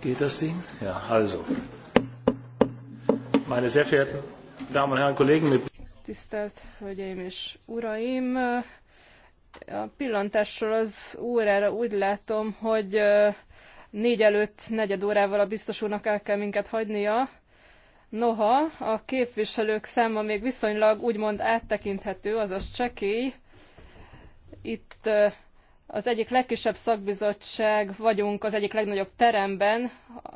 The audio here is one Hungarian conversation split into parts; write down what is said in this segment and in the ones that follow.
Geht das Ding? Ja, also. Meine sehr verehrten Damen und Herren Kollegen, mit Tisztelt Hölgyeim és Uraim! A pillantásról az órára úgy látom, hogy négy előtt negyed órával a biztos úrnak el kell minket hagynia. Noha, a képviselők száma még viszonylag úgymond áttekinthető, azaz csekély. Itt az egyik legkisebb szakbizottság vagyunk az egyik legnagyobb teremben,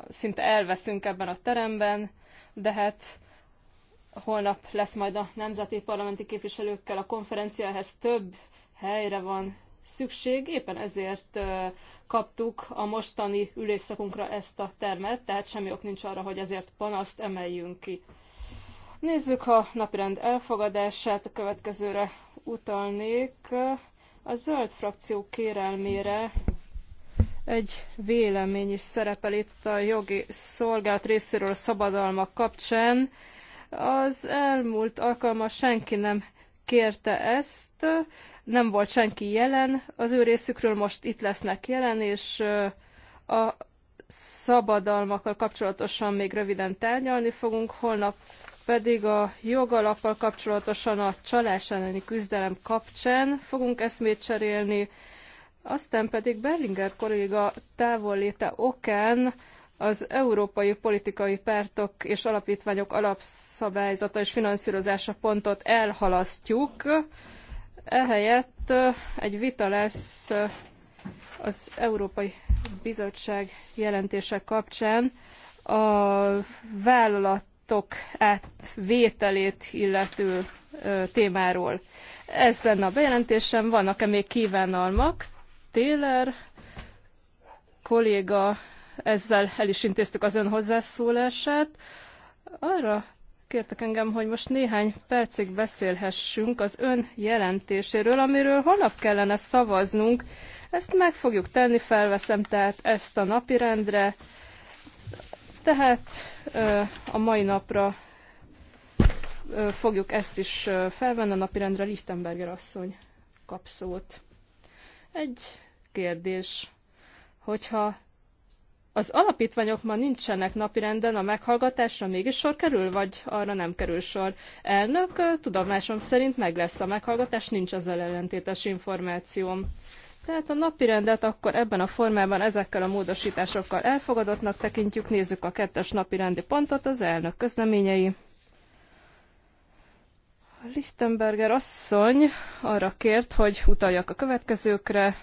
szinte elveszünk ebben a teremben, de hát holnap lesz majd a nemzeti parlamenti képviselőkkel a konferencia, ehhez több helyre van szükség, éppen ezért kaptuk a mostani ülésszakunkra ezt a termet, tehát semmi ok nincs arra, hogy ezért panaszt emeljünk ki. Nézzük a napirend elfogadását, a következőre utalnék. A zöld frakció kérelmére egy vélemény is szerepel itt a jogi szolgált részéről a szabadalmak kapcsán. Az elmúlt alkalommal senki nem kérte ezt, nem volt senki jelen az ő részükről, most itt lesznek jelen, és a szabadalmakkal kapcsolatosan még röviden tárgyalni fogunk. Holnap pedig a jogalappal kapcsolatosan a csalás elleni küzdelem kapcsán fogunk eszmét cserélni, aztán pedig Berlinger kolléga távolléte okán az európai politikai pártok és alapítványok alapszabályzata és finanszírozása pontot elhalasztjuk. Ehelyett egy vita lesz az Európai Bizottság jelentése kapcsán a vállalat adatok átvételét illető témáról. Ez lenne a bejelentésem, vannak-e még kívánalmak? Téler kolléga, ezzel el is intéztük az ön hozzászólását. Arra kértek engem, hogy most néhány percig beszélhessünk az ön jelentéséről, amiről holnap kellene szavaznunk. Ezt meg fogjuk tenni, felveszem tehát ezt a napirendre. Tehát a mai napra fogjuk ezt is felvenni a napirendre. Lichtenberger asszony kap szót. Egy kérdés, hogyha az alapítványok ma nincsenek napirenden, a meghallgatásra mégis sor kerül, vagy arra nem kerül sor? Elnök, tudomásom szerint meg lesz a meghallgatás, nincs ezzel ellentétes információm. Tehát a napi rendet akkor ebben a formában ezekkel a módosításokkal elfogadottnak tekintjük. Nézzük a kettes napi rendi pontot, az elnök közleményei. A Lichtenberger asszony arra kért, hogy utaljak a következőkre.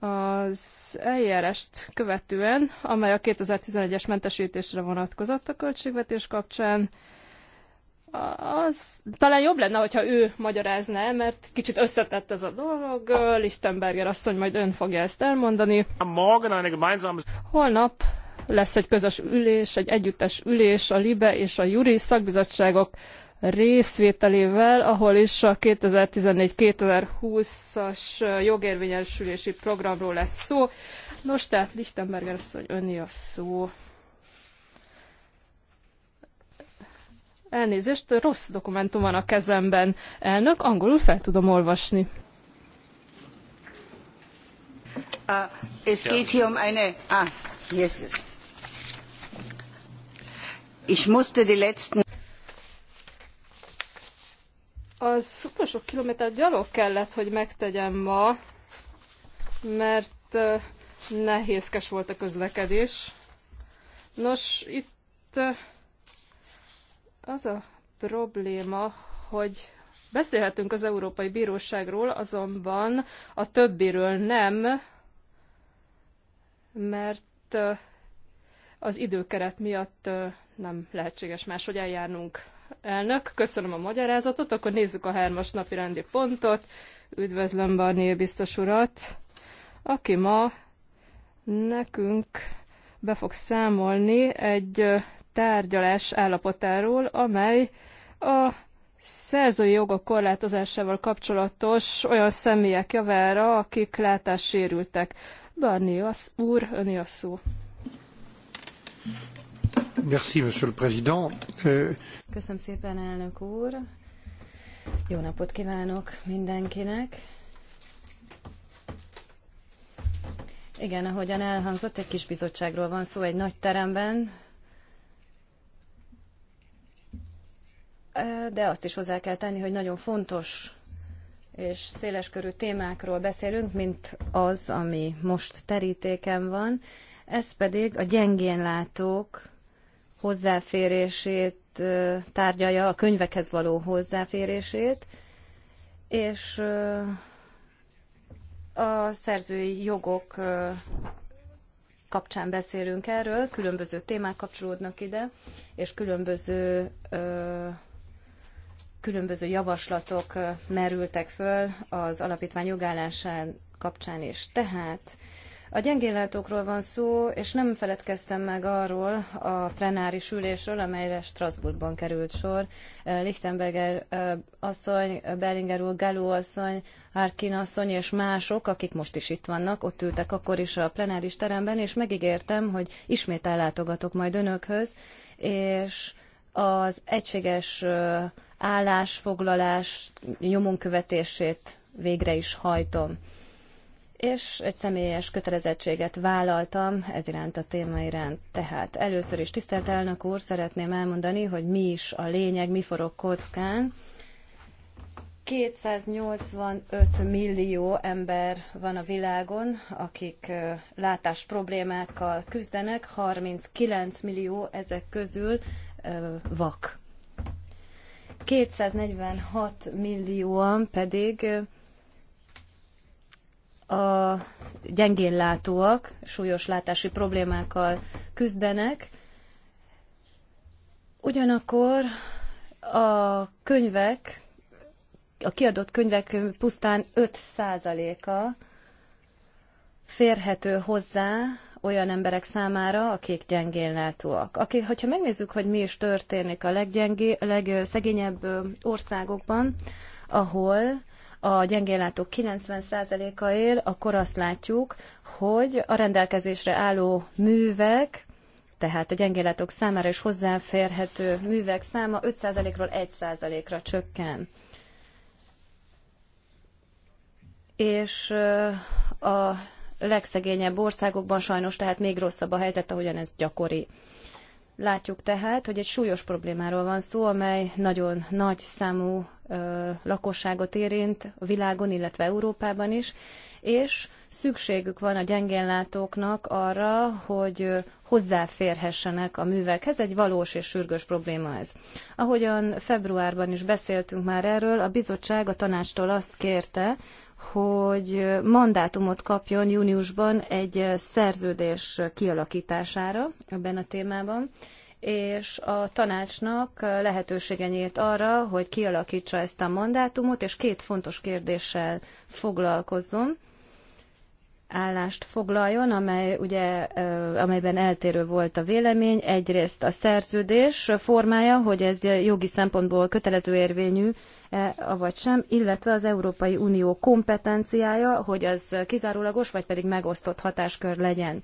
Az eljárást követően, amely a 2011-es mentesítésre vonatkozott a költségvetés kapcsán, az talán jobb lenne, hogyha ő magyarázná, mert kicsit összetett ez a dolog. Lichtenberger asszony majd ön fogja ezt elmondani. Holnap lesz egy közös ülés, egy együttes ülés a LIBE és a Juri szakbizottságok részvételével, ahol is a 2014-2020-as jogérvényesülési programról lesz szó. Nos, tehát Lichtenberger asszony önni a szó. Elnézést, rossz dokumentum van a kezemben. Elnök, angolul fel tudom olvasni. Uh, es geht hier um eine... Ah, hier Ich musste die letzten... Az utolsó kilométer gyalog kellett, hogy megtegyem ma, mert uh, nehézkes volt a közlekedés. Nos, itt uh, az a probléma, hogy beszélhetünk az Európai Bíróságról, azonban a többiről nem, mert az időkeret miatt nem lehetséges máshogy eljárnunk. Elnök, köszönöm a magyarázatot, akkor nézzük a hármas napi rendi pontot. Üdvözlöm Barnél biztos urat, aki ma nekünk be fog számolni egy tárgyalás állapotáról, amely a szerzői jogok korlátozásával kapcsolatos olyan személyek javára, akik látássérültek. Barni az úr, öné a szó. Merci, monsieur le président. Euh, Köszönöm szépen, elnök úr. Jó napot kívánok mindenkinek. Igen, ahogyan elhangzott, egy kis bizottságról van szó, egy nagy teremben, de azt is hozzá kell tenni, hogy nagyon fontos és széleskörű témákról beszélünk, mint az, ami most terítéken van. Ez pedig a gyengén látók hozzáférését tárgyalja, a könyvekhez való hozzáférését, és a szerzői jogok kapcsán beszélünk erről, különböző témák kapcsolódnak ide, és különböző különböző javaslatok merültek föl az alapítvány jogállásán kapcsán is. Tehát a gyengéllátókról van szó, és nem feledkeztem meg arról a plenáris ülésről, amelyre Strasbourgban került sor. Lichtenberger asszony, Berlinger úr, Gallo asszony, Harkin asszony és mások, akik most is itt vannak, ott ültek akkor is a plenáris teremben, és megígértem, hogy ismét ellátogatok majd önökhöz, és az egységes állásfoglalás nyomon követését végre is hajtom. És egy személyes kötelezettséget vállaltam ez iránt a téma iránt. Tehát először is tisztelt elnök úr, szeretném elmondani, hogy mi is a lényeg, mi forog kockán. 285 millió ember van a világon, akik látás problémákkal küzdenek, 39 millió ezek közül vak. 246 millióan pedig a látóak, súlyos látási problémákkal küzdenek. Ugyanakkor a könyvek, a kiadott könyvek pusztán 5%-a férhető hozzá olyan emberek számára, akik gyengén látóak. Akik, hogyha megnézzük, hogy mi is történik a leggyengé, legszegényebb országokban, ahol a gyengénlátók 90%-a él, akkor azt látjuk, hogy a rendelkezésre álló művek, tehát a gyengénlátók számára is hozzáférhető művek száma 5%-ról 1%-ra csökken. És a legszegényebb országokban sajnos tehát még rosszabb a helyzet, ahogyan ez gyakori. Látjuk tehát, hogy egy súlyos problémáról van szó, amely nagyon nagy számú ö, lakosságot érint a világon, illetve Európában is, és szükségük van a gyengénlátóknak arra, hogy hozzáférhessenek a művekhez. Egy valós és sürgős probléma ez. Ahogyan februárban is beszéltünk már erről, a bizottság a tanácstól azt kérte, hogy mandátumot kapjon júniusban egy szerződés kialakítására ebben a témában, és a tanácsnak lehetősége nyílt arra, hogy kialakítsa ezt a mandátumot, és két fontos kérdéssel foglalkozzon állást foglaljon, amely ugye, amelyben eltérő volt a vélemény. Egyrészt a szerződés formája, hogy ez jogi szempontból kötelező érvényű avagy e, sem, illetve az Európai Unió kompetenciája, hogy az kizárólagos vagy pedig megosztott hatáskör legyen.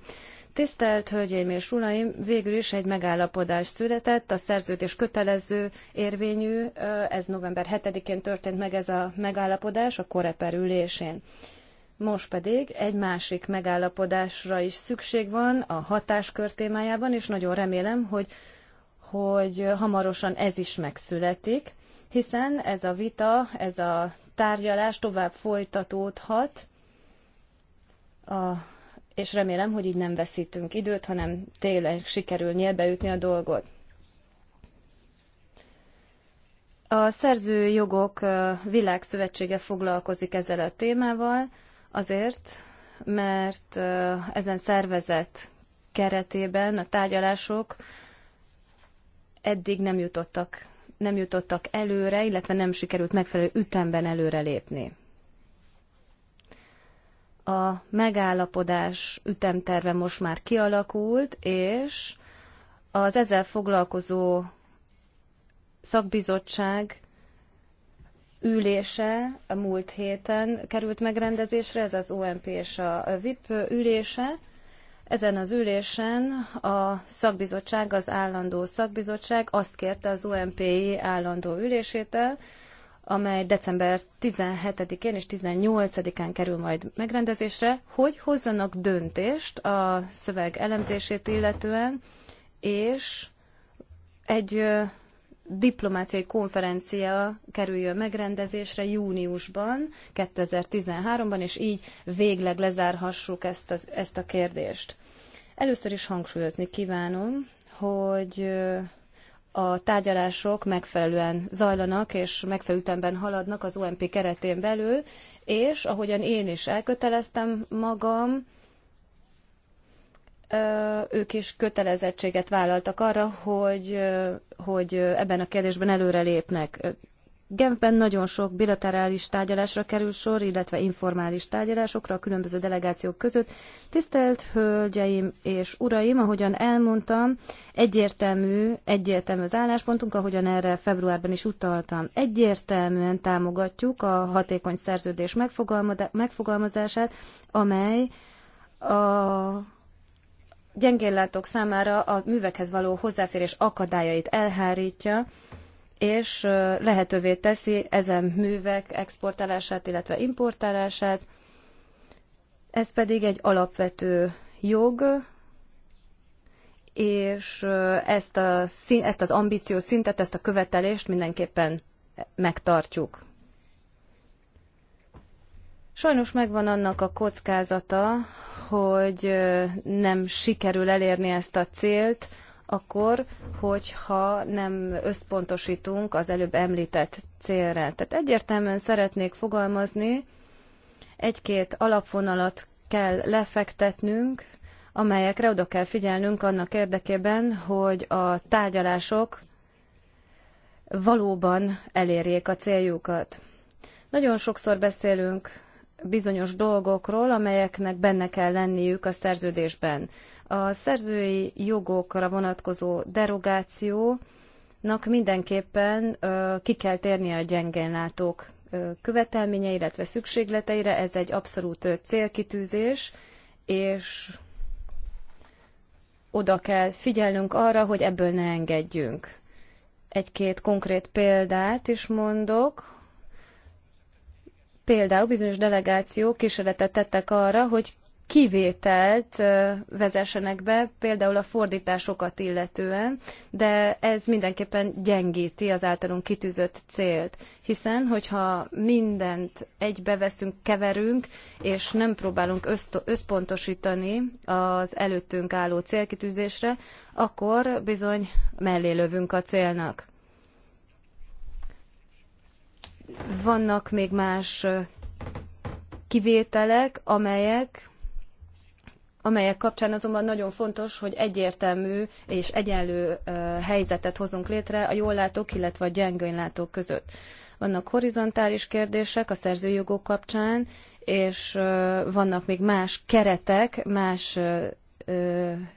Tisztelt Hölgyeim és Uraim, végül is egy megállapodás született, a szerződés kötelező érvényű, e, ez november 7-én történt meg ez a megállapodás a Koreper ülésén. Most pedig egy másik megállapodásra is szükség van a hatáskör témájában, és nagyon remélem, hogy, hogy hamarosan ez is megszületik hiszen ez a vita, ez a tárgyalás tovább folytatódhat, a, és remélem, hogy így nem veszítünk időt, hanem tényleg sikerül nyílbeütni a dolgot. A Szerzőjogok Világszövetsége foglalkozik ezzel a témával, azért, mert ezen szervezet keretében a tárgyalások eddig nem jutottak nem jutottak előre, illetve nem sikerült megfelelő ütemben előrelépni. A megállapodás ütemterve most már kialakult, és az ezzel foglalkozó szakbizottság ülése a múlt héten került megrendezésre, ez az OMP és a VIP ülése, ezen az ülésen a szakbizottság, az állandó szakbizottság azt kérte az UMPI állandó ülésétől, amely december 17-én és 18-án kerül majd megrendezésre, hogy hozzanak döntést a szöveg elemzését illetően, és egy diplomáciai konferencia kerüljön megrendezésre júniusban, 2013-ban, és így végleg lezárhassuk ezt, az, ezt a kérdést. Először is hangsúlyozni kívánom, hogy a tárgyalások megfelelően zajlanak és megfelelő ütemben haladnak az OMP keretén belül, és ahogyan én is elköteleztem magam, ők is kötelezettséget vállaltak arra, hogy, hogy ebben a kérdésben előre lépnek. Genfben nagyon sok bilaterális tárgyalásra kerül sor, illetve informális tárgyalásokra a különböző delegációk között. Tisztelt Hölgyeim és Uraim, ahogyan elmondtam, egyértelmű, egyértelmű az álláspontunk, ahogyan erre februárban is utaltam. Egyértelműen támogatjuk a hatékony szerződés megfogalmazását, amely a gyengéllátók számára a művekhez való hozzáférés akadályait elhárítja, és lehetővé teszi ezen művek exportálását, illetve importálását. Ez pedig egy alapvető jog, és ezt, a, ezt az ambíció szintet, ezt a követelést mindenképpen megtartjuk. Sajnos megvan annak a kockázata, hogy nem sikerül elérni ezt a célt, akkor, hogyha nem összpontosítunk az előbb említett célra. Tehát egyértelműen szeretnék fogalmazni, egy-két alapvonalat kell lefektetnünk, amelyekre oda kell figyelnünk annak érdekében, hogy a tárgyalások valóban elérjék a céljukat. Nagyon sokszor beszélünk bizonyos dolgokról, amelyeknek benne kell lenniük a szerződésben. A szerzői jogokra vonatkozó derogációnak mindenképpen ki kell térnie a gyengénlátók követelményeire, illetve szükségleteire. Ez egy abszolút célkitűzés, és oda kell figyelnünk arra, hogy ebből ne engedjünk. Egy-két konkrét példát is mondok. Például bizonyos delegációk kísérletet tettek arra, hogy kivételt vezessenek be, például a fordításokat illetően, de ez mindenképpen gyengíti az általunk kitűzött célt. Hiszen, hogyha mindent egybeveszünk, keverünk, és nem próbálunk összpontosítani az előttünk álló célkitűzésre, akkor bizony mellé lövünk a célnak. Vannak még más kivételek, amelyek amelyek kapcsán azonban nagyon fontos, hogy egyértelmű és egyenlő helyzetet hozunk létre a jól látók, illetve a gyengén látók között. Vannak horizontális kérdések a szerzőjogok kapcsán, és vannak még más keretek, más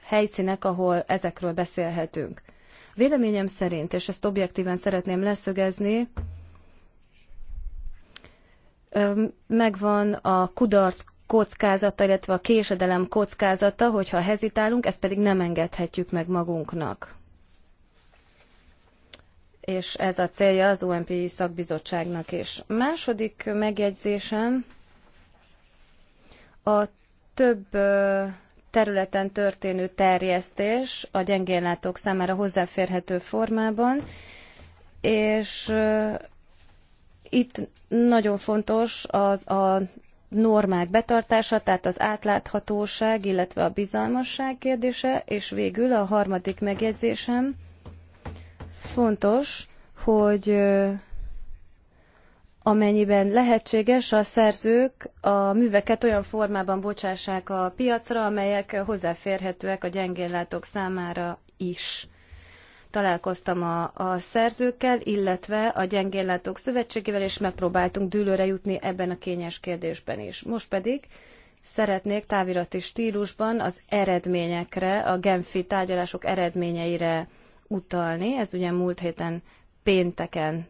helyszínek, ahol ezekről beszélhetünk. Véleményem szerint, és ezt objektíven szeretném leszögezni, megvan a kudarc kockázata, illetve a késedelem kockázata, hogyha hezitálunk, ezt pedig nem engedhetjük meg magunknak. És ez a célja az OMP szakbizottságnak is. Második megjegyzésem a több területen történő terjesztés a gyengénlátók számára hozzáférhető formában, és itt nagyon fontos az a normák betartása, tehát az átláthatóság, illetve a bizalmasság kérdése, és végül a harmadik megjegyzésem fontos, hogy amennyiben lehetséges, a szerzők a műveket olyan formában bocsássák a piacra, amelyek hozzáférhetőek a gyengéllátók számára is találkoztam a, a szerzőkkel, illetve a gyengénlátók szövetségével, és megpróbáltunk dűlőre jutni ebben a kényes kérdésben is. Most pedig szeretnék távirati stílusban az eredményekre, a Genfi tárgyalások eredményeire utalni. Ez ugye múlt héten pénteken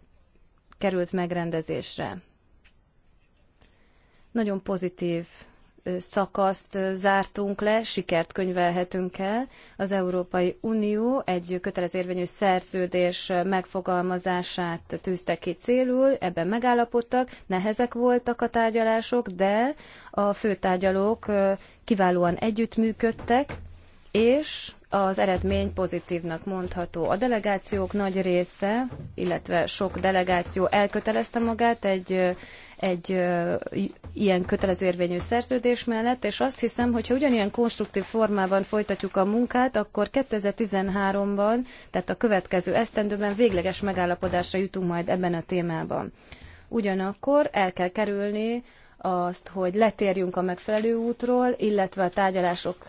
került megrendezésre. Nagyon pozitív szakaszt zártunk le, sikert könyvelhetünk el. Az Európai Unió egy kötelező érvényű szerződés megfogalmazását tűzte ki célul, ebben megállapodtak, nehezek voltak a tárgyalások, de a főtárgyalók kiválóan együttműködtek, és az eredmény pozitívnak mondható. A delegációk nagy része, illetve sok delegáció elkötelezte magát egy, egy ilyen kötelező érvényű szerződés mellett, és azt hiszem, hogy ha ugyanilyen konstruktív formában folytatjuk a munkát, akkor 2013-ban, tehát a következő esztendőben végleges megállapodásra jutunk majd ebben a témában. Ugyanakkor el kell kerülni azt, hogy letérjünk a megfelelő útról, illetve a tárgyalások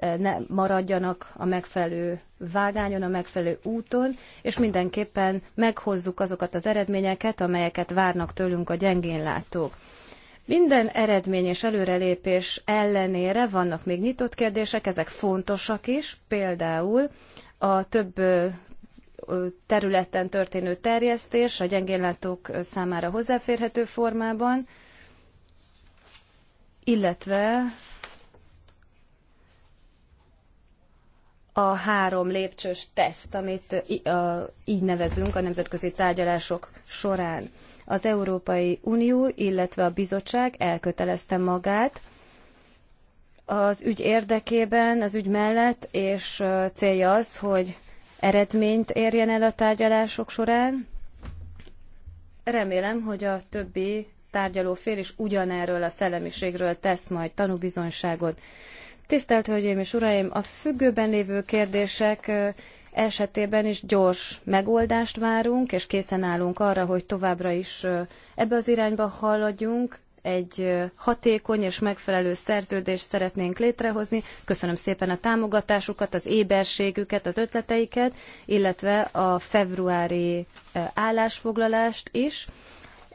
ne maradjanak a megfelelő vágányon, a megfelelő úton, és mindenképpen meghozzuk azokat az eredményeket, amelyeket várnak tőlünk a gyengénlátók. Minden eredmény és előrelépés ellenére vannak még nyitott kérdések, ezek fontosak is, például a több területen történő terjesztés a gyengénlátók számára hozzáférhető formában, illetve a három lépcsős teszt, amit így nevezünk a nemzetközi tárgyalások során. Az Európai Unió, illetve a bizottság elkötelezte magát az ügy érdekében, az ügy mellett, és célja az, hogy eredményt érjen el a tárgyalások során. Remélem, hogy a többi tárgyaló fél is ugyanerről a szellemiségről tesz majd tanúbizonyságot. Tisztelt Hölgyeim és Uraim, a függőben lévő kérdések esetében is gyors megoldást várunk, és készen állunk arra, hogy továbbra is ebbe az irányba haladjunk, egy hatékony és megfelelő szerződést szeretnénk létrehozni. Köszönöm szépen a támogatásukat, az éberségüket, az ötleteiket, illetve a februári állásfoglalást is.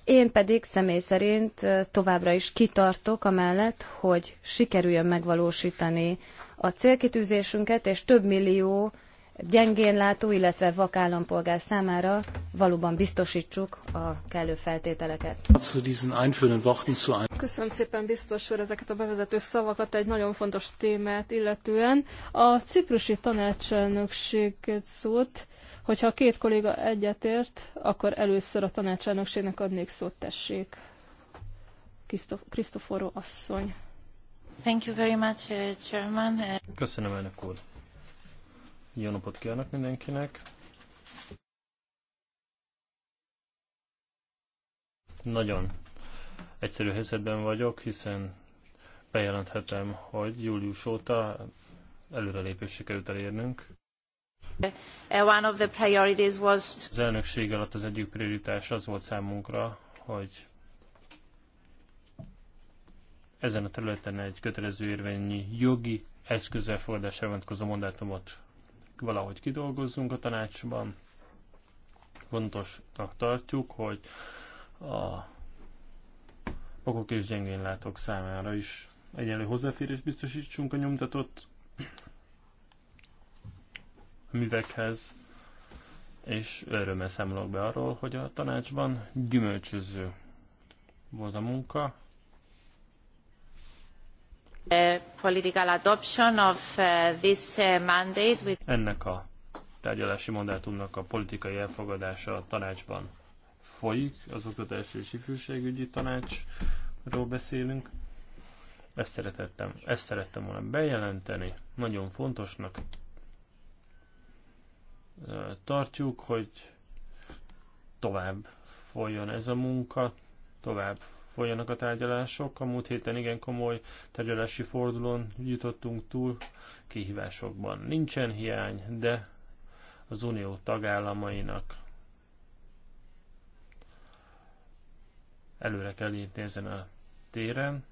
Én pedig személy szerint továbbra is kitartok amellett, hogy sikerüljön megvalósítani a célkitűzésünket, és több millió gyengén látó, illetve vak állampolgár számára valóban biztosítsuk a kellő feltételeket. Köszönöm szépen biztos úr ezeket a bevezető szavakat egy nagyon fontos témát illetően. A ciprusi tanácselnökség szót Hogyha a két kolléga egyetért, akkor először a tanácselnökségnek adnék szót, tessék. Krisztoforó asszony. Thank you very much, uh, Chairman. Uh, Köszönöm, elnök úr. Jó napot kívánok mindenkinek. Nagyon egyszerű helyzetben vagyok, hiszen bejelenthetem, hogy július óta előrelépés sikerült elérnünk. Uh, az elnökség alatt az egyik prioritás az volt számunkra, hogy ezen a területen egy kötelező érvényi jogi eszközvelfordásra vonatkozó mandátumot valahogy kidolgozzunk a tanácsban. Fontosnak tartjuk, hogy a okok és gyengén látók számára is egyenlő hozzáférés biztosítsunk a nyomtatott művekhez, és örömmel számolok be arról, hogy a tanácsban gyümölcsöző volt a munka. Political adoption of uh, this uh, mandate with... Ennek a tárgyalási mandátumnak a politikai elfogadása a tanácsban folyik, az oktatási és ifjúságügyi tanácsról beszélünk. Ezt szeretettem, ezt szerettem volna bejelenteni, nagyon fontosnak tartjuk, hogy tovább folyjon ez a munka, tovább folyanak a tárgyalások. A múlt héten igen komoly tárgyalási fordulón jutottunk túl, kihívásokban nincsen hiány, de az unió tagállamainak előre kell lépni ezen a téren,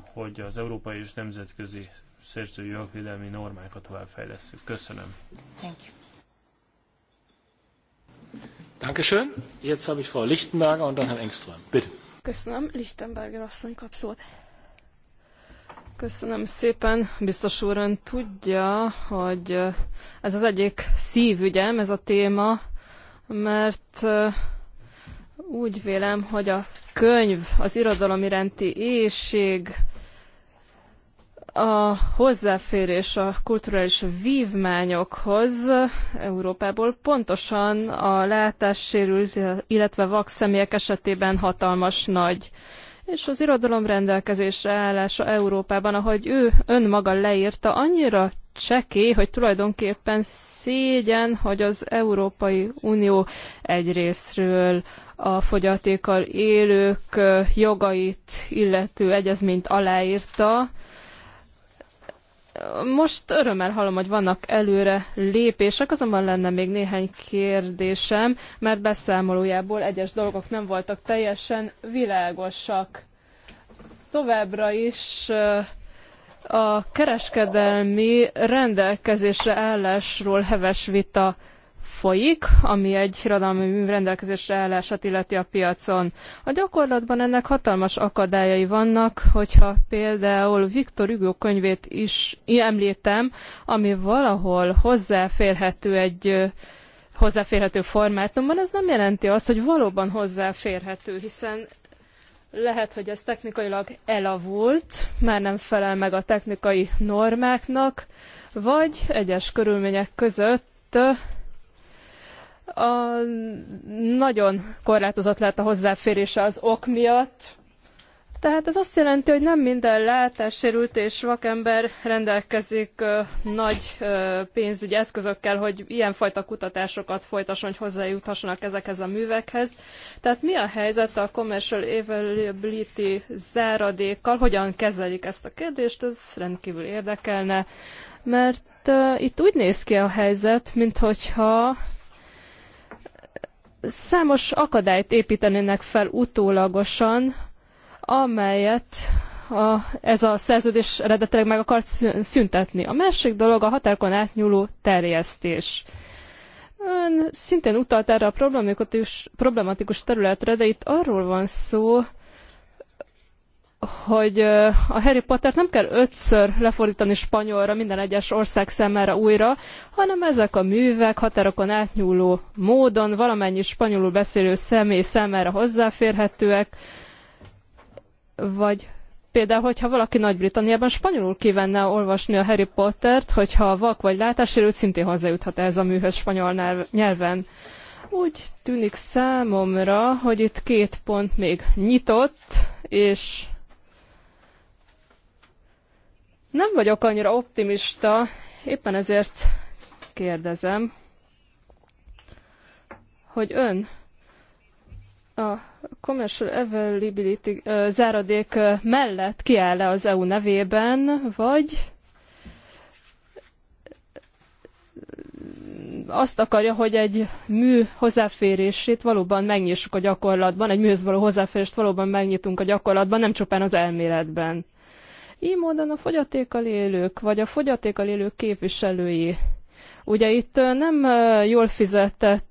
hogy az európai és nemzetközi szerzői jogvédelmi normákat továbbfejlesztjük. Köszönöm. Thank you. Dankeschön. Jetzt habe ich Frau Lichtenberger und dann Herrn Engström. Bitte. Köszönöm. Lichtenberger asszony kap szót. Köszönöm szépen. Biztos úr, ön tudja, hogy ez az egyik szívügyem, ez a téma, mert úgy vélem, hogy a könyv, az irodalom iránti éjség, a hozzáférés a kulturális vívmányokhoz Európából pontosan a látássérült, illetve vak személyek esetében hatalmas nagy. És az irodalom rendelkezésre állása Európában, ahogy ő önmaga leírta, annyira csekély, hogy tulajdonképpen szégyen, hogy az Európai Unió egyrésztről a fogyatékkal élők jogait illető egyezményt aláírta, most örömmel hallom, hogy vannak előre lépések, azonban lenne még néhány kérdésem, mert beszámolójából egyes dolgok nem voltak teljesen világosak. Továbbra is eh, a kereskedelmi rendelkezésre állásról heves vita folyik, ami egy irodalmi rendelkezésre állását illeti a piacon. A gyakorlatban ennek hatalmas akadályai vannak, hogyha például Viktor Hugo könyvét is említem, ami valahol hozzáférhető egy hozzáférhető formátumban, ez nem jelenti azt, hogy valóban hozzáférhető, hiszen lehet, hogy ez technikailag elavult, már nem felel meg a technikai normáknak, vagy egyes körülmények között a, nagyon korlátozott lett a hozzáférése az ok miatt, tehát ez azt jelenti, hogy nem minden látássérült és vakember rendelkezik ö, nagy ö, pénzügyi eszközökkel, hogy ilyenfajta kutatásokat folytasson, hogy hozzájuthassanak ezekhez a művekhez. Tehát mi a helyzet a commercial availability záradékkal, hogyan kezelik ezt a kérdést, ez rendkívül érdekelne, mert ö, itt úgy néz ki a helyzet, minthogyha számos akadályt építenének fel utólagosan, amelyet a, ez a szerződés eredetileg meg akart szüntetni. A másik dolog a határkon átnyúló terjesztés. Ön szintén utalt erre a problematikus, problematikus területre, de itt arról van szó, hogy a Harry Pottert nem kell ötször lefordítani spanyolra minden egyes ország számára újra, hanem ezek a művek határokon átnyúló módon valamennyi spanyolul beszélő személy számára hozzáférhetőek, vagy például, hogyha valaki Nagy-Britanniában spanyolul kívánna olvasni a Harry Pottert, hogyha vak vagy látássérült, szintén hozzájuthat ez a műhöz spanyol nyelven. Úgy tűnik számomra, hogy itt két pont még nyitott, és nem vagyok annyira optimista, éppen ezért kérdezem, hogy ön a Commercial Availability záradék mellett kiáll-e az EU nevében, vagy azt akarja, hogy egy mű hozzáférését valóban megnyissuk a gyakorlatban, egy műhöz való hozzáférést valóban megnyitunk a gyakorlatban, nem csupán az elméletben. Így módon a fogyatékkal élők, vagy a fogyatékkal élők képviselői. Ugye itt nem jól fizetett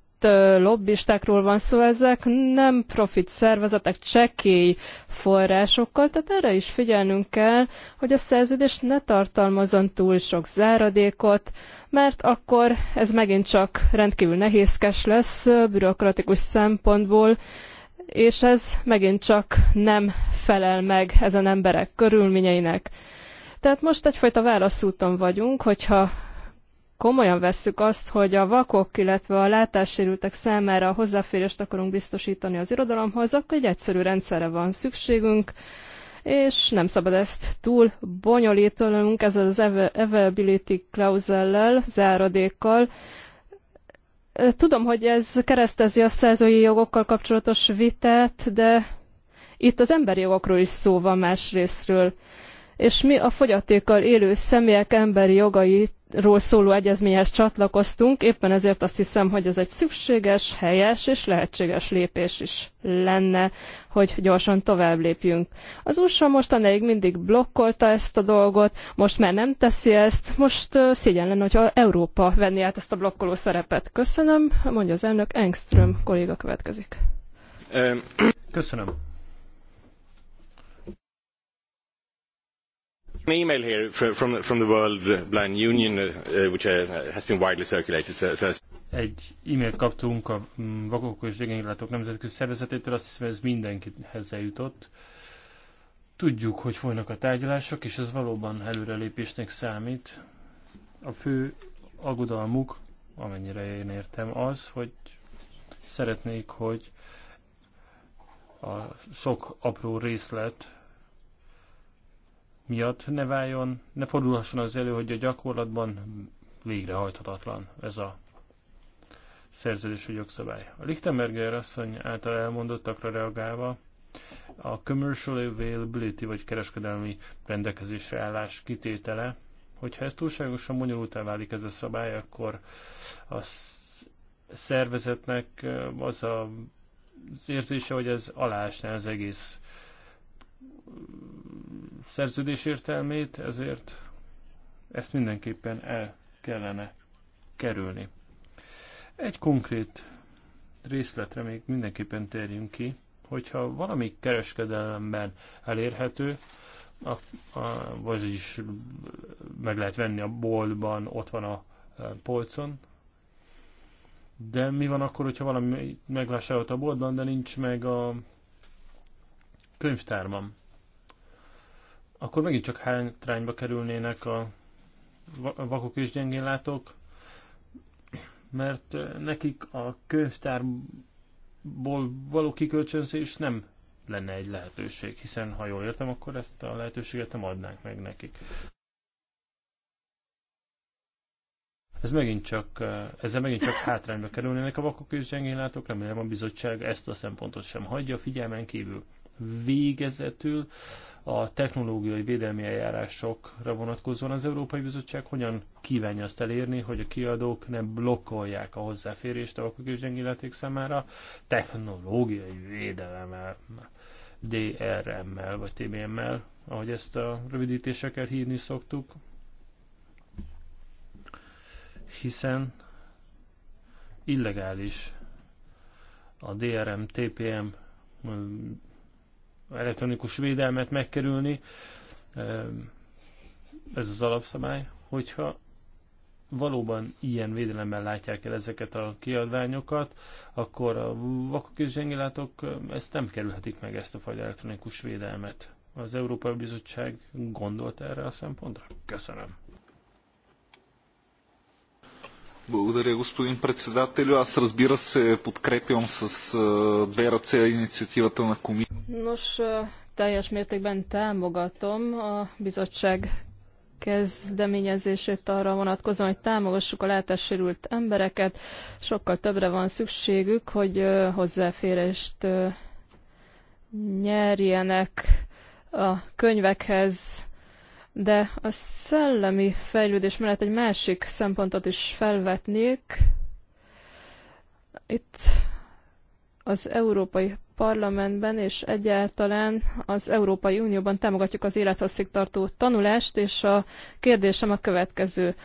lobbistákról van szó, ezek nem profit szervezetek, csekély forrásokkal, tehát erre is figyelnünk kell, hogy a szerződés ne tartalmazon túl sok záradékot, mert akkor ez megint csak rendkívül nehézkes lesz bürokratikus szempontból, és ez megint csak nem felel meg ezen emberek körülményeinek. Tehát most egyfajta válaszúton vagyunk, hogyha komolyan vesszük azt, hogy a vakok, illetve a látássérültek számára a hozzáférést akarunk biztosítani az irodalomhoz, akkor egy egyszerű rendszerre van szükségünk, és nem szabad ezt túl bonyolítanunk ezzel az availability klauzellel, záradékkal, Tudom, hogy ez keresztezi a szerzői jogokkal kapcsolatos vitát, de itt az emberi jogokról is szó van más részről és mi a fogyatékkal élő személyek emberi jogairól szóló egyezményhez csatlakoztunk, éppen ezért azt hiszem, hogy ez egy szükséges, helyes és lehetséges lépés is lenne, hogy gyorsan tovább lépjünk. Az USA mostanáig mindig blokkolta ezt a dolgot, most már nem teszi ezt, most szégyen lenne, hogyha Európa venni át ezt a blokkoló szerepet. Köszönöm, mondja az elnök, Engström kolléga következik. Köszönöm. An email here from, from the World Blind Union, uh, uh, which uh, has been widely circulated. So, so... Egy e-mailt kaptunk a mm, Vakok és Gyengénlátók Nemzetközi Szervezetétől, azt hiszem ez mindenkihez eljutott. Tudjuk, hogy folynak a tárgyalások, és ez valóban előrelépésnek számít. A fő aggodalmuk, amennyire én értem, az, hogy szeretnék, hogy a sok apró részlet miatt ne váljon, ne fordulhasson az elő, hogy a gyakorlatban végrehajthatatlan ez a szerződési jogszabály. A Lichtenberger asszony által elmondottakra reagálva, a commercial availability vagy kereskedelmi rendelkezésre állás kitétele, hogyha ez túlságosan bonyolultá válik ez a szabály, akkor a szervezetnek az a az érzése, hogy ez alásná az egész szerződés értelmét, ezért ezt mindenképpen el kellene kerülni. Egy konkrét részletre még mindenképpen térjünk ki, hogyha valami kereskedelemben elérhető, a, a, vagyis meg lehet venni a boltban, ott van a e, polcon, de mi van akkor, hogyha valami megvásárolt a boltban, de nincs meg a könyvtárban? akkor megint csak hátrányba kerülnének a vakok és gyengénlátók, mert eh, nekik a könyvtárból való kikölcsönzés nem lenne egy lehetőség, hiszen ha jól értem, akkor ezt a lehetőséget nem adnánk meg nekik. Ez megint csak, eh, ezzel megint csak hátrányba kerülnének a vakok és gyengénlátók, remélem a bizottság ezt a szempontot sem hagyja figyelmen kívül. Végezetül a technológiai védelmi eljárásokra vonatkozóan az Európai Bizottság hogyan kívánja azt elérni, hogy a kiadók ne blokkolják a hozzáférést a vakok és gyengéleték számára technológiai védelemmel, DRM-mel vagy TBM-mel, ahogy ezt a rövidítésekkel hívni szoktuk, hiszen illegális a DRM, TPM elektronikus védelmet megkerülni. Ehm, ez az alapszabály, hogyha valóban ilyen védelemben látják el ezeket a kiadványokat, akkor a vakok és zsengilátok ehm, ezt nem kerülhetik meg, ezt a fajta elektronikus védelmet. Az Európai Bizottság gondolt erre a szempontra? Köszönöm. Благодаря, господин председателю. Аз разбира се подкрепям с две ръце инициативата на комисията. Nos, teljes mértékben támogatom a bizottság kezdeményezését arra vonatkozóan, hogy támogassuk a látássérült embereket. Sokkal többre van szükségük, hogy hozzáférést nyerjenek a könyvekhez, de a szellemi fejlődés mellett egy másik szempontot is felvetnék. Itt az Európai Parlamentben és egyáltalán az Európai Unióban támogatjuk az élethosszígtartó tanulást, és a kérdésem a következő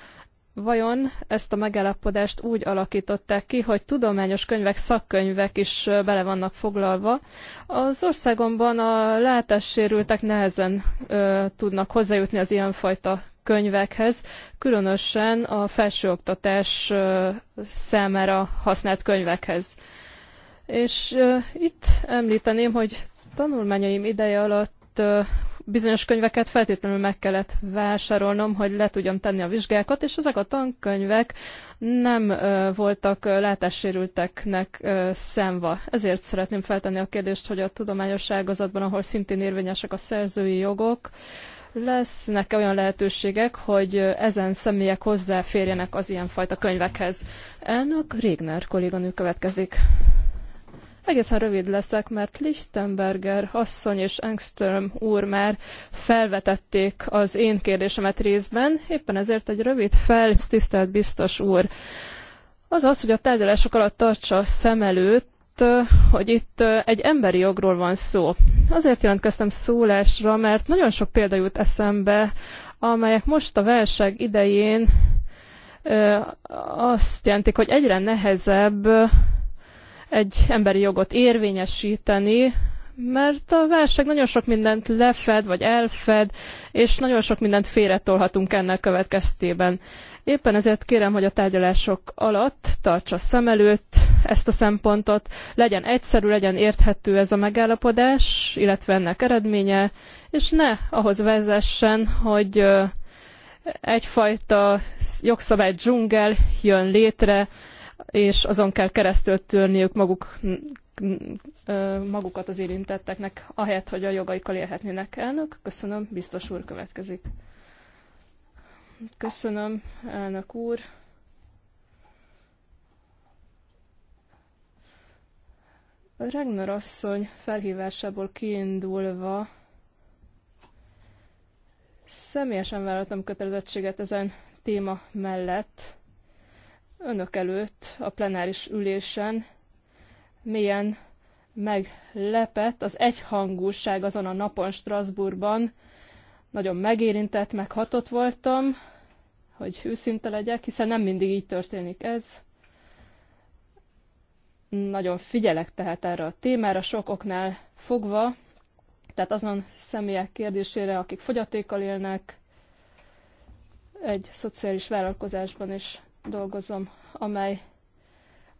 vajon ezt a megállapodást úgy alakították ki, hogy tudományos könyvek, szakkönyvek is bele vannak foglalva. Az országomban a látássérültek nehezen ö, tudnak hozzájutni az ilyenfajta könyvekhez, különösen a felsőoktatás ö, számára használt könyvekhez. És ö, itt említeném, hogy tanulmányaim ideje alatt bizonyos könyveket feltétlenül meg kellett vásárolnom, hogy le tudjam tenni a vizsgákat, és ezek a tankönyvek nem voltak látássérülteknek szemva. Ezért szeretném feltenni a kérdést, hogy a tudományos ágazatban, ahol szintén érvényesek a szerzői jogok, lesznek -e olyan lehetőségek, hogy ezen személyek hozzáférjenek az ilyenfajta könyvekhez. Elnök Régner kolléganő következik. Egészen rövid leszek, mert Lichtenberger asszony és Engström úr már felvetették az én kérdésemet részben, éppen ezért egy rövid fel, tisztelt biztos úr. Az az, hogy a tárgyalások alatt tartsa szem előtt, hogy itt egy emberi jogról van szó. Azért jelentkeztem szólásra, mert nagyon sok példa jut eszembe, amelyek most a válság idején azt jelentik, hogy egyre nehezebb egy emberi jogot érvényesíteni, mert a válság nagyon sok mindent lefed, vagy elfed, és nagyon sok mindent félretolhatunk ennek következtében. Éppen ezért kérem, hogy a tárgyalások alatt tartsa szem előtt ezt a szempontot, legyen egyszerű, legyen érthető ez a megállapodás, illetve ennek eredménye, és ne ahhoz vezessen, hogy egyfajta jogszabály dzsungel jön létre, és azon kell keresztül törniük maguk, magukat az érintetteknek, ahelyett, hogy a jogaikkal élhetnének elnök. Köszönöm, biztos úr következik. Köszönöm, elnök úr. A asszony felhívásából kiindulva személyesen vállaltam kötelezettséget ezen téma mellett, önök előtt a plenáris ülésen milyen meglepett az egyhangúság azon a napon Strasbourgban. Nagyon megérintett, meghatott voltam, hogy őszinte legyek, hiszen nem mindig így történik ez. Nagyon figyelek tehát erre a témára, sok oknál fogva, tehát azon személyek kérdésére, akik fogyatékkal élnek, egy szociális vállalkozásban is dolgozom, amely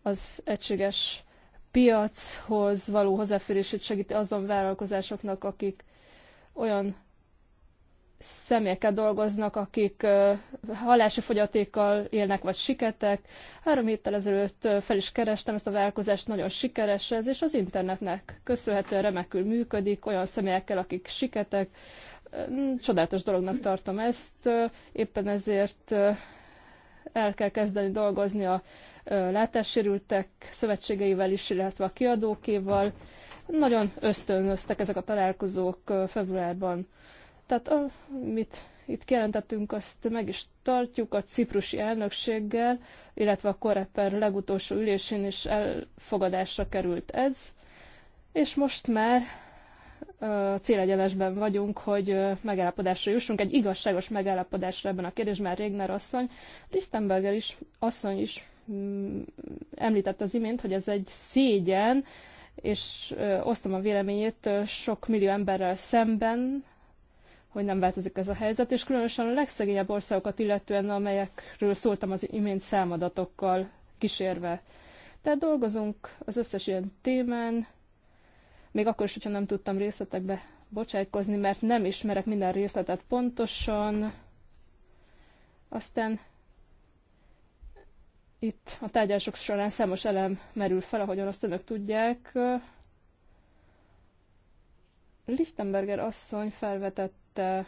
az egységes piachoz való hozzáférését segíti azon vállalkozásoknak, akik olyan személyekkel dolgoznak, akik hallási fogyatékkal élnek, vagy siketek. Három héttel ezelőtt fel is kerestem ezt a vállalkozást, nagyon sikeres ez, és az internetnek köszönhetően remekül működik, olyan személyekkel, akik siketek. Csodálatos dolognak tartom ezt, éppen ezért el kell kezdeni dolgozni a látássérültek szövetségeivel is, illetve a kiadókéval. Nagyon ösztönöztek ezek a találkozók februárban. Tehát amit itt kijelentettünk, azt meg is tartjuk a ciprusi elnökséggel, illetve a Koreper legutolsó ülésén is elfogadásra került ez. És most már célegyenesben vagyunk, hogy megállapodásra jussunk, egy igazságos megállapodásra ebben a kérdésben Régner asszony, Lichtenberger is, asszony is mm, említett az imént, hogy ez egy szégyen, és osztom a véleményét sok millió emberrel szemben, hogy nem változik ez a helyzet, és különösen a legszegényebb országokat illetően, amelyekről szóltam az imént számadatokkal kísérve. Tehát dolgozunk az összes ilyen témán, még akkor is, hogyha nem tudtam részletekbe bocsájtkozni, mert nem ismerek minden részletet pontosan. Aztán itt a tárgyalások során számos elem merül fel, ahogyan azt önök tudják. Lichtenberger asszony felvetette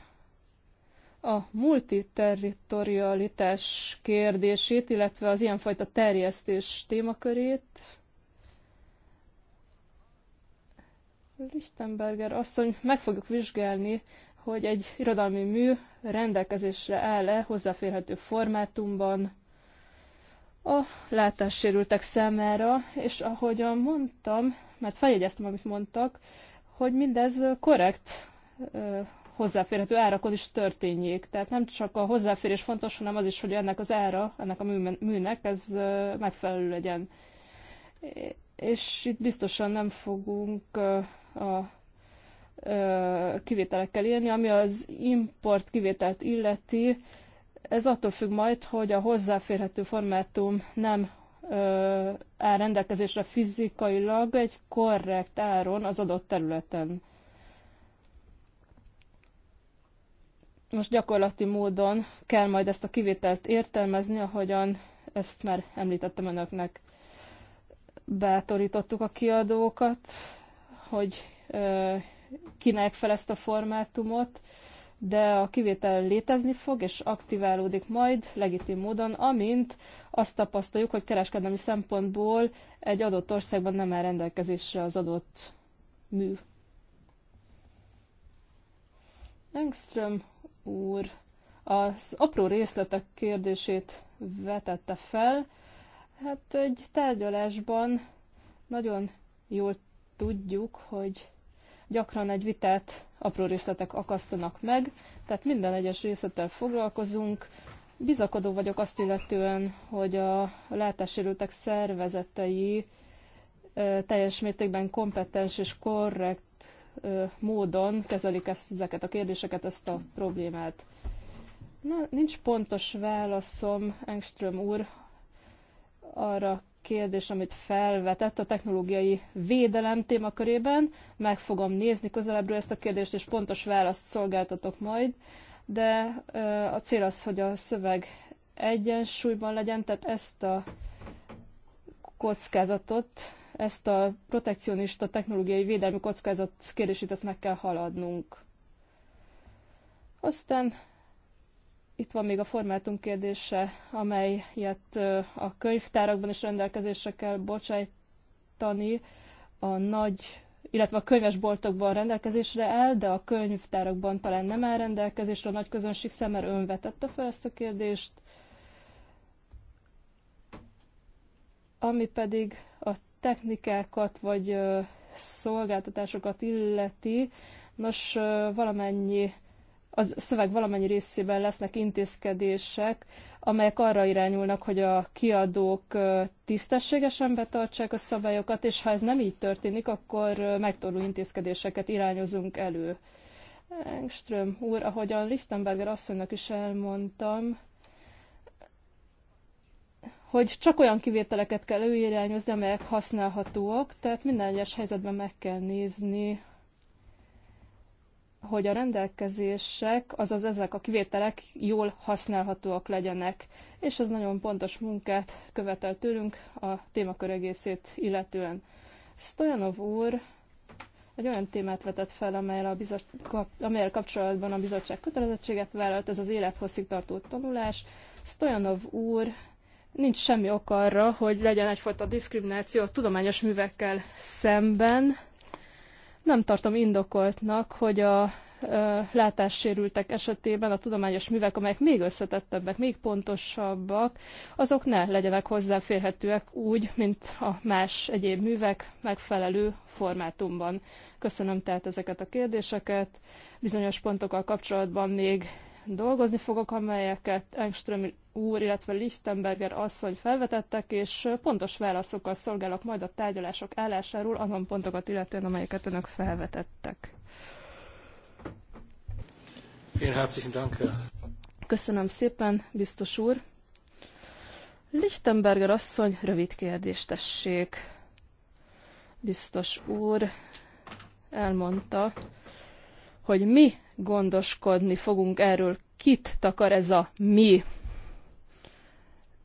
a multiterritorialitás kérdését, illetve az ilyenfajta terjesztés témakörét. Lichtenberger asszony, meg fogjuk vizsgálni, hogy egy irodalmi mű rendelkezésre áll-e hozzáférhető formátumban a látássérültek számára, és ahogyan mondtam, mert feljegyeztem, amit mondtak, hogy mindez korrekt hozzáférhető árakon is történjék. Tehát nem csak a hozzáférés fontos, hanem az is, hogy ennek az ára, ennek a műnek ez megfelelő legyen. És itt biztosan nem fogunk a kivételekkel élni, ami az import kivételt illeti. Ez attól függ majd, hogy a hozzáférhető formátum nem áll rendelkezésre fizikailag egy korrekt áron az adott területen. Most gyakorlati módon kell majd ezt a kivételt értelmezni, ahogyan ezt már említettem önöknek. Bátorítottuk a kiadókat hogy kinek fel ezt a formátumot, de a kivétel létezni fog, és aktiválódik majd legitim módon, amint azt tapasztaljuk, hogy kereskedelmi szempontból egy adott országban nem áll rendelkezésre az adott mű. Engström úr az apró részletek kérdését vetette fel. Hát egy tárgyalásban nagyon jól tudjuk, hogy gyakran egy vitát apró részletek akasztanak meg, tehát minden egyes részlettel foglalkozunk. Bizakodó vagyok azt illetően, hogy a látássérültek szervezetei teljes mértékben kompetens és korrekt módon kezelik ezt, ezeket a kérdéseket, ezt a problémát. Na, nincs pontos válaszom, Engström úr, arra kérdés, amit felvetett a technológiai védelem témakörében. Meg fogom nézni közelebbről ezt a kérdést, és pontos választ szolgáltatok majd. De a cél az, hogy a szöveg egyensúlyban legyen, tehát ezt a kockázatot, ezt a protekcionista technológiai védelmi kockázat kérdését, ezt meg kell haladnunk. Aztán itt van még a formátum kérdése, amelyet a könyvtárakban is rendelkezésre kell bocsájtani. A nagy, illetve a könyvesboltokban rendelkezésre áll, de a könyvtárakban talán nem áll rendelkezésre a nagy közönség szemmel önvetette fel ezt a kérdést. Ami pedig a technikákat vagy szolgáltatásokat illeti, nos, valamennyi az szöveg valamennyi részében lesznek intézkedések, amelyek arra irányulnak, hogy a kiadók tisztességesen betartsák a szabályokat, és ha ez nem így történik, akkor megtorló intézkedéseket irányozunk elő. Engström úr, ahogy a Lichtenberger asszonynak is elmondtam, hogy csak olyan kivételeket kell előirányozni, amelyek használhatóak, tehát minden egyes helyzetben meg kell nézni, hogy a rendelkezések, azaz ezek a kivételek jól használhatóak legyenek, és ez nagyon pontos munkát követel tőlünk a témakör egészét illetően. Stojanov úr egy olyan témát vetett fel, amelyel, a bizot, amelyel kapcsolatban a bizottság kötelezettséget vállalt, ez az élethosszig tartó tanulás. Stojanov úr nincs semmi ok arra, hogy legyen egyfajta diszkrimináció a tudományos művekkel szemben, nem tartom indokoltnak, hogy a látássérültek esetében a tudományos művek, amelyek még összetettebbek, még pontosabbak, azok ne legyenek hozzáférhetőek úgy, mint a más egyéb művek megfelelő formátumban. Köszönöm tehát ezeket a kérdéseket. Bizonyos pontokkal kapcsolatban még dolgozni fogok, amelyeket Engström úr, illetve Lichtenberger asszony felvetettek, és pontos válaszokkal szolgálok majd a tárgyalások állásáról azon pontokat illetően, amelyeket önök felvetettek. Köszönöm szépen, biztos úr. Lichtenberger asszony, rövid kérdést tessék. Biztos úr elmondta, hogy mi gondoskodni fogunk erről, kit takar ez a mi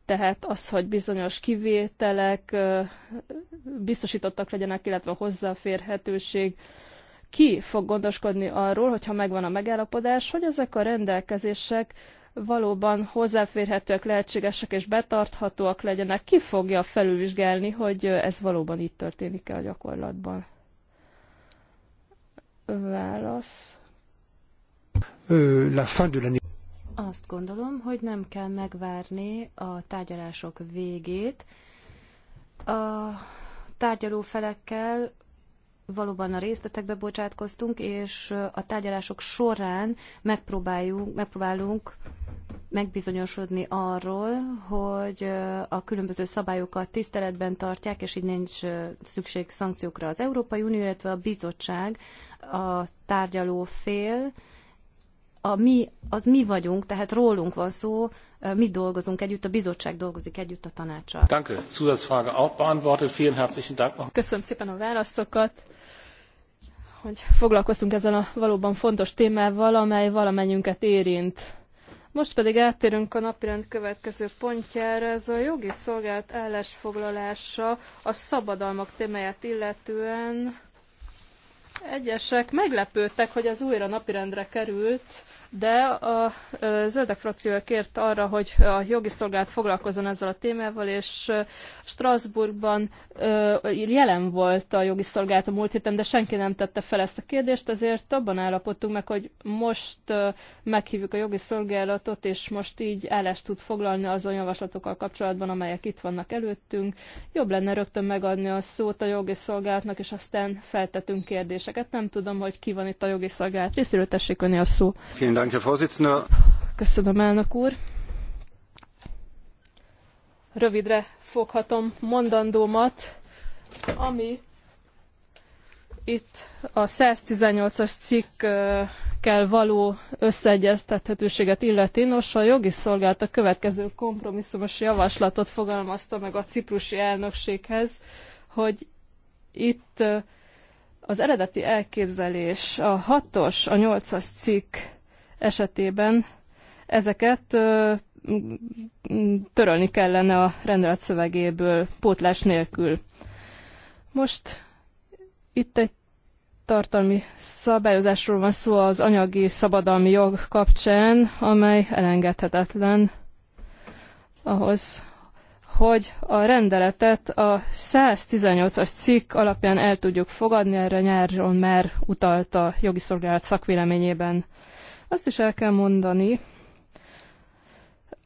tehát az, hogy bizonyos kivételek biztosítottak legyenek, illetve hozzáférhetőség, ki fog gondoskodni arról, hogyha megvan a megállapodás, hogy ezek a rendelkezések valóban hozzáférhetőek, lehetségesek és betarthatóak legyenek. Ki fogja felülvizsgálni, hogy ez valóban így történik-e a gyakorlatban? Válasz. La fin de la... Azt gondolom, hogy nem kell megvárni a tárgyalások végét. A tárgyaló felekkel valóban a részletekbe bocsátkoztunk, és a tárgyalások során megpróbáljuk, megpróbálunk megbizonyosodni arról, hogy a különböző szabályokat tiszteletben tartják, és így nincs szükség szankciókra. Az Európai Unió, illetve a bizottság a tárgyaló fél, a mi, az mi vagyunk, tehát rólunk van szó, mi dolgozunk együtt, a bizottság dolgozik együtt a tanácsal. Danke, Zusatzfrage auch beantwortet. Vielen herzlichen Dank. Köszönöm szépen a válaszokat hogy foglalkoztunk ezzel a valóban fontos témával, amely valamennyünket érint. Most pedig áttérünk a napirend következő pontjára, ez a jogi szolgált állásfoglalása a szabadalmak témáját illetően Egyesek meglepődtek, hogy az újra napirendre került, de a zöldek frakció kért arra, hogy a jogi szolgálat foglalkozzon ezzel a témával, és Strasbourgban jelen volt a jogi szolgálat a múlt héten, de senki nem tette fel ezt a kérdést, ezért abban állapodtunk meg, hogy most meghívjuk a jogi szolgálatot, és most így állást tud foglalni azon javaslatokkal kapcsolatban, amelyek itt vannak előttünk. Jobb lenne rögtön megadni a szót a jogi szolgálatnak, és aztán feltetünk kérdéseket. Nem tudom, hogy ki van itt a jogi szolgálat részéről, tessék a szó. Köszönöm, elnök úr. Rövidre foghatom mondandómat, ami itt a 118-as cikkkel való összeegyeztethetőséget illeti. Nos, a jogi szolgálat a következő kompromisszumos javaslatot fogalmazta meg a ciprusi elnökséghez, hogy itt az eredeti elképzelés a 6-os, a 8-as cikk esetében ezeket törölni kellene a rendelet szövegéből pótlás nélkül. Most itt egy tartalmi szabályozásról van szó az anyagi szabadalmi jog kapcsán, amely elengedhetetlen ahhoz, hogy a rendeletet a 118-as cikk alapján el tudjuk fogadni, erre nyáron már utalt a jogi szolgálat szakvéleményében. Azt is el kell mondani,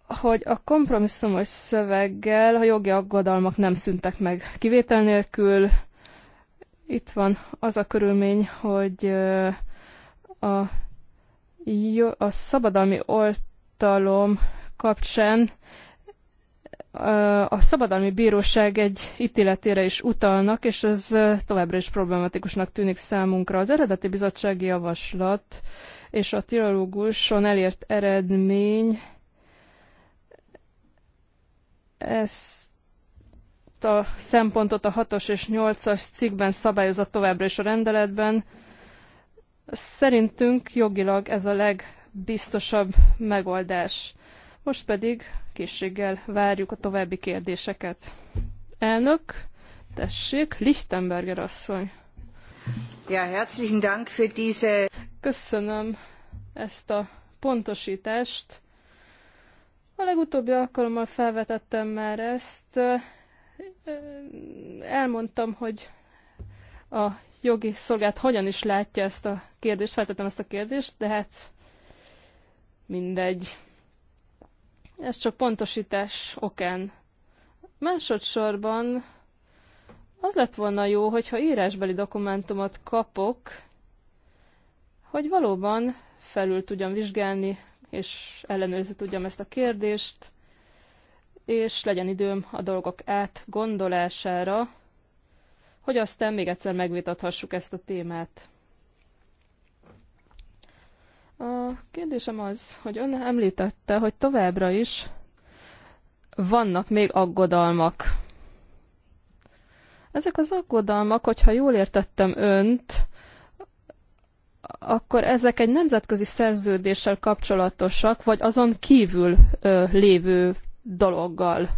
hogy a kompromisszumos szöveggel a jogi aggodalmak nem szüntek meg kivétel nélkül. Itt van az a körülmény, hogy a, a szabadalmi oltalom kapcsán a szabadalmi bíróság egy ítéletére is utalnak, és ez továbbra is problematikusnak tűnik számunkra. Az eredeti bizottsági javaslat és a trilóguson elért eredmény ezt a szempontot a 6-os és 8-as cikkben szabályozza továbbra is a rendeletben. Szerintünk jogilag ez a legbiztosabb megoldás. Most pedig készséggel várjuk a további kérdéseket. Elnök, tessék, Lichtenberger asszony. Ja, herzlichen Dank für diese... Köszönöm ezt a pontosítást. A legutóbbi alkalommal felvetettem már ezt. Elmondtam, hogy a jogi szolgált hogyan is látja ezt a kérdést, feltettem ezt a kérdést, de hát mindegy. Ez csak pontosítás okán. Másodszorban az lett volna jó, hogyha írásbeli dokumentumot kapok, hogy valóban felül tudjam vizsgálni, és ellenőrzni tudjam ezt a kérdést, és legyen időm a dolgok átgondolására, hogy aztán még egyszer megvitathassuk ezt a témát. A kérdésem az, hogy ön említette, hogy továbbra is vannak még aggodalmak. Ezek az aggodalmak, hogyha jól értettem önt, akkor ezek egy nemzetközi szerződéssel kapcsolatosak, vagy azon kívül ö, lévő dologgal.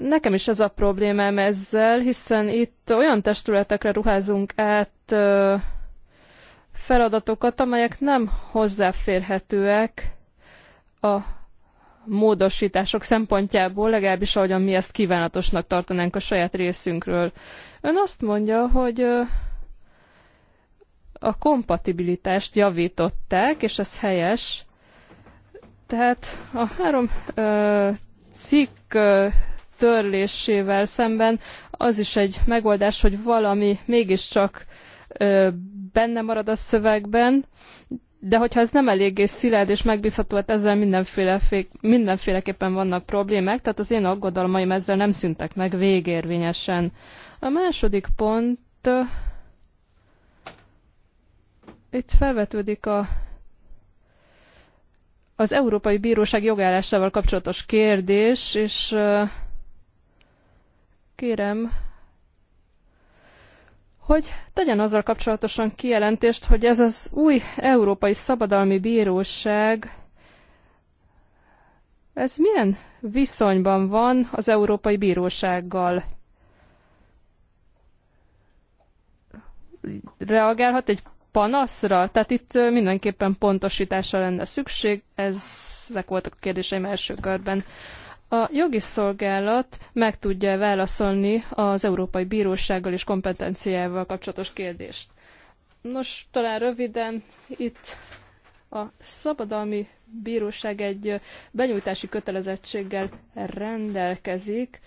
Nekem is ez a problémám ezzel, hiszen itt olyan testületekre ruházunk át, ö, feladatokat, amelyek nem hozzáférhetőek a módosítások szempontjából, legalábbis ahogyan mi ezt kívánatosnak tartanánk a saját részünkről. Ön azt mondja, hogy a kompatibilitást javították, és ez helyes. Tehát a három ö, cikk ö, törlésével szemben az is egy megoldás, hogy valami mégiscsak benne marad a szövegben, de hogyha ez nem eléggé szilárd és megbízható, hát ezzel mindenféle mindenféleképpen vannak problémák, tehát az én aggodalmaim ezzel nem szűntek meg végérvényesen. A második pont, itt felvetődik a az Európai Bíróság jogállásával kapcsolatos kérdés, és kérem, hogy tegyen azzal kapcsolatosan kijelentést, hogy ez az új Európai Szabadalmi Bíróság ez milyen viszonyban van az Európai Bírósággal? Reagálhat egy panaszra? Tehát itt mindenképpen pontosításra lenne szükség. Ezek voltak a kérdéseim első körben. A jogi szolgálat meg tudja válaszolni az Európai Bírósággal és kompetenciával kapcsolatos kérdést. Nos, talán röviden itt a Szabadalmi Bíróság egy benyújtási kötelezettséggel rendelkezik,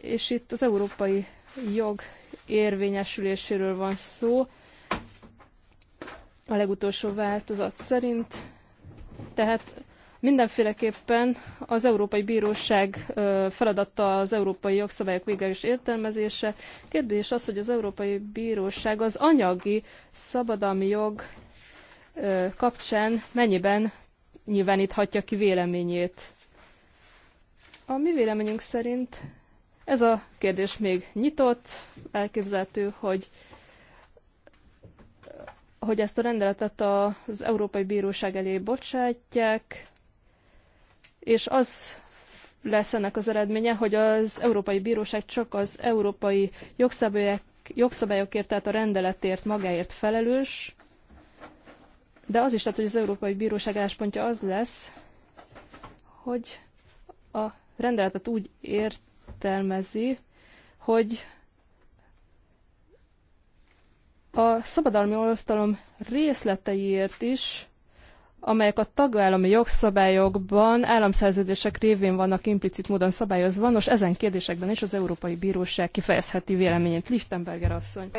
és itt az európai jog érvényesüléséről van szó. A legutolsó változat szerint, tehát Mindenféleképpen az Európai Bíróság feladata az európai jogszabályok végleges értelmezése. Kérdés az, hogy az Európai Bíróság az anyagi szabadalmi jog kapcsán mennyiben nyilváníthatja ki véleményét. A mi véleményünk szerint ez a kérdés még nyitott, elképzelhető, hogy hogy ezt a rendeletet az Európai Bíróság elé bocsátják, és az lesz ennek az eredménye, hogy az Európai Bíróság csak az európai jogszabályok, jogszabályokért, tehát a rendeletért magáért felelős, de az is lehet, hogy az Európai Bíróság álláspontja az lesz, hogy a rendeletet úgy értelmezi, hogy a szabadalmi oltalom részleteiért is amelyek a tagállami jogszabályokban, államszerződések révén vannak implicit módon szabályozva, nos ezen kérdésekben is az Európai Bíróság kifejezheti véleményét. Lichtenberger asszony.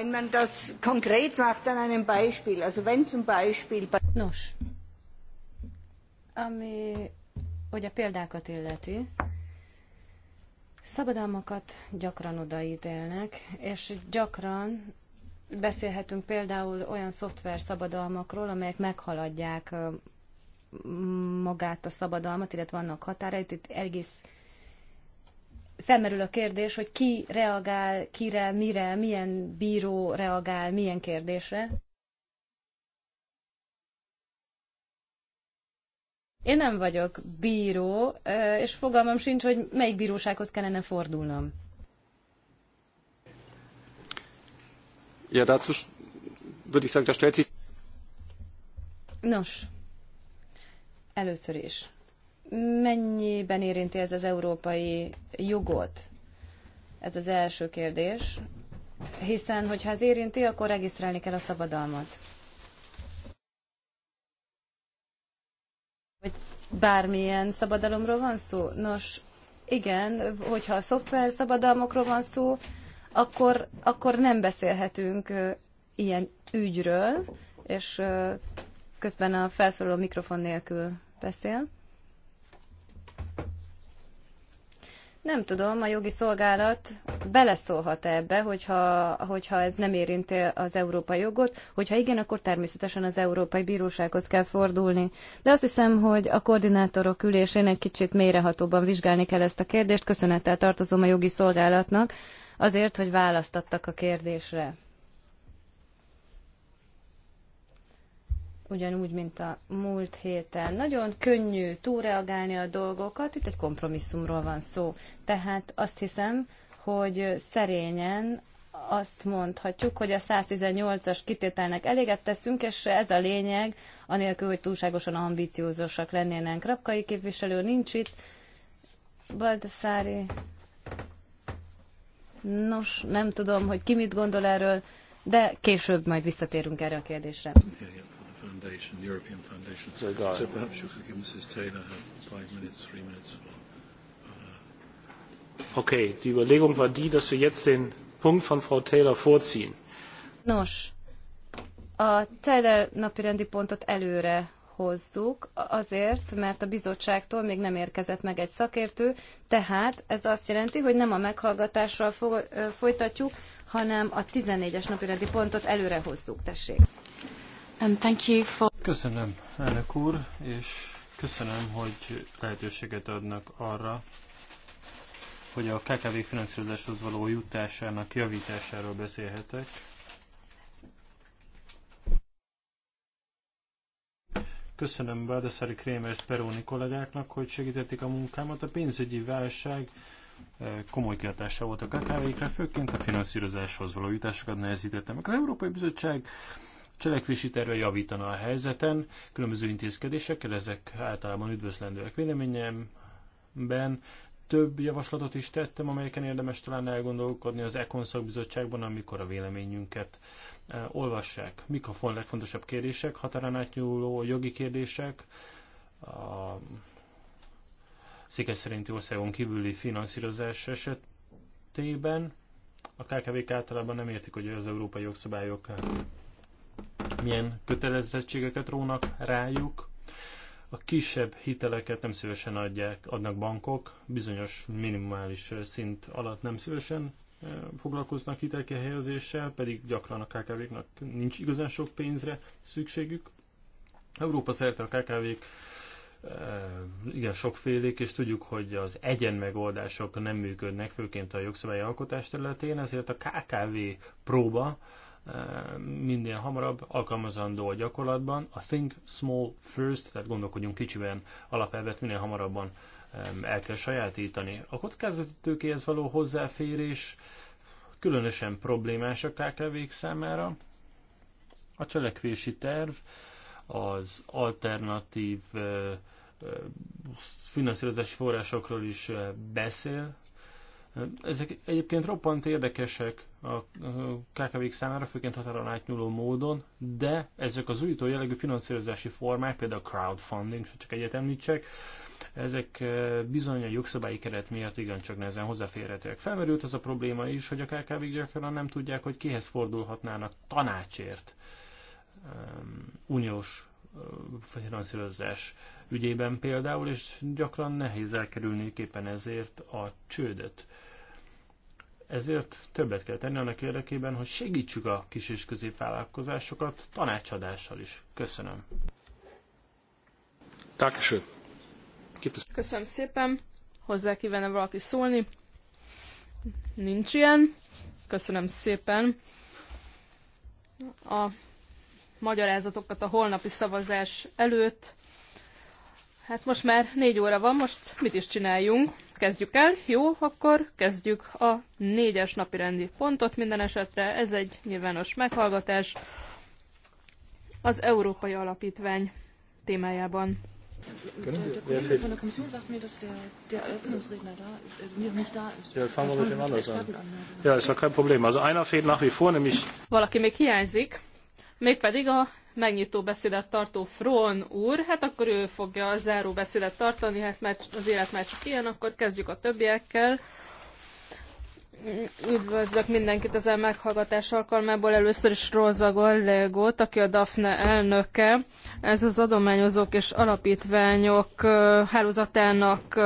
Nos, ami hogy a példákat illeti, szabadalmakat gyakran odaítélnek, és gyakran beszélhetünk például olyan szoftver szabadalmakról, amelyek meghaladják magát a szabadalmat, illetve vannak határait. Itt egész felmerül a kérdés, hogy ki reagál, kire, mire, milyen bíró reagál, milyen kérdésre. Én nem vagyok bíró, és fogalmam sincs, hogy melyik bírósághoz kellene fordulnom. Ja, dazu würde ich sagen, da stellt sich... Nos, Először is, mennyiben érinti ez az európai jogot? Ez az első kérdés. Hiszen, hogyha ez érinti, akkor regisztrálni kell a szabadalmat. Vagy bármilyen szabadalomról van szó? Nos, igen, hogyha a szoftver szabadalmokról van szó, akkor, akkor nem beszélhetünk ilyen ügyről, és Közben a felszóló mikrofon nélkül beszél. Nem tudom, a jogi szolgálat beleszólhat -e ebbe, hogyha, hogyha ez nem érinti az európai jogot. Hogyha igen, akkor természetesen az Európai Bírósághoz kell fordulni. De azt hiszem, hogy a koordinátorok ülésén egy kicsit mélyrehatóban vizsgálni kell ezt a kérdést. Köszönettel tartozom a jogi szolgálatnak azért, hogy választattak a kérdésre. ugyanúgy, mint a múlt héten. Nagyon könnyű túlreagálni a dolgokat, itt egy kompromisszumról van szó. Tehát azt hiszem, hogy szerényen azt mondhatjuk, hogy a 118-as kitételnek eléget teszünk, és ez a lényeg, anélkül, hogy túlságosan ambiciózusak lennének. Rapkai képviselő nincs itt, Baldassári. Nos, nem tudom, hogy ki mit gondol erről, de később majd visszatérünk erre a kérdésre. Foundation, the European Foundation. So, guy. so perhaps you could give Mrs. Taylor her five minutes, three minutes. Uh, okay, die Überlegung war die, dass wir jetzt den Punkt von Frau Taylor vorziehen. Nos, a Taylor napirendi pontot előre hozzuk, azért, mert a bizottságtól még nem érkezett meg egy szakértő, tehát ez azt jelenti, hogy nem a meghallgatással folytatjuk, hanem a 14-es napirendi pontot előre hozzuk. Tessék! Köszönöm, elnök úr, és köszönöm, hogy lehetőséget adnak arra, hogy a KKV finanszírozáshoz való jutásának javításáról beszélhetek. Köszönöm Baldassari Krémer Speroni kollégáknak, hogy segítették a munkámat. A pénzügyi válság eh, komoly kihatása volt a KKV-kre, főként a finanszírozáshoz való jutásokat nehezítettem. Az Európai Bizottság cselekvési terve javítana a helyzeten, különböző intézkedésekkel, ezek általában üdvözlendőek véleményemben. Több javaslatot is tettem, amelyeken érdemes talán elgondolkodni az Econ szakbizottságban, amikor a véleményünket e, olvassák. Mik a legfontosabb kérdések, határán átnyúló jogi kérdések, a székes szerinti országon kívüli finanszírozás esetében. A KKV-k általában nem értik, hogy az európai jogszabályok milyen kötelezettségeket rónak rájuk. A kisebb hiteleket nem szívesen adják, adnak bankok, bizonyos minimális szint alatt nem szívesen eh, foglalkoznak hitelkehelyezéssel, pedig gyakran a KKV-knak nincs igazán sok pénzre szükségük. Európa szerte a KKV-k eh, igen, sokfélék, és tudjuk, hogy az egyen megoldások nem működnek, főként a alkotás területén, ezért a KKV próba minél hamarabb alkalmazandó a gyakorlatban. A think small first, tehát gondolkodjunk kicsiben alapelvet minél hamarabban el kell sajátítani. A kockázatítőkéhez való hozzáférés különösen problémás a kkv számára. A cselekvési terv az alternatív finanszírozási forrásokról is beszél. Ezek egyébként roppant érdekesek a KKV-k számára, főként határon átnyúló módon, de ezek az újító jellegű finanszírozási formák, például a crowdfunding, csak egyet említsek, ezek e, bizony a jogszabályi keret miatt igencsak nehezen hozzáférhetőek. Felmerült az a probléma is, hogy a KKV-k gyakran nem tudják, hogy kihez fordulhatnának tanácsért um, uniós finanszírozás ügyében például, és gyakran nehéz elkerülni éppen ezért a csődöt. Ezért többet kell tenni annak érdekében, hogy segítsük a kis és középvállalkozásokat tanácsadással is. Köszönöm. Köszönöm szépen. Hozzá kívánna valaki szólni? Nincs ilyen. Köszönöm szépen. A magyarázatokat a holnapi szavazás előtt. Hát most már négy óra van, most mit is csináljunk? kezdjük el. Jó, akkor kezdjük a négyes napi rendi pontot minden esetre. Ez egy nyilvános meghallgatás az Európai Alapítvány témájában. Valaki még hiányzik, mégpedig a megnyitó beszédet tartó Frón úr, hát akkor ő fogja a záró beszédet tartani, hát mert az élet már csak ilyen, akkor kezdjük a többiekkel. Üdvözlök mindenkit ezen meghallgatás alkalmából. Először is Rosa Gallegót, aki a DAFNE elnöke. Ez az adományozók és alapítványok hálózatának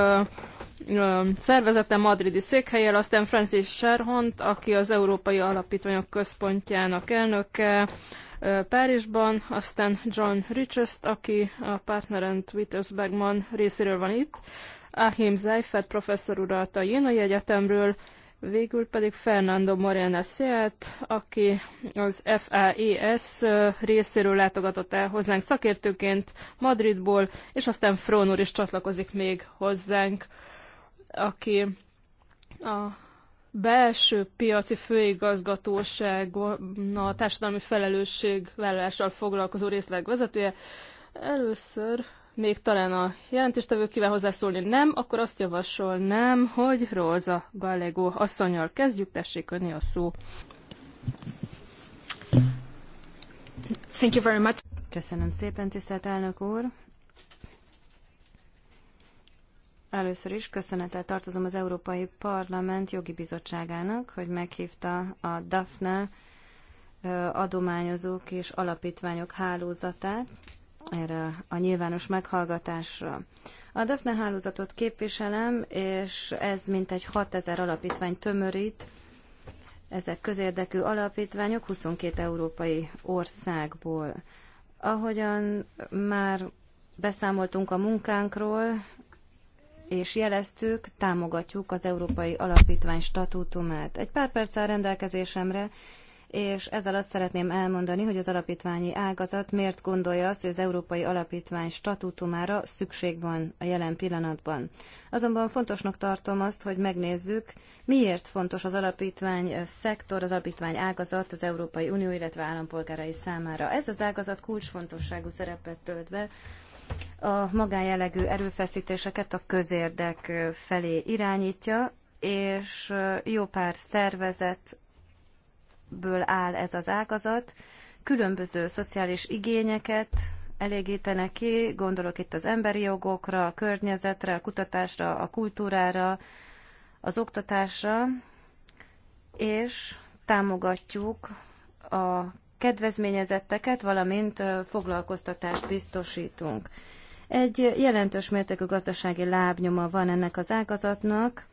szervezete madridi székhelyel, aztán Francis Serhont, aki az Európai Alapítványok Központjának elnöke, Párizsban, aztán John Richest, aki a Witness Bergman részéről van itt, Achim Seifert professzor urat a Jénai Egyetemről, végül pedig Fernando Morena Seat, aki az FAES részéről látogatott el hozzánk szakértőként Madridból, és aztán Frón úr is csatlakozik még hozzánk, aki a belső piaci főigazgatóság, a társadalmi vállalással foglalkozó részleg vezetője. Először még talán a jelentéstevő kíván hozzászólni nem, akkor azt javasolnám, hogy Róza Gallego asszonyal kezdjük, tessék önni a szó. Thank you very much. Köszönöm szépen, tisztelt elnök úr. Először is köszönettel tartozom az Európai Parlament jogi bizottságának, hogy meghívta a Daphne adományozók és alapítványok hálózatát erre a nyilvános meghallgatásra. A Daphne hálózatot képviselem, és ez mintegy 6000 alapítvány tömörít, ezek közérdekű alapítványok 22 európai országból. Ahogyan már beszámoltunk a munkánkról, és jeleztük, támogatjuk az Európai Alapítvány statútumát. Egy pár perc áll rendelkezésemre, és ezzel azt szeretném elmondani, hogy az alapítványi ágazat miért gondolja azt, hogy az Európai Alapítvány statútumára szükség van a jelen pillanatban. Azonban fontosnak tartom azt, hogy megnézzük, miért fontos az alapítvány szektor, az alapítvány ágazat az Európai Unió, illetve állampolgárai számára. Ez az ágazat kulcsfontosságú szerepet tölt be a magánjellegű erőfeszítéseket a közérdek felé irányítja, és jó pár szervezetből áll ez az ágazat. Különböző szociális igényeket elégítenek ki, gondolok itt az emberi jogokra, a környezetre, a kutatásra, a kultúrára, az oktatásra, és támogatjuk a kedvezményezetteket, valamint foglalkoztatást biztosítunk. Egy jelentős mértékű gazdasági lábnyoma van ennek az ágazatnak,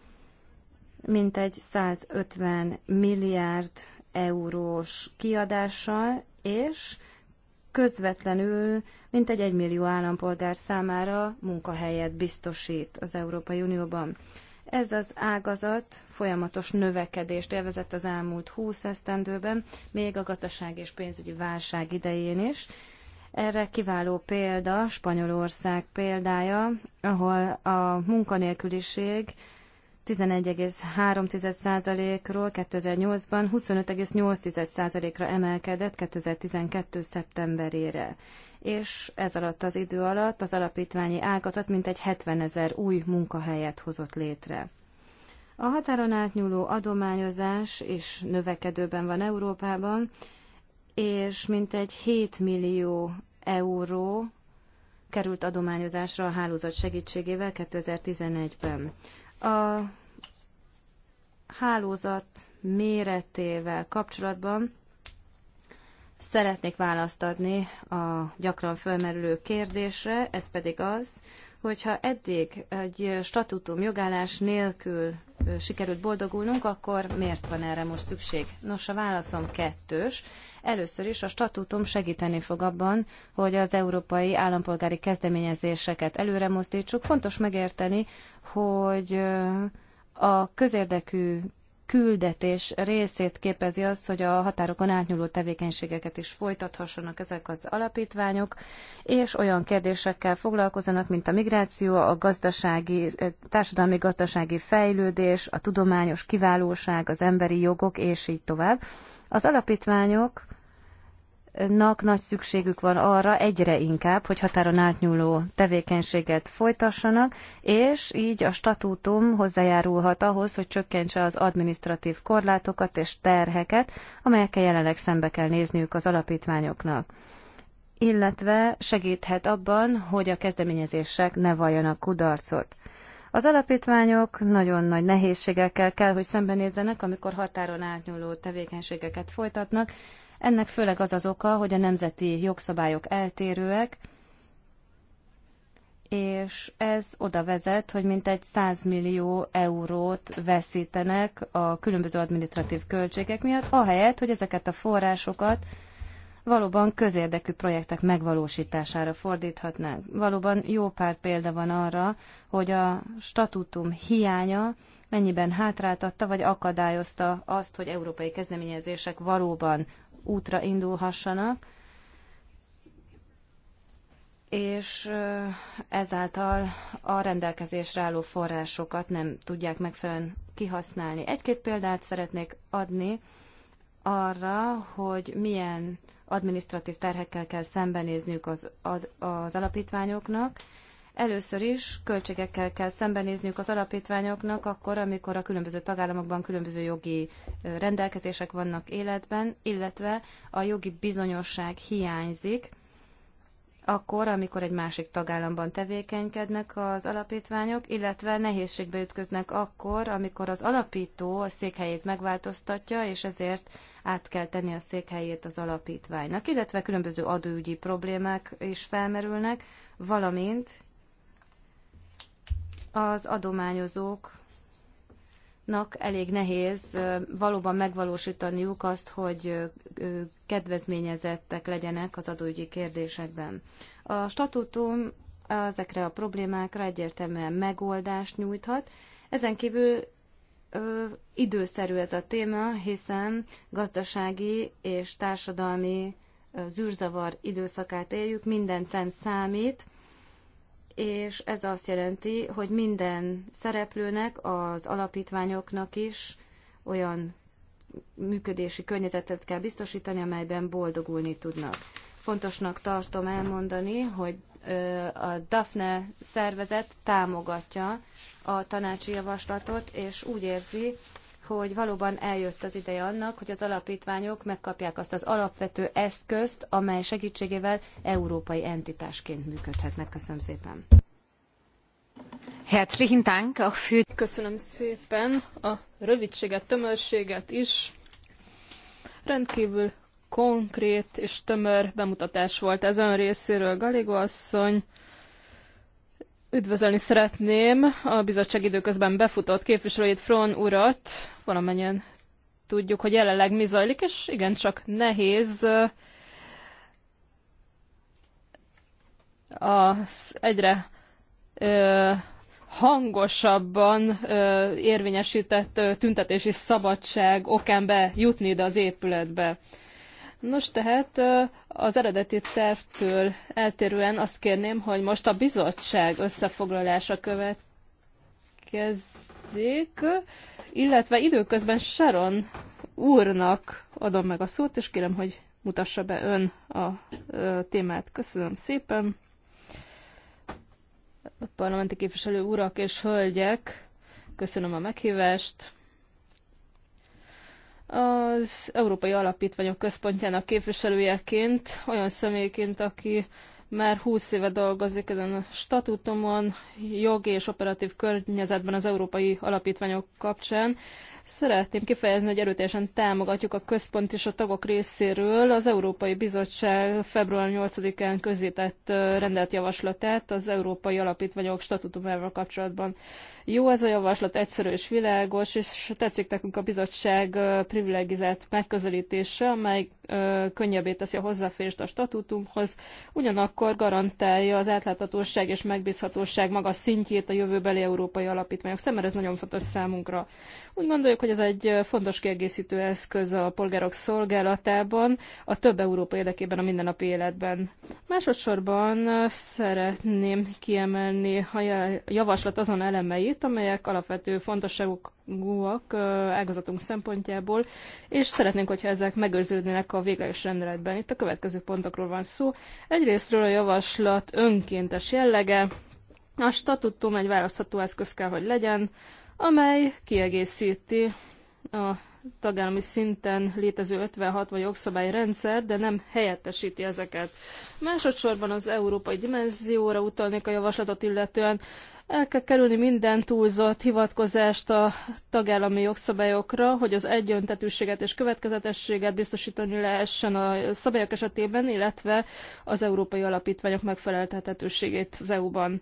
mintegy 150 milliárd eurós kiadással, és közvetlenül mintegy 1 millió állampolgár számára munkahelyet biztosít az Európai Unióban. Ez az ágazat folyamatos növekedést élvezett az elmúlt 20 esztendőben, még a gazdaság és pénzügyi válság idején is. Erre kiváló példa Spanyolország példája, ahol a munkanélküliség 11,3%-ról 2008-ban 25,8%-ra emelkedett 2012. szeptemberére. És ez alatt az idő alatt az alapítványi ágazat mintegy 70 ezer új munkahelyet hozott létre. A határon átnyúló adományozás is növekedőben van Európában, és mintegy 7 millió euró került adományozásra a hálózat segítségével 2011-ben. A hálózat méretével kapcsolatban szeretnék választ adni a gyakran fölmerülő kérdésre, ez pedig az, hogyha eddig egy statutum jogállás nélkül sikerült boldogulnunk, akkor miért van erre most szükség? Nos, a válaszom kettős. Először is a statutum segíteni fog abban, hogy az európai állampolgári kezdeményezéseket előre mozdítsuk. Fontos megérteni, hogy a közérdekű küldetés részét képezi az, hogy a határokon átnyúló tevékenységeket is folytathassanak ezek az alapítványok, és olyan kérdésekkel foglalkozanak, mint a migráció, a gazdasági, eh, társadalmi-gazdasági fejlődés, a tudományos kiválóság, az emberi jogok, és így tovább. Az alapítványok nak nagy szükségük van arra egyre inkább, hogy határon átnyúló tevékenységet folytassanak, és így a statútum hozzájárulhat ahhoz, hogy csökkentse az administratív korlátokat és terheket, amelyekkel jelenleg szembe kell nézniük az alapítványoknak illetve segíthet abban, hogy a kezdeményezések ne valljanak kudarcot. Az alapítványok nagyon nagy nehézségekkel kell, hogy szembenézzenek, amikor határon átnyúló tevékenységeket folytatnak, ennek főleg az az oka, hogy a nemzeti jogszabályok eltérőek, és ez oda vezet, hogy mintegy 100 millió eurót veszítenek a különböző administratív költségek miatt, ahelyett, hogy ezeket a forrásokat valóban közérdekű projektek megvalósítására fordíthatnánk. Valóban jó pár példa van arra, hogy a statútum hiánya mennyiben hátráltatta vagy akadályozta azt, hogy európai kezdeményezések valóban útra indulhassanak, és ezáltal a rendelkezésre álló forrásokat nem tudják megfelelően kihasználni. Egy-két példát szeretnék adni arra, hogy milyen administratív terhekkel kell szembenézniük az, az alapítványoknak, Először is költségekkel kell szembenézniük az alapítványoknak, akkor, amikor a különböző tagállamokban különböző jogi rendelkezések vannak életben, illetve a jogi bizonyosság hiányzik, akkor, amikor egy másik tagállamban tevékenykednek az alapítványok, illetve nehézségbe ütköznek akkor, amikor az alapító a székhelyét megváltoztatja, és ezért át kell tenni a székhelyét az alapítványnak, illetve különböző adóügyi problémák is felmerülnek, valamint az adományozóknak elég nehéz valóban megvalósítaniuk azt, hogy kedvezményezettek legyenek az adóügyi kérdésekben. A statútum ezekre a problémákra egyértelműen megoldást nyújthat. Ezen kívül ö, időszerű ez a téma, hiszen gazdasági és társadalmi ö, zűrzavar időszakát éljük, minden cent számít, és ez azt jelenti, hogy minden szereplőnek, az alapítványoknak is olyan működési környezetet kell biztosítani, amelyben boldogulni tudnak. Fontosnak tartom elmondani, hogy a DAFNE szervezet támogatja a tanácsi javaslatot, és úgy érzi, hogy valóban eljött az ideje annak, hogy az alapítványok megkapják azt az alapvető eszközt, amely segítségével európai entitásként működhetnek. Köszönöm szépen. Herzlichen Dank auch für... Köszönöm szépen a rövidséget, tömörséget is. Rendkívül konkrét és tömör bemutatás volt ez ön részéről, Galigo asszony. Üdvözölni szeretném a bizottság időközben befutott képviselőjét, Fron urat, valamennyien tudjuk, hogy jelenleg mi zajlik, és igencsak nehéz az egyre ö, hangosabban ö, érvényesített ö, tüntetési szabadság okán bejutni ide az épületbe. Ö, Nos, tehát az eredeti tervtől eltérően azt kérném, hogy most a bizottság összefoglalása következzék, illetve időközben Sharon úrnak adom meg a szót, és kérem, hogy mutassa be ön a témát. Köszönöm szépen. A parlamenti képviselő urak és hölgyek, köszönöm a meghívást az Európai Alapítványok Központjának képviselőjeként, olyan személyként, aki már 20 éve dolgozik ezen a statutumon, jogi és operatív környezetben az európai alapítványok kapcsán. Szeretném kifejezni, hogy erőteljesen támogatjuk a központ és a tagok részéről az Európai Bizottság február 8-án közzétett rendelt javaslatát az Európai Alapítványok statutumával kapcsolatban. Jó ez a javaslat, egyszerű és világos, és tetszik nekünk a bizottság privilegizált megközelítése, amely könnyebbé teszi a hozzáférést a statútumhoz, ugyanakkor garantálja az átláthatóság és megbízhatóság magas szintjét a jövőbeli európai alapítványok szemmel, ez nagyon fontos számunkra. Úgy gondoljuk, hogy ez egy fontos kiegészítő eszköz a polgárok szolgálatában, a több Európa érdekében a mindennapi életben. Másodszorban szeretném kiemelni a javaslat azon elemeit, céljait, amelyek alapvető fontosságúak ágazatunk szempontjából, és szeretnénk, hogyha ezek megőrződnének a végleges rendeletben. Itt a következő pontokról van szó. Egyrésztről a javaslat önkéntes jellege, a statutum egy választható eszköz kell, hogy legyen, amely kiegészíti a tagállami szinten létező 56 vagy rendszer, de nem helyettesíti ezeket. Másodszorban az európai dimenzióra utalnék a javaslatot illetően. El kell kerülni minden túlzott hivatkozást a tagállami jogszabályokra, hogy az egyöntetűséget és következetességet biztosítani lehessen a szabályok esetében, illetve az európai alapítványok megfeleltethetőségét az EU-ban.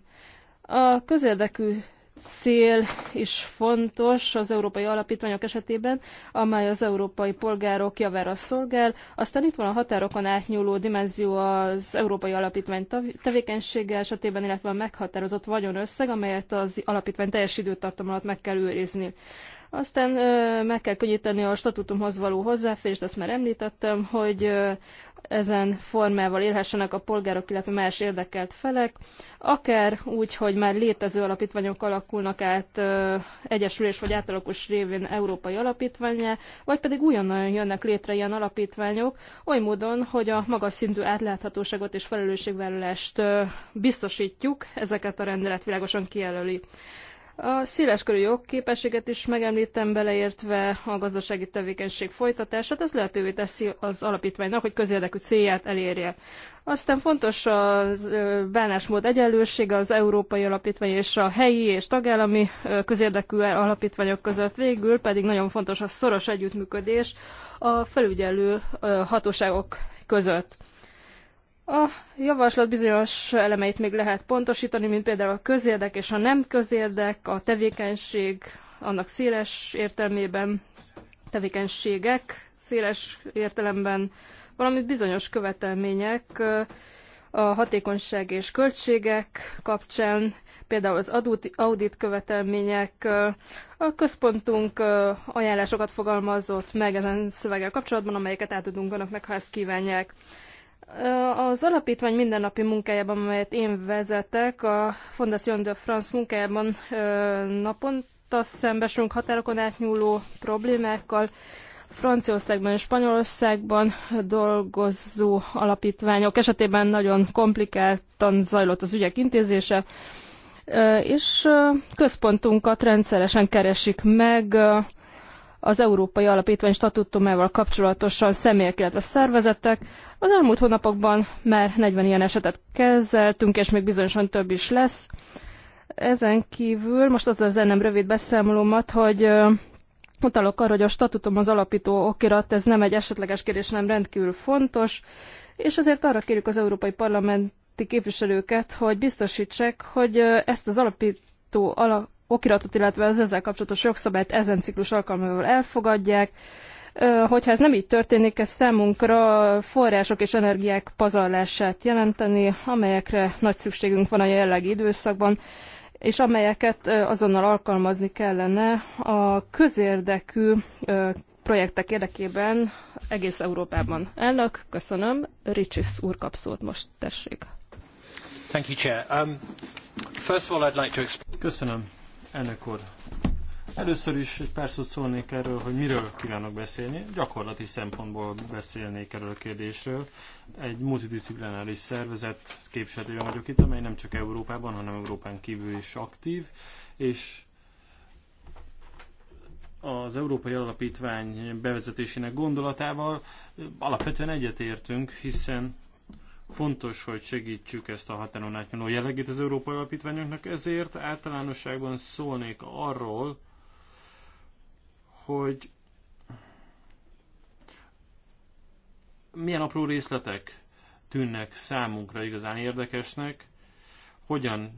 A közérdekű cél is fontos az európai alapítványok esetében, amely az európai polgárok javára szolgál. Aztán itt van a határokon átnyúló dimenzió az európai alapítvány tevékenysége esetében, illetve a meghatározott vagyonösszeg, amelyet az alapítvány teljes időtartam alatt meg kell őrizni. Aztán ö, meg kell könnyíteni a statutumhoz való hozzáférést, azt már említettem, hogy ö, ezen formával élhessenek a polgárok, illetve más érdekelt felek, akár úgy, hogy már létező alapítványok alakulnak át ö, egyesülés vagy átalakos révén európai alapítványá, vagy pedig újonnan jönnek létre ilyen alapítványok, oly módon, hogy a magas szintű átláthatóságot és felelősségvállalást ö, biztosítjuk, ezeket a rendelet világosan kijelöli. A széleskörű jogképességet is megemlítem beleértve a gazdasági tevékenység folytatását, ez lehetővé teszi az alapítványnak, hogy közérdekű célját elérje. Aztán fontos a bánásmód egyenlősége az európai alapítvány és a helyi és tagállami közérdekű alapítványok között végül, pedig nagyon fontos a szoros együttműködés a felügyelő hatóságok között. A javaslat bizonyos elemeit még lehet pontosítani, mint például a közérdek és a nem közérdek, a tevékenység annak széles értelmében, tevékenységek széles értelemben, valamint bizonyos követelmények a hatékonyság és költségek kapcsán, például az audit követelmények. A központunk ajánlásokat fogalmazott meg ezen szöveggel kapcsolatban, amelyeket átadunk önöknek, ha ezt kívánják. Az alapítvány mindennapi munkájában, amelyet én vezetek, a Fondation de France munkájában naponta szembesülünk határokon átnyúló problémákkal. Franciaországban és Spanyolországban dolgozó alapítványok esetében nagyon komplikáltan zajlott az ügyek intézése, és központunkat rendszeresen keresik meg az Európai Alapítvány statutumával kapcsolatosan személyek, illetve szervezetek, az elmúlt hónapokban már 40 ilyen esetet kezeltünk, és még bizonyosan több is lesz. Ezen kívül most azzal zenem rövid beszámolómat, hogy utalok arra, hogy a statutum az alapító okirat, ez nem egy esetleges kérdés, nem rendkívül fontos, és azért arra kérjük az Európai Parlamenti képviselőket, hogy biztosítsák, hogy ezt az alapító ala, okiratot, illetve az ezzel kapcsolatos jogszabályt ezen ciklus alkalmával elfogadják, Hogyha ez nem így történik, ez számunkra források és energiák pazarlását jelenteni, amelyekre nagy szükségünk van a jelenlegi időszakban, és amelyeket azonnal alkalmazni kellene a közérdekű projektek érdekében egész Európában. Elnök, köszönöm. Ricsis úr kap szót most, tessék. Thank you, Chair. Um, first of all, I'd like to... Köszönöm, elnök úr. Először is egy pár szót szólnék erről, hogy miről kívánok beszélni. Gyakorlati szempontból beszélnék erről a kérdésről. Egy multidisciplináris szervezet képviselője vagyok itt, amely nem csak Európában, hanem Európán kívül is aktív, és az Európai Alapítvány bevezetésének gondolatával alapvetően egyetértünk, hiszen fontos, hogy segítsük ezt a határon átnyúló jellegét az Európai Alapítványoknak, ezért általánosságban szólnék arról, hogy milyen apró részletek tűnnek számunkra igazán érdekesnek, hogyan,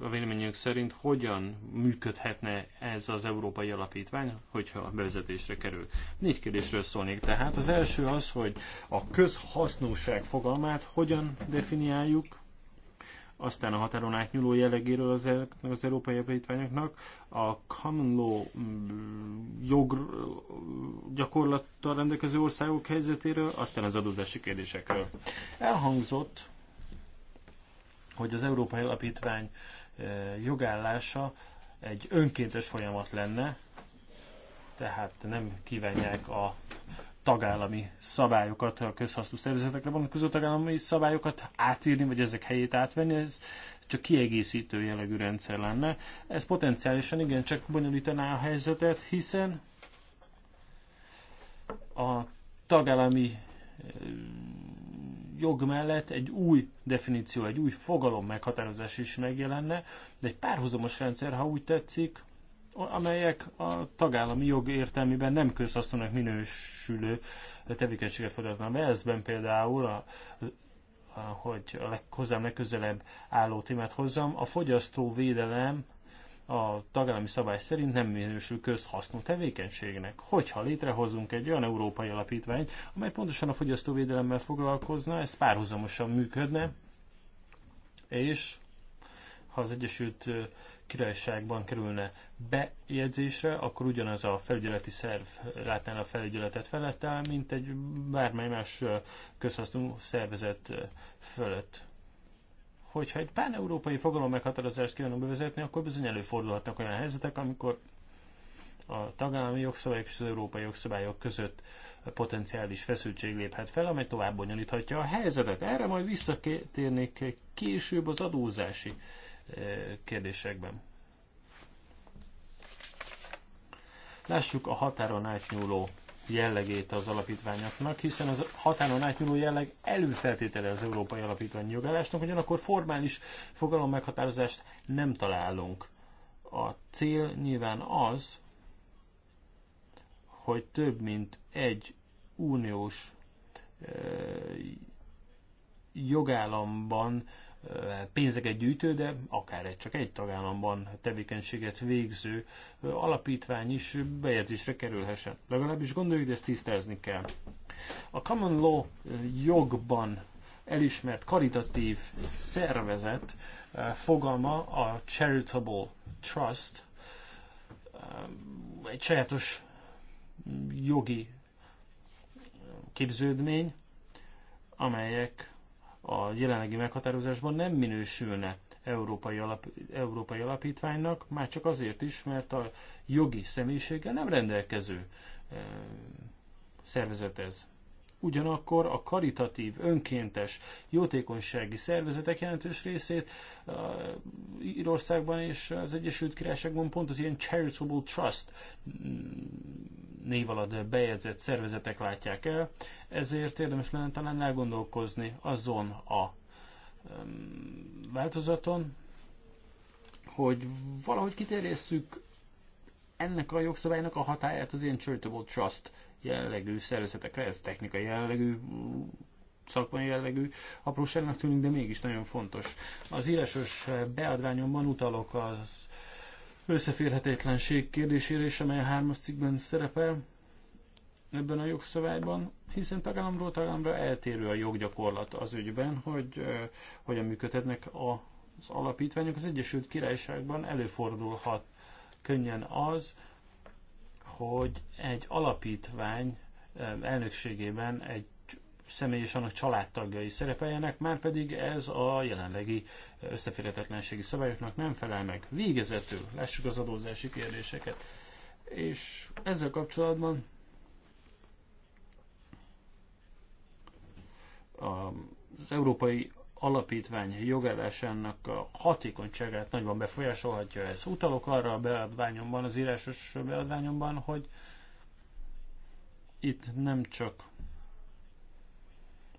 a véleményünk szerint, hogyan működhetne ez az Európai Alapítvány, hogyha a bevezetésre kerül. Négy kérdésről szólnék tehát. Az első az, hogy a közhasznúság fogalmát hogyan definiáljuk, aztán a határon átnyúló jellegéről az, az európai alapítványoknak a common law mm, jog gyakorlattal rendelkező országok helyzetéről, aztán az adózási kérdésekről. Elhangzott, hogy az európai alapítvány e, jogállása egy önkéntes folyamat lenne, tehát nem kívánják a tagállami szabályokat, a közhasznú szervezetekre vonatkozó tagállami szabályokat átírni, vagy ezek helyét átvenni, ez csak kiegészítő jellegű rendszer lenne. Ez potenciálisan igen csak bonyolítaná a helyzetet, hiszen a tagállami eh, jog mellett egy új definíció, egy új fogalom meghatározás is megjelenne, de egy párhuzamos rendszer, ha úgy tetszik, amelyek a tagállami jog értelmében nem közhaszonnak minősülő tevékenységet folytatnak. Velszben például a, a, hogy a leg, hozzám legközelebb álló témát hozzam, a fogyasztóvédelem a tagállami szabály szerint nem minősül közhasznú tevékenységnek, hogyha létrehozunk egy olyan európai alapítványt, amely pontosan a fogyasztóvédelemmel foglalkozna, ez párhuzamosan működne, és ha az Egyesült Királyságban kerülne bejegyzésre, akkor ugyanaz a felügyeleti szerv látná el a felügyeletet felett, mint egy bármely más közhasznú szervezet fölött. Hogyha egy pán-európai fogalom meghatározást kívánunk bevezetni, akkor bizony előfordulhatnak olyan helyzetek, amikor a tagállami jogszabályok és az európai jogszabályok között potenciális feszültség léphet fel, amely tovább bonyolíthatja a helyzetet. Erre majd visszatérnék később az adózási kérdésekben. Lássuk a határon átnyúló jellegét az alapítványoknak, hiszen az határon átnyúló jelleg előfeltétele az európai alapítvány jogállásnak, ugyanakkor formális fogalom meghatározást nem találunk. A cél nyilván az, hogy több mint egy uniós jogállamban pénzeket gyűjtő, de akár egy csak egy tagállamban tevékenységet végző alapítvány is bejegyzésre kerülhessen. Legalábbis gondoljuk, de ezt tisztázni kell. A common law jogban elismert karitatív szervezet fogalma a charitable trust, egy sajátos jogi képződmény, amelyek a jelenlegi meghatározásban nem minősülne európai, alap, európai alapítványnak, már csak azért is, mert a jogi személyiséggel nem rendelkező eh, szervezet ez ugyanakkor a karitatív, önkéntes, jótékonysági szervezetek jelentős részét uh, Írországban és az Egyesült Királyságban pont az ilyen Charitable Trust mm, név alatt bejegyzett szervezetek látják el, ezért érdemes lenne talán elgondolkozni azon a um, változaton, hogy valahogy kiterjesszük ennek a jogszabálynak a hatáját az ilyen charitable trust jellegű szervezetekre, ez technikai jellegű, szakmai jellegű apróságnak tűnik, de mégis nagyon fontos. Az írásos beadványomban utalok az összeférhetetlenség kérdésére is, amely a hármas cikkben szerepel ebben a jogszabályban, hiszen tagállamról tagállamra eltérő a joggyakorlat az ügyben, hogy uh, hogyan működhetnek a, az alapítványok. Az Egyesült Királyságban előfordulhat könnyen az, hogy egy alapítvány elnökségében egy személy és annak családtagjai szerepeljenek, már pedig ez a jelenlegi összeférhetetlenségi szabályoknak nem felel meg. Végezetül lássuk az adózási kérdéseket. És ezzel kapcsolatban az európai alapítvány jogállásának a hatékonyságát nagyban befolyásolhatja ez. Utalok arra a beadványomban, az írásos beadványomban, hogy itt nem csak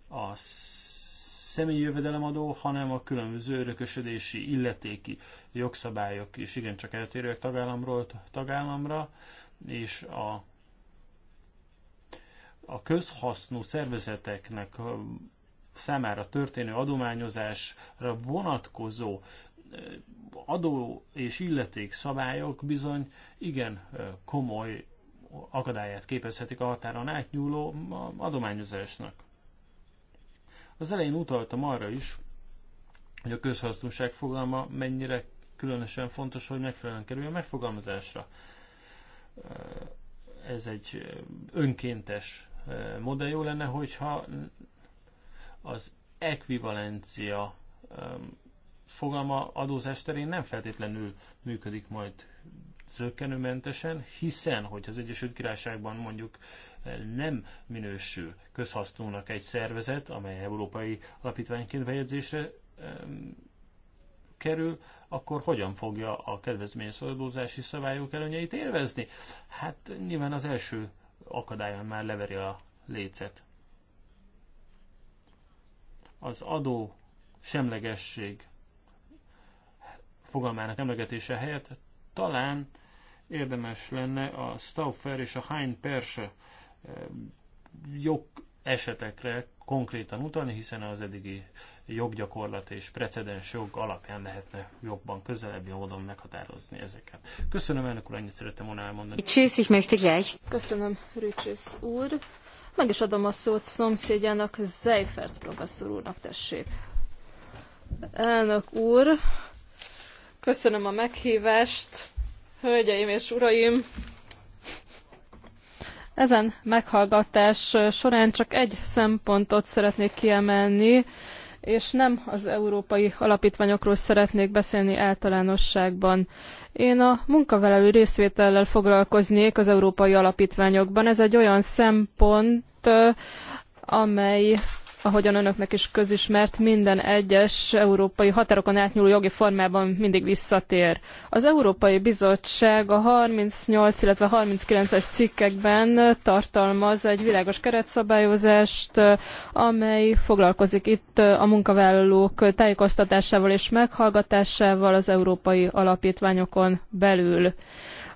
a személyi jövedelemadó, hanem a különböző örökösödési, illetéki jogszabályok is igencsak eltérőek tagállamról tagállamra, és a a közhasznú szervezeteknek számára történő adományozásra vonatkozó eh, adó és illeték szabályok bizony igen eh, komoly akadályát képezhetik a határon átnyúló eh, adományozásnak. Az elején utaltam arra is, hogy a közhasznúság fogalma mennyire különösen fontos, hogy megfelelően kerüljön megfogalmazásra. Ez egy önkéntes modell. Jó lenne, hogyha az ekvivalencia fogalma adózás terén nem feltétlenül működik majd zöggenőmentesen, hiszen, hogy az Egyesült Királyságban mondjuk nem minősül közhasznúnak egy szervezet, amely európai alapítványként bejegyzésre kerül, akkor hogyan fogja a kedvezményes adózási szabályok előnyeit élvezni? Hát nyilván az első akadályon már leveri a lécet az adó semlegesség fogalmának emlegetése helyett talán érdemes lenne a Stauffer és a Hein Perse eh, jog esetekre konkrétan utalni, hiszen az eddigi joggyakorlat és precedens jog alapján lehetne jobban, közelebbi módon meghatározni ezeket. Köszönöm, elnök úr, ennyit szerettem volna elmondani. Tschüss, ich möchte gleich. Köszönöm, Rücsész úr. Meg is adom a szót szomszédjának, Zeifert professzor úrnak, tessék. Elnök úr, köszönöm a meghívást. Hölgyeim és uraim, ezen meghallgatás során csak egy szempontot szeretnék kiemelni, és nem az európai alapítványokról szeretnék beszélni általánosságban. Én a munkavállalói részvétellel foglalkoznék az európai alapítványokban. Ez egy olyan szempont, amely Ahogyan önöknek is közismert, minden egyes európai határokon átnyúló jogi formában mindig visszatér. Az Európai Bizottság a 38, illetve 39-es cikkekben tartalmaz egy világos keretszabályozást, amely foglalkozik itt a munkavállalók tájékoztatásával és meghallgatásával az európai alapítványokon belül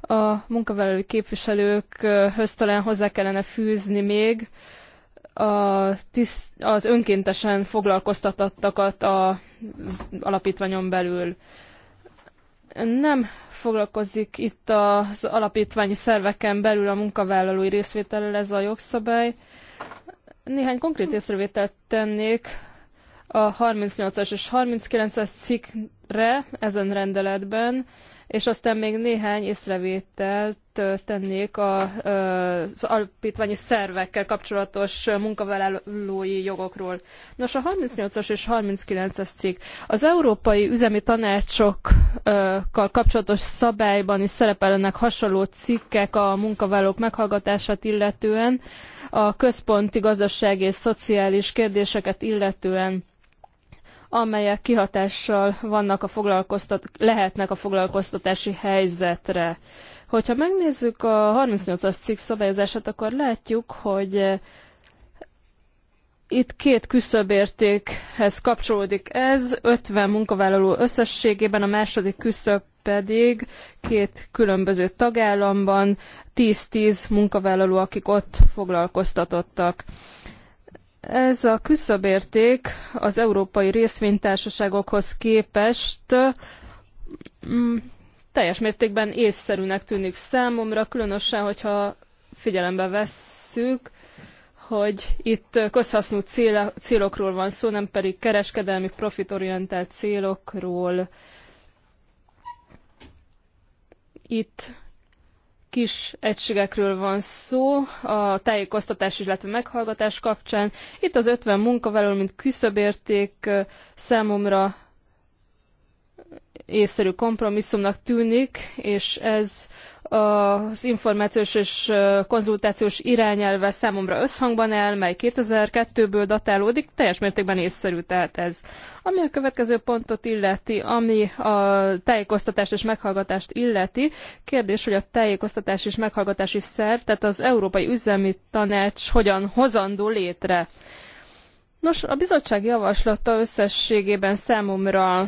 a munkavállalói képviselőkhöz talán hozzá kellene fűzni még, a tiszt, az önkéntesen foglalkoztatottakat az alapítványon belül. Nem foglalkozik itt az alapítványi szerveken belül a munkavállalói részvétellel ez a jogszabály. Néhány konkrét észrevételt tennék a 38-as és 39-as cikkre ezen rendeletben, és aztán még néhány észrevételt tennék az alapítványi szervekkel kapcsolatos munkavállalói jogokról. Nos, a 38-as és 39-es cikk. Az Európai Üzemi Tanácsokkal kapcsolatos szabályban is szerepelnek hasonló cikkek a munkavállalók meghallgatását illetően, a központi gazdasági és szociális kérdéseket illetően amelyek kihatással vannak a foglalkoztat, lehetnek a foglalkoztatási helyzetre. Hogyha megnézzük a 38-as cikk szabályozását, akkor látjuk, hogy eh, itt két küszöbértékhez kapcsolódik ez, 50 munkavállaló összességében, a második küszöb pedig két különböző tagállamban 10-10 munkavállaló, akik ott foglalkoztatottak. Ez a küszöbérték az európai részvénytársaságokhoz képest mm, teljes mértékben észszerűnek tűnik számomra, különösen, hogyha figyelembe vesszük, hogy itt közhasznú célokról van szó, nem pedig kereskedelmi profitorientált célokról. Itt kis egységekről van szó a tájékoztatás, illetve meghallgatás kapcsán. Itt az 50 munkavállaló, mint küszöbérték számomra észszerű kompromisszumnak tűnik, és ez az információs és konzultációs irányelve számomra összhangban el, mely 2002-ből datálódik, teljes mértékben észszerű tehát ez. Ami a következő pontot illeti, ami a tájékoztatást és meghallgatást illeti, kérdés, hogy a tájékoztatás és meghallgatási szerv, tehát az Európai Üzemi Tanács hogyan hozandó létre. Nos, a bizottság javaslata összességében számomra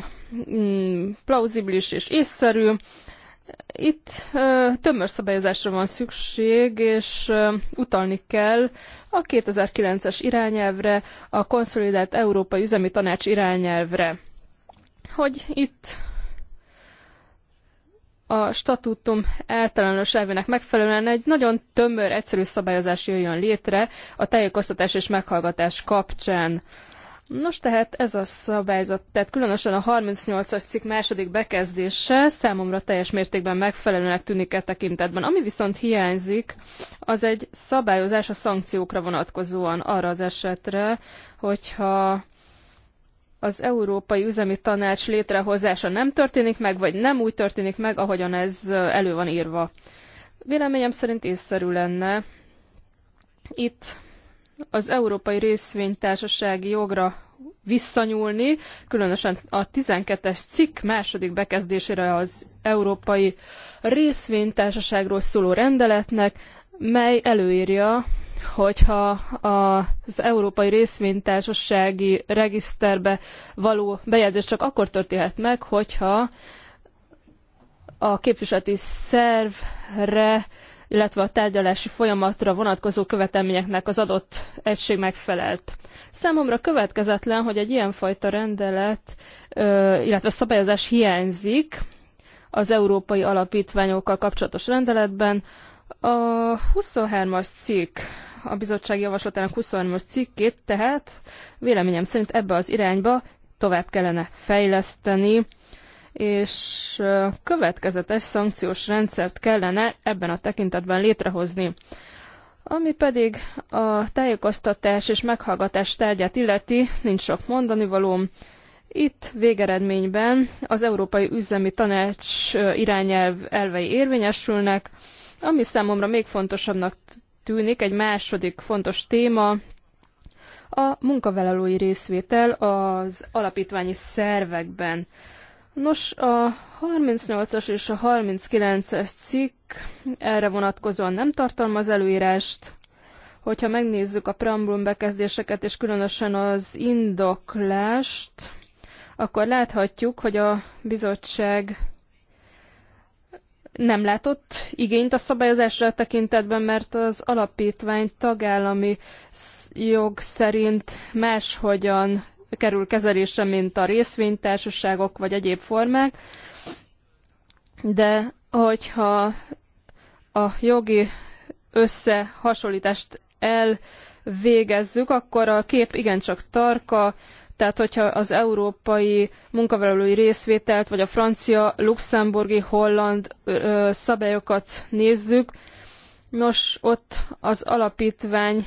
mm, plauzibilis és észszerű, itt ö, tömör szabályozásra van szükség, és ö, utalni kell a 2009-es irányelvre, a konszolidált Európai Üzemi Tanács irányelvre. Hogy itt a statútum általános elvének megfelelően egy nagyon tömör, egyszerű szabályozás jöjjön létre a tájékoztatás és meghallgatás kapcsán. Nos, tehát ez a szabályzat, tehát különösen a 38-as cikk második bekezdése számomra teljes mértékben megfelelőnek tűnik e tekintetben. Ami viszont hiányzik, az egy szabályozás a szankciókra vonatkozóan arra az esetre, hogyha az Európai Üzemi Tanács létrehozása nem történik meg, vagy nem úgy történik meg, ahogyan ez elő van írva. Véleményem szerint észszerű lenne itt az Európai Részvénytársasági jogra visszanyúlni, különösen a 12-es cikk második bekezdésére az Európai Részvénytársaságról szóló rendeletnek, mely előírja, hogyha az Európai Részvénytársasági Regiszterbe való bejegyzés csak akkor történhet meg, hogyha a képviseleti szervre illetve a tárgyalási folyamatra vonatkozó követelményeknek az adott egység megfelelt. Számomra következetlen, hogy egy ilyenfajta rendelet, illetve szabályozás hiányzik az európai alapítványokkal kapcsolatos rendeletben. A 23-as cikk a bizottság javaslatának 23-as cikkét, tehát véleményem szerint ebbe az irányba tovább kellene fejleszteni, és következetes szankciós rendszert kellene ebben a tekintetben létrehozni. Ami pedig a tájékoztatás és meghallgatás tárgyát illeti, nincs sok mondani valóm. Itt végeredményben az Európai Üzemi Tanács irányelv elvei érvényesülnek, ami számomra még fontosabbnak tűnik egy második fontos téma, a munkavállalói részvétel az alapítványi szervekben. Nos, a 38-as és a 39-es cikk erre vonatkozóan nem tartalmaz előírást. Hogyha megnézzük a preambulum bekezdéseket, és különösen az indoklást, akkor láthatjuk, hogy a bizottság nem látott igényt a szabályozásra a tekintetben, mert az alapítvány tagállami jog szerint máshogyan kerül kezelésre, mint a részvénytársaságok vagy egyéb formák, de hogyha a jogi összehasonlítást elvégezzük, akkor a kép igencsak tarka, tehát hogyha az európai munkavállalói részvételt, vagy a francia, luxemburgi, holland ö, szabályokat nézzük, nos, ott az alapítvány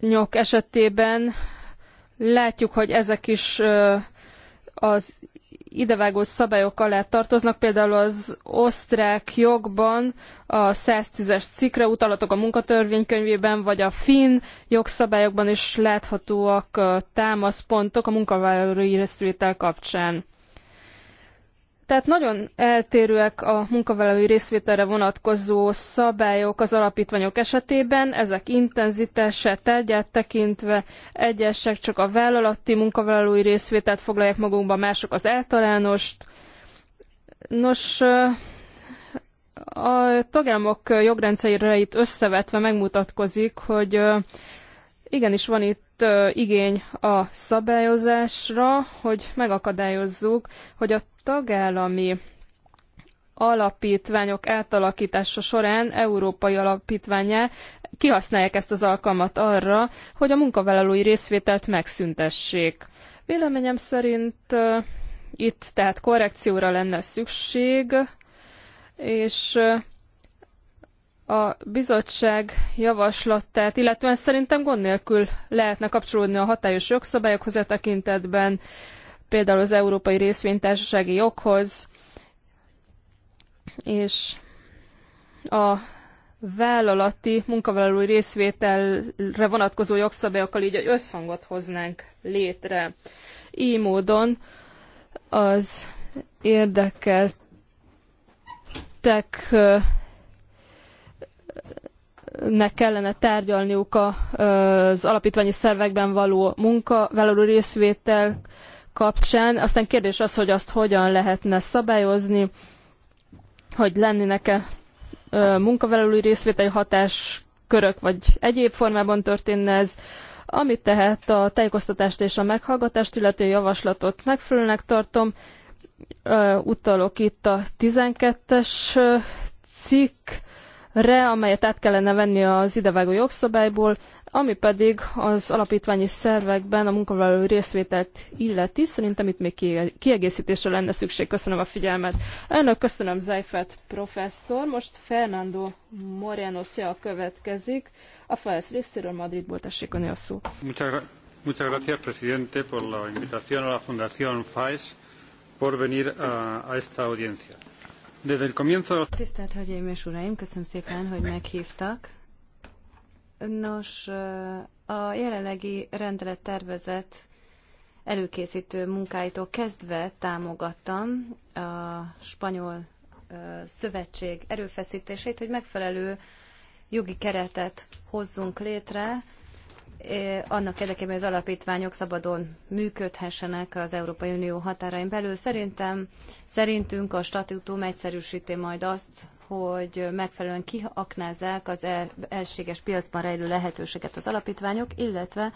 nyok esetében látjuk, hogy ezek is az idevágó szabályok alá tartoznak, például az osztrák jogban a 110-es cikkre utalatok a munkatörvénykönyvében, vagy a finn jogszabályokban is láthatóak támaszpontok a munkavállalói részvétel kapcsán. Tehát nagyon eltérőek a munkavállalói részvételre vonatkozó szabályok az alapítványok esetében, ezek intenzitása, tárgyát tekintve egyesek csak a vállalati munkavállalói részvételt foglalják magunkba, mások az általánost. Nos, a tagállamok jogrendszereit összevetve megmutatkozik, hogy igenis van itt igény a szabályozásra, hogy megakadályozzuk, hogy a tagállami alapítványok átalakítása során európai alapítványá kihasználják ezt az alkalmat arra, hogy a munkavállalói részvételt megszüntessék. Véleményem szerint uh, itt tehát korrekcióra lenne szükség, és uh, a bizottság javaslatát, illetően szerintem gond nélkül lehetne kapcsolódni a hatályos jogszabályokhoz a e tekintetben, uh, például az Európai Részvénytársasági Joghoz, és a vállalati munkavállalói részvételre vonatkozó jogszabályokkal így egy összhangot hoznánk létre. Így módon az érdekeltek nek kellene tárgyalniuk az alapítványi szervekben való munkavállaló részvétel kapcsán. Aztán kérdés az, hogy azt hogyan lehetne szabályozni, hogy lennének-e munkavállalói részvételi hatáskörök, vagy egyéb formában történne ez, amit tehát a tájékoztatást és a meghallgatást illető javaslatot megfelelőnek tartom. Utalok itt a 12-es cikk re, amelyet át kellene venni az idevágó jogszabályból, ami pedig az alapítványi szervekben a munkavállaló részvételt illeti. Szerintem itt még kiegészítésre lenne szükség. Köszönöm a figyelmet. Elnök, köszönöm Zajfert professzor. Most Fernando Moreno Szia következik. A Fidesz részéről Madridból tessék a szó. Muchas gracias, presidente, por la invitación a la Fundación FAES por venir a, a esta audiencia. Tisztelt Hölgyeim és Uraim, köszönöm szépen, hogy meghívtak. Nos, a jelenlegi rendelet tervezett előkészítő munkáitól kezdve támogattam a spanyol szövetség erőfeszítéseit, hogy megfelelő jogi keretet hozzunk létre annak érdekében, hogy az alapítványok szabadon működhessenek az Európai Unió határain belül. Szerintem, szerintünk a statutum egyszerűsíti majd azt, hogy megfelelően kiaknázzák az el, elséges piacban rejlő lehetőséget az alapítványok, illetve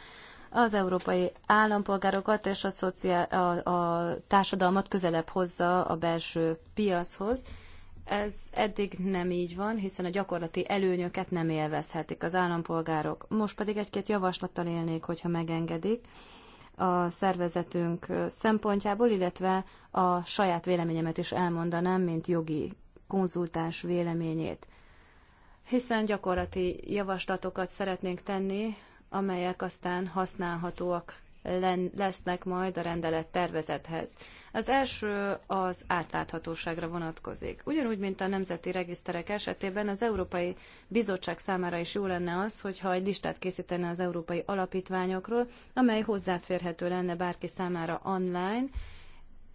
az európai állampolgárokat és a, szociál, a, a társadalmat közelebb hozza a belső piachoz. Ez eddig nem így van, hiszen a gyakorlati előnyöket nem élvezhetik az állampolgárok. Most pedig egy-két javaslattal élnék, hogyha megengedik a szervezetünk szempontjából, illetve a saját véleményemet is elmondanám, mint jogi konzultáns véleményét. Hiszen gyakorlati javaslatokat szeretnénk tenni, amelyek aztán használhatóak lesznek majd a rendelet tervezethez. Az első az átláthatóságra vonatkozik. Ugyanúgy, mint a nemzeti regiszterek esetében, az Európai Bizottság számára is jó lenne az, hogyha egy listát készítene az európai alapítványokról, amely hozzáférhető lenne bárki számára online,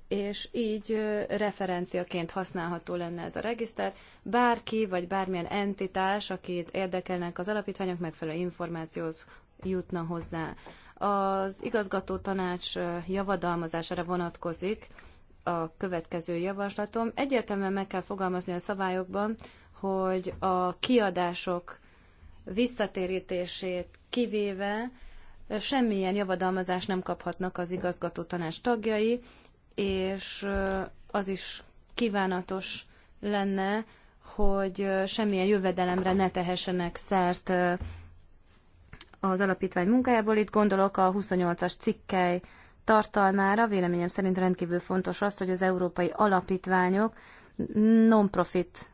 és így referenciaként használható lenne ez a regiszter. Bárki, vagy bármilyen entitás, akit érdekelnek az alapítványok, megfelelő információhoz jutna hozzá. Az igazgató tanács javadalmazására vonatkozik a következő javaslatom. Egyértelműen meg kell fogalmazni a szabályokban, hogy a kiadások visszatérítését kivéve semmilyen javadalmazást nem kaphatnak az igazgató tanács tagjai, és az is kívánatos lenne, hogy semmilyen jövedelemre ne tehessenek szert az alapítvány munkájából. Itt gondolok a 28-as cikkely tartalmára. Véleményem szerint rendkívül fontos az, hogy az európai alapítványok non-profit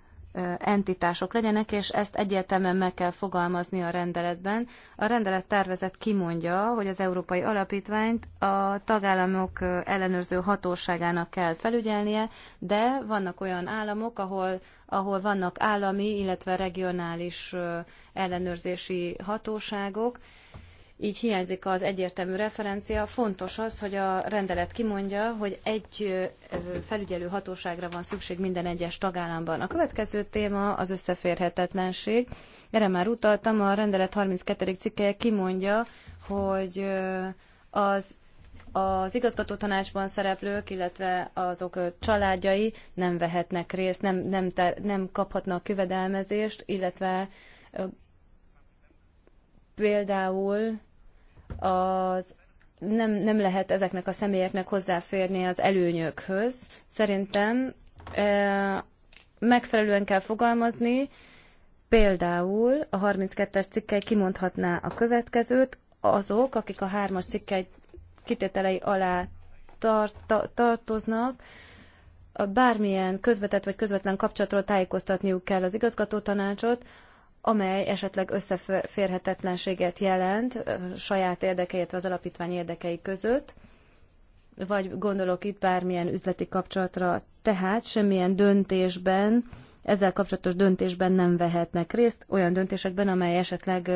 entitások legyenek, és ezt egyértelműen meg kell fogalmazni a rendeletben. A rendelet tervezet kimondja, hogy az Európai Alapítványt a tagállamok ellenőrző hatóságának kell felügyelnie, de vannak olyan államok, ahol, ahol vannak állami, illetve regionális ellenőrzési hatóságok, így hiányzik az egyértelmű referencia. Fontos az, hogy a rendelet kimondja, hogy egy felügyelő hatóságra van szükség minden egyes tagállamban. A következő téma az összeférhetetlenség. Erre már utaltam, a rendelet 32. cikkeje kimondja, hogy az az igazgatótanácsban szereplők, illetve azok családjai nem vehetnek részt, nem, nem, ter, nem kaphatnak követelmezést, illetve például az nem, nem lehet ezeknek a személyeknek hozzáférni az előnyökhöz. Szerintem e, megfelelően kell fogalmazni, például a 32-es cikkely kimondhatná a következőt, azok, akik a 3-as cikkely kitételei alá tart, tartoznak, bármilyen közvetett vagy közvetlen kapcsolatról tájékoztatniuk kell az igazgatótanácsot, amely esetleg összeférhetetlenséget jelent saját érdekei, az alapítvány érdekei között, vagy gondolok itt bármilyen üzleti kapcsolatra, tehát semmilyen döntésben, ezzel kapcsolatos döntésben nem vehetnek részt, olyan döntésekben, amely esetleg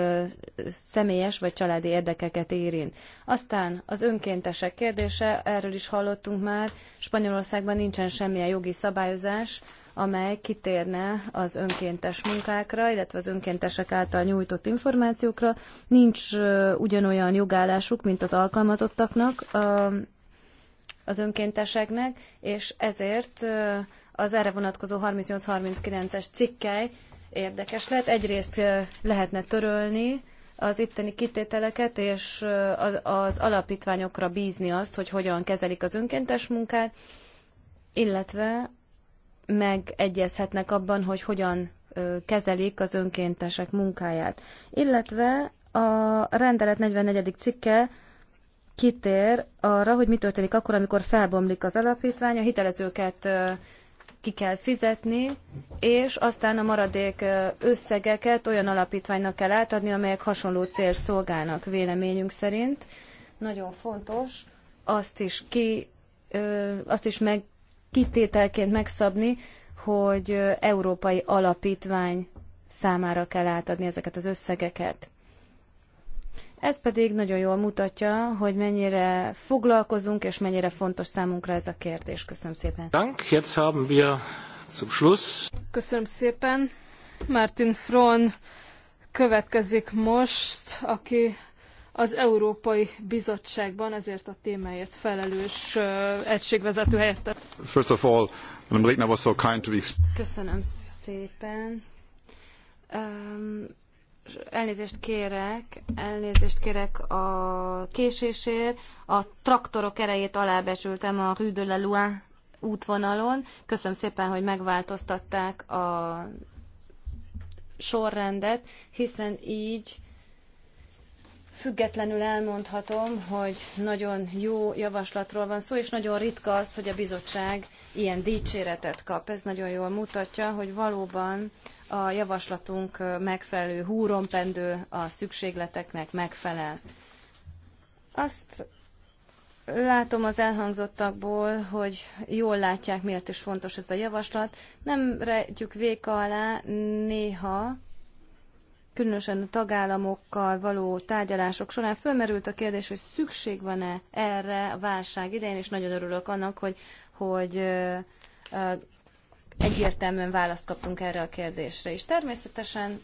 személyes vagy családi érdekeket érint. Aztán az önkéntesek kérdése, erről is hallottunk már, Spanyolországban nincsen semmilyen jogi szabályozás, amely kitérne az önkéntes munkákra, illetve az önkéntesek által nyújtott információkra. Nincs ugyanolyan jogállásuk, mint az alkalmazottaknak, az önkénteseknek, és ezért az erre vonatkozó 38-39-es cikkely érdekes lehet. Egyrészt lehetne törölni az itteni kitételeket, és az alapítványokra bízni azt, hogy hogyan kezelik az önkéntes munkát, illetve megegyezhetnek abban, hogy hogyan kezelik az önkéntesek munkáját. Illetve a rendelet 44. cikke kitér arra, hogy mi történik akkor, amikor felbomlik az alapítvány, a hitelezőket ki kell fizetni, és aztán a maradék összegeket olyan alapítványnak kell átadni, amelyek hasonló cél szolgálnak véleményünk szerint. Nagyon fontos azt is ki, azt is meg kitételként megszabni, hogy európai alapítvány számára kell átadni ezeket az összegeket. Ez pedig nagyon jól mutatja, hogy mennyire foglalkozunk, és mennyire fontos számunkra ez a kérdés. Köszönöm szépen. Dank, jetzt haben wir zum Schluss. Köszönöm szépen. Martin Fron következik most, aki az Európai Bizottságban ezért a témáért felelős egységvezető helyettes. First of all, Madam Lechner was so kind to be... Köszönöm szépen. Um, elnézést kérek, elnézést kérek a késésért. A traktorok erejét alábecsültem a Rue de la Loire útvonalon. Köszönöm szépen, hogy megváltoztatták a sorrendet, hiszen így Függetlenül elmondhatom, hogy nagyon jó javaslatról van szó, és nagyon ritka az, hogy a bizottság ilyen dicséretet kap. Ez nagyon jól mutatja, hogy valóban a javaslatunk megfelelő húron pendül a szükségleteknek megfelel. Azt látom az elhangzottakból, hogy jól látják, miért is fontos ez a javaslat. Nem rejtjük véka alá néha, különösen a tagállamokkal való tárgyalások során fölmerült a kérdés, hogy szükség van-e erre a válság idején, és nagyon örülök annak, hogy, hogy egyértelműen választ kaptunk erre a kérdésre. És természetesen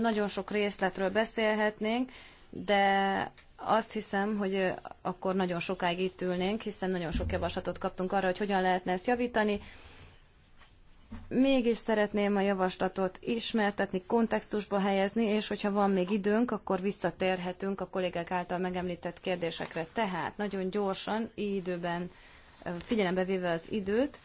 nagyon sok részletről beszélhetnénk, de azt hiszem, hogy akkor nagyon sokáig itt ülnénk, hiszen nagyon sok javaslatot kaptunk arra, hogy hogyan lehetne ezt javítani. Mégis szeretném a javaslatot ismertetni, kontextusba helyezni, és hogyha van még időnk, akkor visszatérhetünk a kollégák által megemlített kérdésekre. Tehát nagyon gyorsan, időben, figyelembe véve az időt,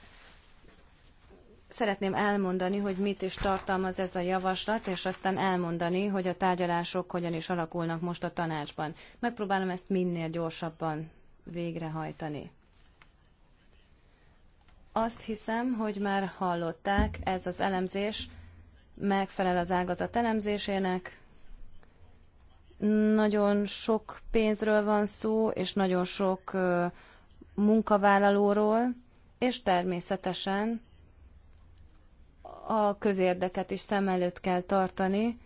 szeretném elmondani, hogy mit is tartalmaz ez a javaslat, és aztán elmondani, hogy a tárgyalások hogyan is alakulnak most a tanácsban. Megpróbálom ezt minél gyorsabban végrehajtani. Azt hiszem, hogy már hallották, ez az elemzés megfelel az ágazat elemzésének. Nagyon sok pénzről van szó, és nagyon sok munkavállalóról, és természetesen a közérdeket is szem előtt kell tartani,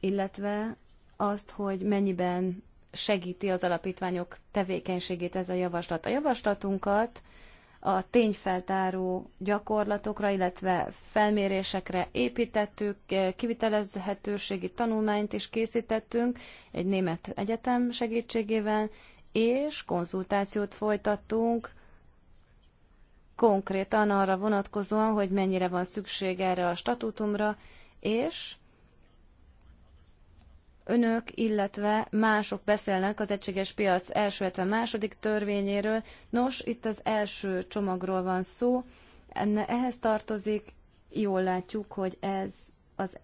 illetve azt, hogy mennyiben segíti az alapítványok tevékenységét ez a javaslat. A javaslatunkat a tényfeltáró gyakorlatokra, illetve felmérésekre építettük, eh, kivitelezhetőségi tanulmányt is készítettünk egy német egyetem segítségével, és konzultációt folytattunk konkrétan arra vonatkozóan, hogy mennyire van szükség erre a statútumra, és önök, illetve mások beszélnek az egységes piac első, illetve második törvényéről. Nos, itt az első csomagról van szó. Enne, ehhez tartozik, jól látjuk, hogy ez az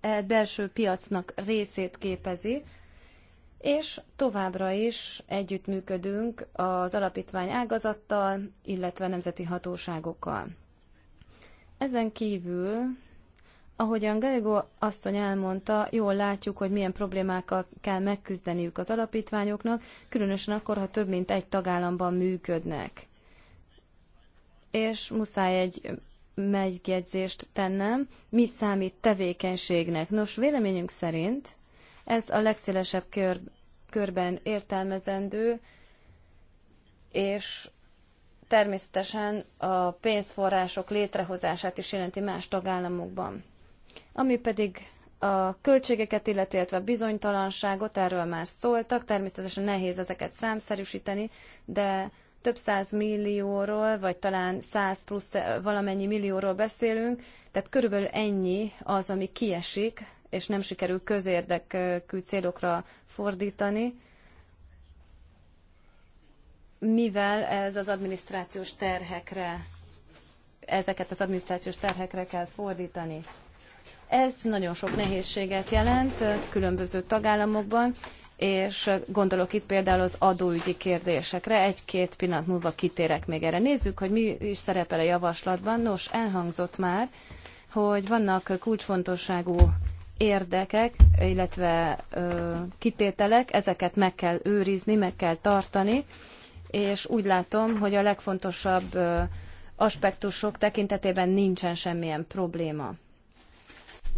e- belső piacnak részét képezi, és továbbra is együttműködünk az alapítvány ágazattal, illetve nemzeti hatóságokkal. Ezen kívül Ahogyan Gallego asszony elmondta, jól látjuk, hogy milyen problémákkal kell megküzdeniük az alapítványoknak, különösen akkor, ha több mint egy tagállamban működnek. És muszáj egy megjegyzést tennem, mi számít tevékenységnek. Nos, véleményünk szerint ez a legszélesebb kör, körben értelmezendő, és természetesen a pénzforrások létrehozását is jelenti más tagállamokban. Ami pedig a költségeket, illeti, illetve a bizonytalanságot, erről már szóltak, természetesen nehéz ezeket számszerűsíteni, de több száz millióról, vagy talán száz plusz valamennyi millióról beszélünk, tehát körülbelül ennyi az, ami kiesik, és nem sikerül közérdekű célokra fordítani, mivel ez az adminisztrációs terhekre, ezeket az adminisztrációs terhekre kell fordítani. Ez nagyon sok nehézséget jelent különböző tagállamokban, és gondolok itt például az adóügyi kérdésekre. Egy-két pillanat múlva kitérek még erre. Nézzük, hogy mi is szerepel a javaslatban. Nos, elhangzott már, hogy vannak kulcsfontosságú érdekek, illetve ö, kitételek, ezeket meg kell őrizni, meg kell tartani, és úgy látom, hogy a legfontosabb ö, aspektusok tekintetében nincsen semmilyen probléma.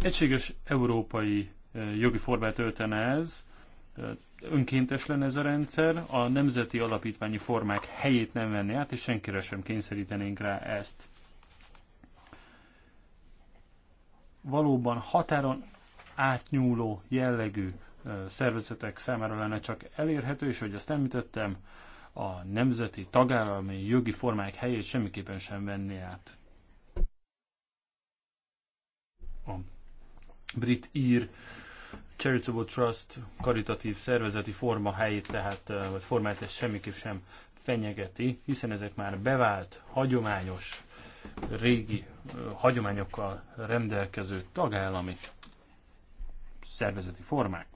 Egységes európai eh, jogi formát öltene ez, eh, önkéntes lenne ez a rendszer, a nemzeti alapítványi formák helyét nem venni át, és senkire sem kényszerítenénk rá ezt. Valóban határon átnyúló jellegű eh, szervezetek számára lenne csak elérhető, és hogy azt említettem, a nemzeti tagállami jogi formák helyét semmiképpen sem venni át. A brit-ír Charitable Trust karitatív szervezeti forma helyét tehát, vagy formáját ez semmiképp sem fenyegeti, hiszen ezek már bevált, hagyományos, régi hagyományokkal rendelkező tagállami szervezeti formák.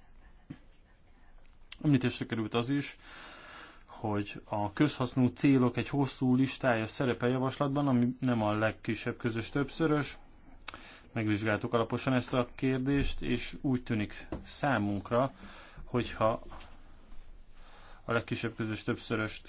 Említésre került az is, hogy a közhasznú célok egy hosszú listája szerepel javaslatban, ami nem a legkisebb közös többszörös, Megvizsgáltuk alaposan ezt a kérdést, és úgy tűnik számunkra, hogyha a legkisebb közös többszöröst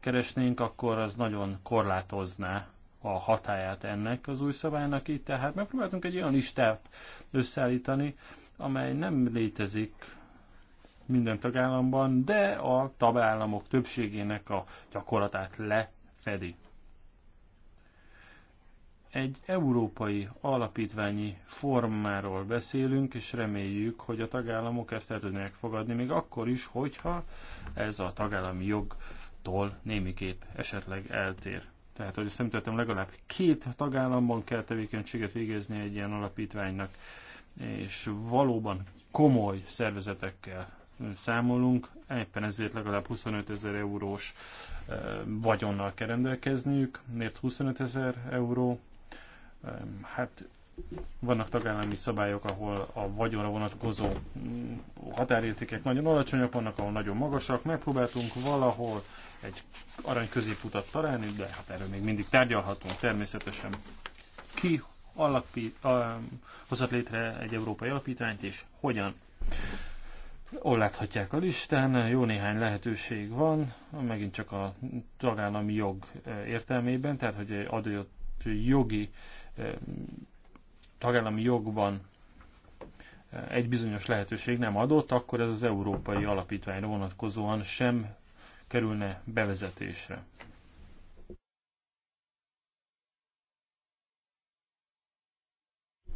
keresnénk, akkor az nagyon korlátozná a hatáját ennek az új szabálynak így, tehát megpróbáltunk egy olyan listát összeállítani, amely nem létezik minden tagállamban, de a tagállamok többségének a gyakorlatát lefedi egy európai alapítványi formáról beszélünk, és reméljük, hogy a tagállamok ezt el tudják fogadni, még akkor is, hogyha ez a tagállami jogtól némiképp esetleg eltér. Tehát, hogy ezt legalább két tagállamban kell tevékenységet végezni egy ilyen alapítványnak, és valóban komoly szervezetekkel számolunk, éppen ezért legalább 25 ezer eurós eh, vagyonnal kell rendelkezniük. Miért 25 ezer euró? Hát vannak tagállami szabályok, ahol a vagyonra vonatkozó mm, határértékek nagyon alacsonyak, vannak, ahol nagyon magasak. Megpróbáltunk valahol egy arany középutat találni, de hát erről még mindig tárgyalhatunk természetesen. Ki alapi, a, hozhat létre egy európai alapítványt, és hogyan? Hol láthatják a listán, jó néhány lehetőség van, megint csak a tagállami jog eh, értelmében, tehát hogy adott jogi tagállami jogban egy bizonyos lehetőség nem adott, akkor ez az európai alapítványra vonatkozóan sem kerülne bevezetésre.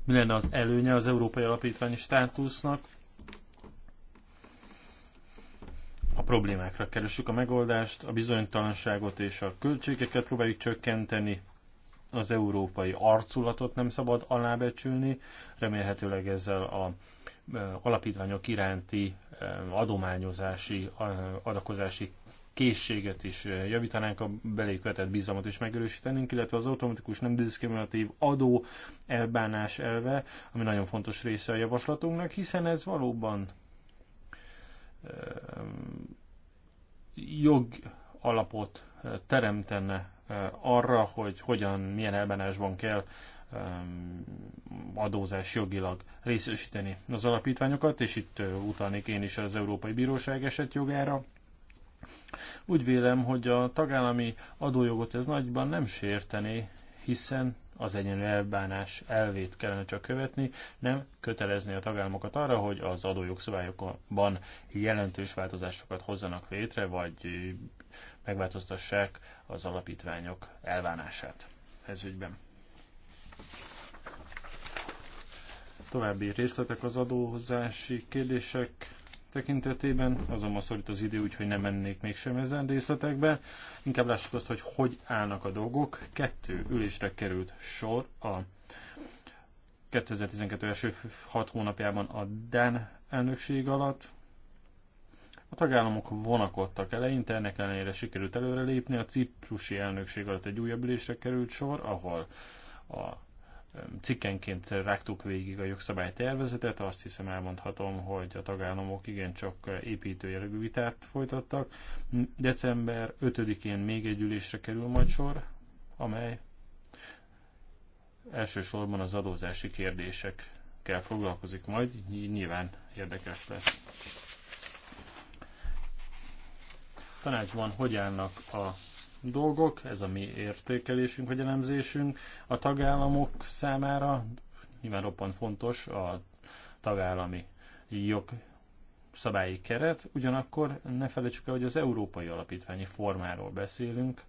Mi lenne az előnye az európai alapítványi státusznak? A problémákra keresünk a megoldást, a bizonytalanságot és a költségeket próbáljuk csökkenteni, az európai arculatot nem szabad alábecsülni, remélhetőleg ezzel a alapítványok iránti adományozási, adakozási készséget is javítanánk, a beléjük vetett bizalmat is megerősítenénk, illetve az automatikus nem diszkriminatív adó elbánás elve, ami nagyon fontos része a javaslatunknak, hiszen ez valóban jog alapot teremtene Eh, arra, hogy hogyan, milyen elbenásban kell eh, adózás jogilag részesíteni az alapítványokat, és itt eh, utalnék én is az Európai Bíróság esetjogára. Úgy vélem, hogy a tagállami adójogot ez nagyban nem sértené, hiszen az egyenlő elbánás elvét kellene csak követni, nem kötelezni a tagállamokat arra, hogy az adójogszabályokban jelentős változásokat hozzanak létre, vagy megváltoztassák az alapítványok elvánását ez ügyben. További részletek az adóhozási kérdések tekintetében, azonban szorít az idő, úgyhogy nem mennék mégsem ezen részletekbe. Inkább lássuk azt, hogy hogy állnak a dolgok. Kettő ülésre került sor a 2012 első hat hónapjában a Dán elnökség alatt, a tagállamok vonakodtak eleinte, ennek ellenére sikerült előrelépni, a ciprusi elnökség alatt egy újabb ülésre került sor, ahol a cikkenként rágtuk végig a jogszabálytervezetet, azt hiszem elmondhatom, hogy a tagállamok igencsak építőjellegű vitát folytattak. December 5-én még egy ülésre kerül majd sor, amely elsősorban az adózási kérdésekkel foglalkozik majd, nyilván érdekes lesz tanácsban hogy állnak a dolgok, ez a mi értékelésünk vagy elemzésünk a tagállamok számára. Nyilván roppant fontos a tagállami jog szabályi keret, ugyanakkor ne felejtsük el, hogy az európai alapítványi formáról beszélünk,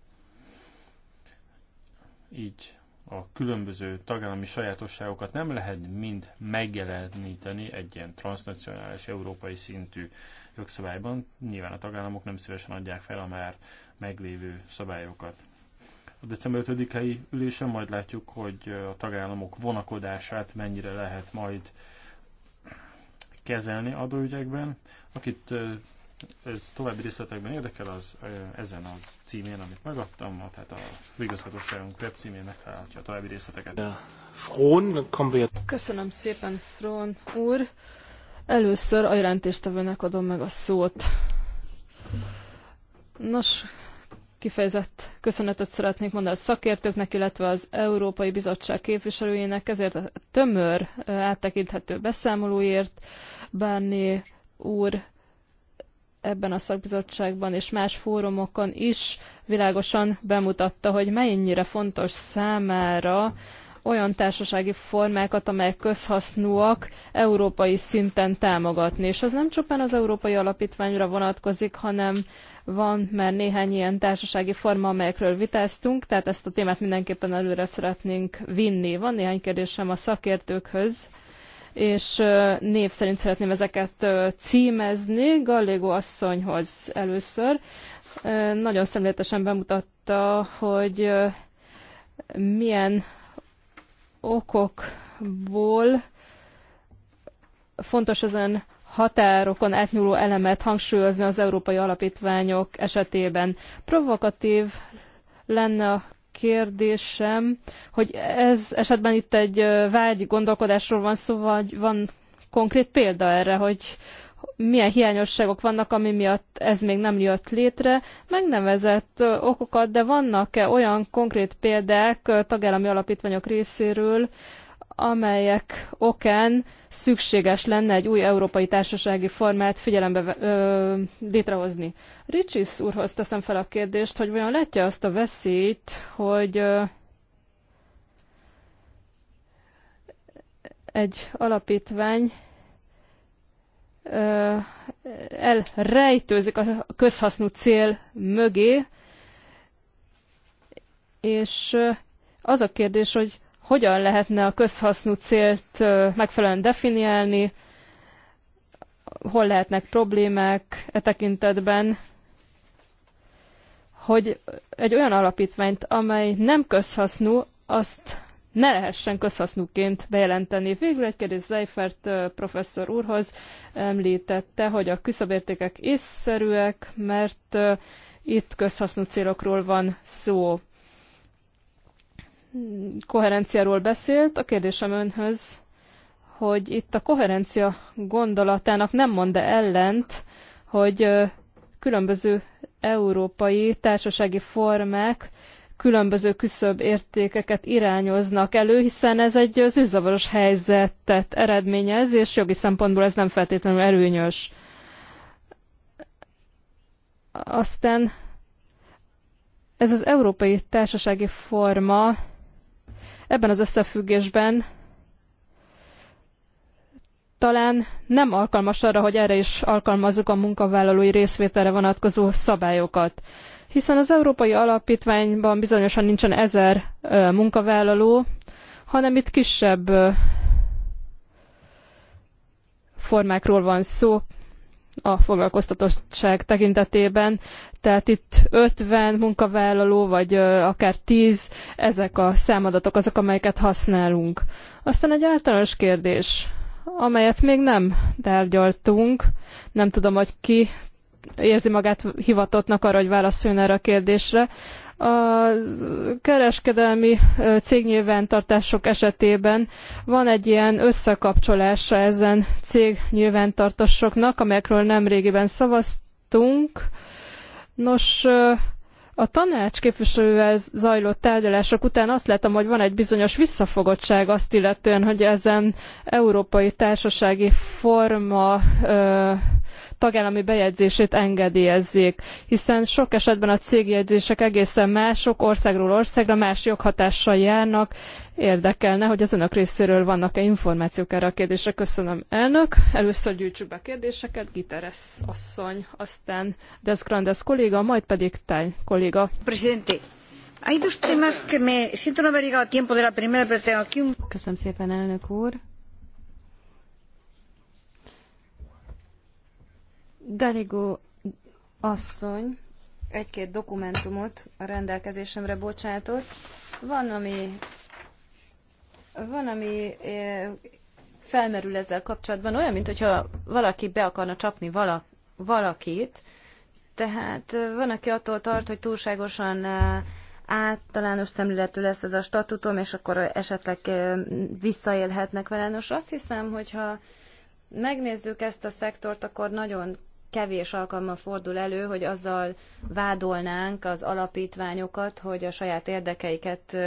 így a különböző tagállami sajátosságokat nem lehet mind megjeleníteni egy ilyen transnacionális európai szintű jogszabályban. Nyilván a tagállamok nem szívesen adják fel a már meglévő szabályokat. A december 5-i ülésen majd látjuk, hogy a tagállamok vonakodását mennyire lehet majd kezelni adóügyekben. Akit ez további részletekben érdekel, az ezen a címén, amit megadtam, tehát hát a főigazgatóságunk webcímén megtalálhatja a további részleteket. Köszönöm szépen, Frón úr. Először a jelentéstevőnek adom meg a szót. Nos, kifejezett köszönetet szeretnék mondani a szakértőknek, illetve az Európai Bizottság képviselőjének ezért a tömör áttekinthető beszámolóért. Bárni úr ebben a szakbizottságban és más fórumokon is világosan bemutatta, hogy mennyire fontos számára olyan társasági formákat, amelyek közhasznúak európai szinten támogatni. És ez nem csupán az európai alapítványra vonatkozik, hanem van már néhány ilyen társasági forma, amelyekről vitáztunk, tehát ezt a témát mindenképpen előre szeretnénk vinni. Van néhány kérdésem a szakértőkhöz, és név szerint szeretném ezeket címezni. Gallégo asszonyhoz először. Nagyon szemléletesen bemutatta, hogy milyen okokból fontos ezen határokon átnyúló elemet hangsúlyozni az európai alapítványok esetében. Provokatív lenne a kérdésem, hogy ez esetben itt egy vágyi gondolkodásról van szó, vagy van konkrét példa erre, hogy milyen hiányosságok vannak, ami miatt ez még nem jött létre, megnevezett okokat, de vannak-e olyan konkrét példák tagállami alapítványok részéről, amelyek okán szükséges lenne egy új európai társasági formát figyelembe ö, létrehozni. Ricsis úrhoz teszem fel a kérdést, hogy olyan látja azt a veszélyt, hogy ö, egy alapítvány elrejtőzik a közhasznú cél mögé, és az a kérdés, hogy hogyan lehetne a közhasznú célt megfelelően definiálni, hol lehetnek problémák e tekintetben, hogy egy olyan alapítványt, amely nem közhasznú, azt ne lehessen közhasznúként bejelenteni. Végül egy kérdés Zeifert professzor úrhoz említette, hogy a küszöbértékek észszerűek, mert itt közhasznú célokról van szó. Koherenciáról beszélt, a kérdésem önhöz, hogy itt a koherencia gondolatának nem mond -e ellent, hogy különböző európai társasági formák különböző küszöbb értékeket irányoznak elő, hiszen ez egy zűrzavaros helyzetet eredményez, és jogi szempontból ez nem feltétlenül erőnyös. Aztán ez az európai társasági forma ebben az összefüggésben talán nem alkalmas arra, hogy erre is alkalmazzuk a munkavállalói részvételre vonatkozó szabályokat hiszen az Európai Alapítványban bizonyosan nincsen ezer munkavállaló, hanem itt kisebb formákról van szó a foglalkoztatottság tekintetében, tehát itt 50 munkavállaló, vagy akár 10, ezek a számadatok azok, amelyeket használunk. Aztán egy általános kérdés, amelyet még nem tárgyaltunk, nem tudom, hogy ki érzi magát hivatottnak arra, hogy válaszoljon erre a kérdésre. A kereskedelmi cégnyilvántartások esetében van egy ilyen összekapcsolása ezen cégnyilvántartásoknak, amelyekről nemrégiben szavaztunk. Nos, a tanács képviselővel zajlott tárgyalások után azt látom, hogy van egy bizonyos visszafogottság azt illetően, hogy ezen európai társasági forma ö, tagállami bejegyzését engedélyezzék, hiszen sok esetben a cégjegyzések egészen mások, országról országra más joghatással járnak. Érdekelne, hogy az önök részéről vannak-e információk erre a kérdésre. Köszönöm, elnök. Először gyűjtsük be kérdéseket. Giteres asszony, aztán Des Grandes kolléga, majd pedig Tány kolléga. Presidente. Hay dos temas que me siento no haber llegado a tiempo de la primera, pero tengo aquí un... Köszönöm szépen, elnök úr. Garigó asszony egy-két dokumentumot a rendelkezésemre bocsátott. Van, ami, van, ami eh, felmerül ezzel kapcsolatban, olyan, mint valaki be akarna csapni vala, valakit, tehát eh, van, aki attól tart, hogy túlságosan eh, általános szemléletű lesz ez a statutum, és akkor esetleg visszaélhetnek vele. Nos, azt hiszem, hogyha megnézzük ezt a szektort, akkor nagyon kevés alkalma fordul elő, hogy azzal vádolnánk az alapítványokat, hogy a saját érdekeiket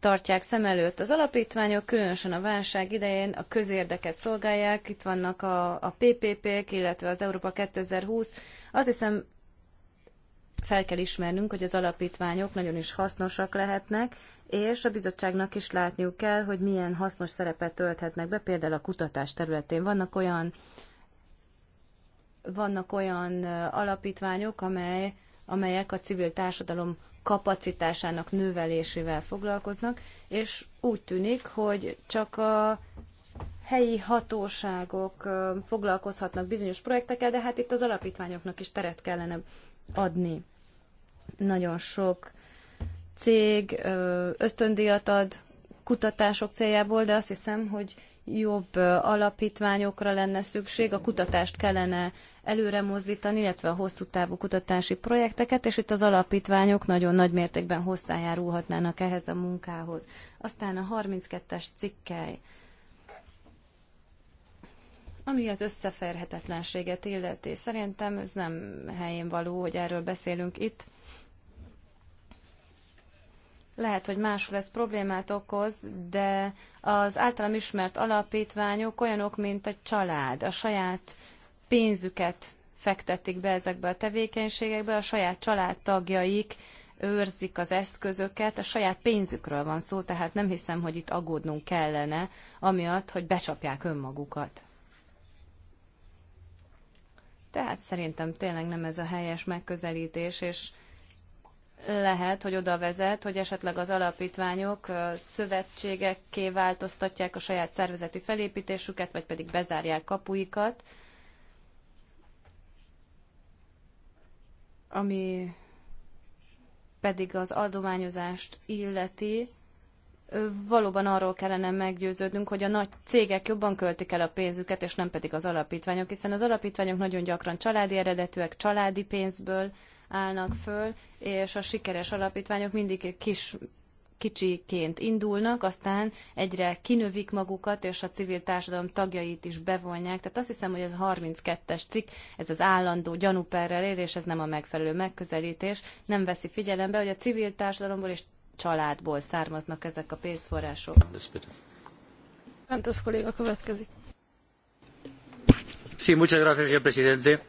tartják szem előtt. Az alapítványok különösen a válság idején a közérdeket szolgálják, itt vannak a, a PPP-k, illetve az Európa 2020. Azt hiszem, fel kell ismernünk, hogy az alapítványok nagyon is hasznosak lehetnek, és a bizottságnak is látniuk kell, hogy milyen hasznos szerepet tölthetnek be, például a kutatás területén. Vannak olyan vannak olyan alapítványok, amely, amelyek a civil társadalom kapacitásának növelésével foglalkoznak, és úgy tűnik, hogy csak a helyi hatóságok foglalkozhatnak bizonyos projektekkel, de hát itt az alapítványoknak is teret kellene adni. Nagyon sok cég ösztöndíjat ad kutatások céljából, de azt hiszem, hogy jobb alapítványokra lenne szükség, a kutatást kellene előre mozdítani, illetve a hosszú távú kutatási projekteket, és itt az alapítványok nagyon nagy mértékben hozzájárulhatnának ehhez a munkához. Aztán a 32-es cikkely, ami az összeférhetetlenséget illeti. Szerintem ez nem helyén való, hogy erről beszélünk itt. Lehet, hogy máshol ez problémát okoz, de az általam ismert alapítványok olyanok, mint a család, a saját pénzüket fektetik be ezekbe a tevékenységekbe, a saját családtagjaik őrzik az eszközöket, a saját pénzükről van szó, tehát nem hiszem, hogy itt aggódnunk kellene, amiatt, hogy becsapják önmagukat. Tehát szerintem tényleg nem ez a helyes megközelítés, és lehet, hogy oda vezet, hogy esetleg az alapítványok szövetségekké változtatják a saját szervezeti felépítésüket, vagy pedig bezárják kapuikat, Ami pedig az adományozást illeti, valóban arról kellene meggyőződnünk, hogy a nagy cégek jobban költik el a pénzüket, és nem pedig az alapítványok, hiszen az alapítványok nagyon gyakran családi eredetűek, családi pénzből állnak föl, és a sikeres alapítványok mindig kis kicsiként indulnak, aztán egyre kinövik magukat, és a civil társadalom tagjait is bevonják. Tehát azt hiszem, hogy ez a 32-es cikk, ez az állandó gyanúperrel ér, és ez nem a megfelelő megközelítés. Nem veszi figyelembe, hogy a civil társadalomból és családból származnak ezek a pénzforrások. kolléga következik. Sí, muchas gracias, presidente.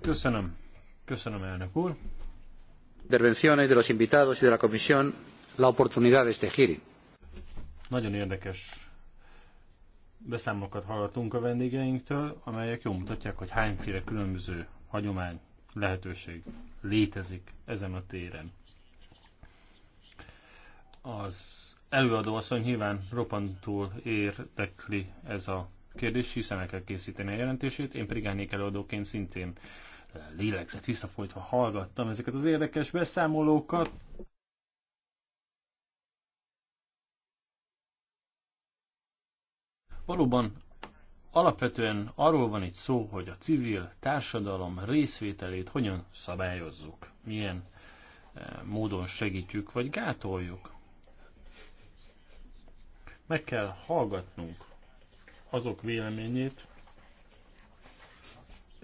Köszönöm. Köszönöm, elnök úr. Intervenciones de los invitados y de la comisión, la oportunidad de este hearing. Nagyon érdekes beszámokat hallottunk a vendégeinktől, amelyek jól mutatják, hogy hányféle különböző hagyomány, lehetőség létezik ezen a téren. Az előadó asszony nyilván roppantól érdekli ez a kérdés, hiszen el kell készíteni a jelentését, én pedig előadóként szintén lélegzett visszafolytva hallgattam ezeket az érdekes beszámolókat. Valóban alapvetően arról van itt szó, hogy a civil társadalom részvételét hogyan szabályozzuk, milyen eh, módon segítjük vagy gátoljuk. Meg kell hallgatnunk azok véleményét,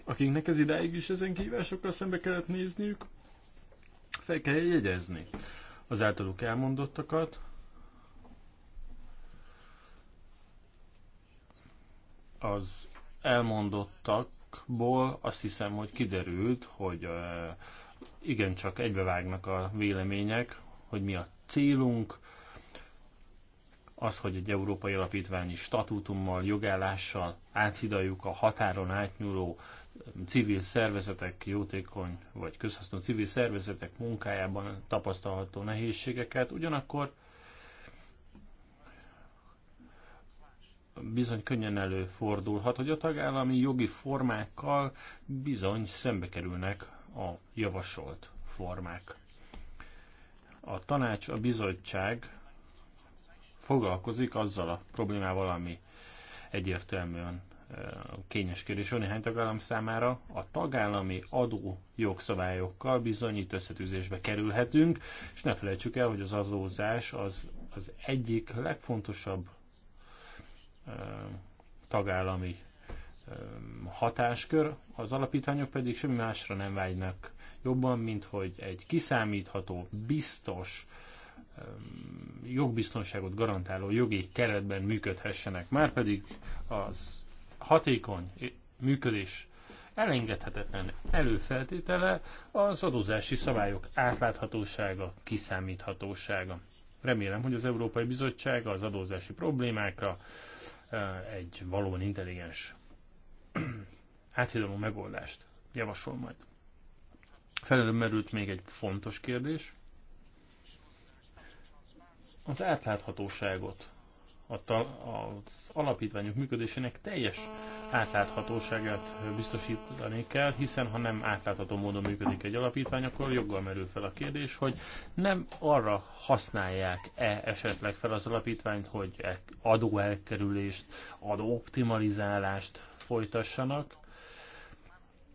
akiknek ez idáig is ezen kihívásokkal szembe kellett nézniük, fel kell jegyezni az általuk elmondottakat, az elmondottakból azt hiszem, hogy kiderült, hogy igencsak egybevágnak a vélemények, hogy mi a célunk, az, hogy egy európai alapítványi statútummal, jogállással áthidaljuk a határon átnyúló civil szervezetek jótékony vagy közhasznú civil szervezetek munkájában tapasztalható nehézségeket, ugyanakkor bizony könnyen előfordulhat, hogy a tagállami jogi formákkal bizony szembe kerülnek a javasolt formák. A tanács, a bizottság foglalkozik azzal a problémával, ami egyértelműen kényes kérdés hogy néhány tagállam számára, a tagállami adó jogszabályokkal bizonyít összetűzésbe kerülhetünk, és ne felejtsük el, hogy az adózás az, az egyik legfontosabb tagállami hatáskör, az alapítványok pedig semmi másra nem vágynak jobban, mint hogy egy kiszámítható, biztos, jogbiztonságot garantáló jogi keretben működhessenek. Márpedig az hatékony működés elengedhetetlen előfeltétele az adózási szabályok átláthatósága, kiszámíthatósága. Remélem, hogy az Európai Bizottság az adózási problémákra egy valóban intelligens áthidaló megoldást javasol majd. Felelőm merült még egy fontos kérdés. Az átláthatóságot a a, az alapítványok működésének teljes átláthatóságát biztosítani kell, hiszen ha nem átlátható módon működik egy alapítvány, akkor joggal merül fel a kérdés, hogy nem arra használják-e esetleg fel az alapítványt, hogy e-, adóelkerülést, adóoptimalizálást folytassanak,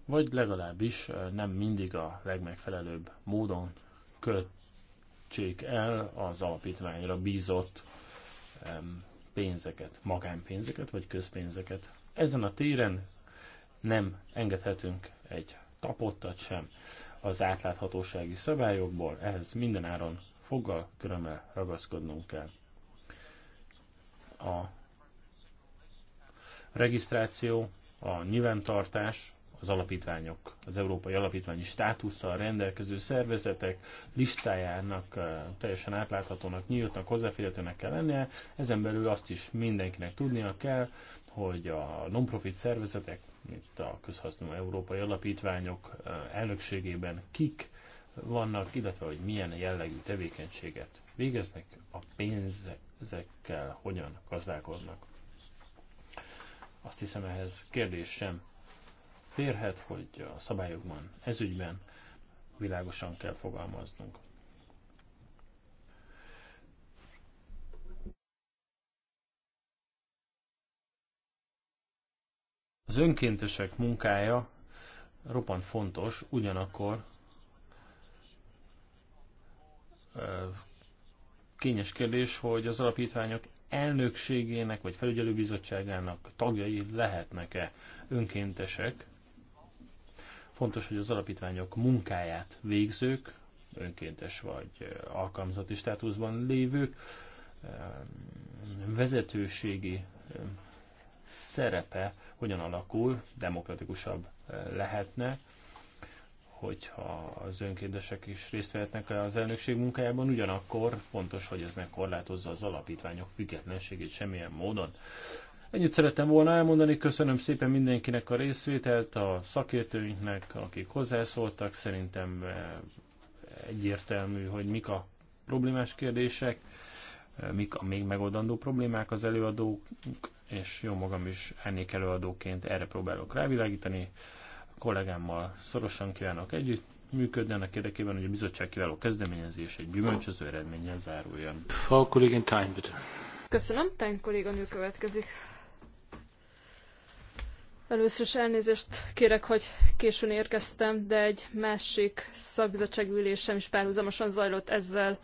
vagy legalábbis e, nem mindig a legmegfelelőbb módon költsék el az alapítványra bízott pénzeket, magánpénzeket vagy közpénzeket. Ezen a téren nem engedhetünk egy tapottat sem az átláthatósági szabályokból, ehhez mindenáron foggal, körömmel ragaszkodnunk kell. A regisztráció, a nyilvántartás az alapítványok, az európai alapítványi státusszal rendelkező szervezetek listájának teljesen átláthatónak, nyíltnak, hozzáférhetőnek kell lennie. Ezen belül azt is mindenkinek tudnia kell, hogy a non-profit szervezetek, mint a közhasznú európai alapítványok elnökségében kik vannak, illetve hogy milyen jellegű tevékenységet végeznek, a pénzekkel hogyan gazdálkodnak. Azt hiszem ehhez kérdés sem férhet, hogy a szabályokban ez ügyben világosan kell fogalmaznunk. Az önkéntesek munkája roppant fontos, ugyanakkor kényes kérdés, hogy az alapítványok elnökségének vagy felügyelőbizottságának tagjai lehetnek-e önkéntesek, Fontos, hogy az alapítványok munkáját végzők, önkéntes vagy alkalmazati státuszban lévők, vezetőségi szerepe hogyan alakul, demokratikusabb lehetne, hogyha az önkéntesek is részt vehetnek az elnökség munkájában, ugyanakkor fontos, hogy ez ne korlátozza az alapítványok függetlenségét semmilyen módon. Ennyit szerettem volna elmondani, köszönöm szépen mindenkinek a részvételt, a szakértőinknek, akik hozzászóltak, szerintem eh, egyértelmű, hogy mik a problémás kérdések, eh, mik a még megoldandó problémák az előadók, és jó magam is ennék előadóként erre próbálok rávilágítani. A kollégámmal szorosan kívánok együtt működni annak érdekében, hogy a bizottság kiváló kezdeményezés egy gyümölcsöző eredménnyel záruljon. Frau Kollegin Köszönöm, Time kolléganő következik. Először is elnézést kérek, hogy későn érkeztem, de egy másik szakbizottságülésem is párhuzamosan zajlott ezzel.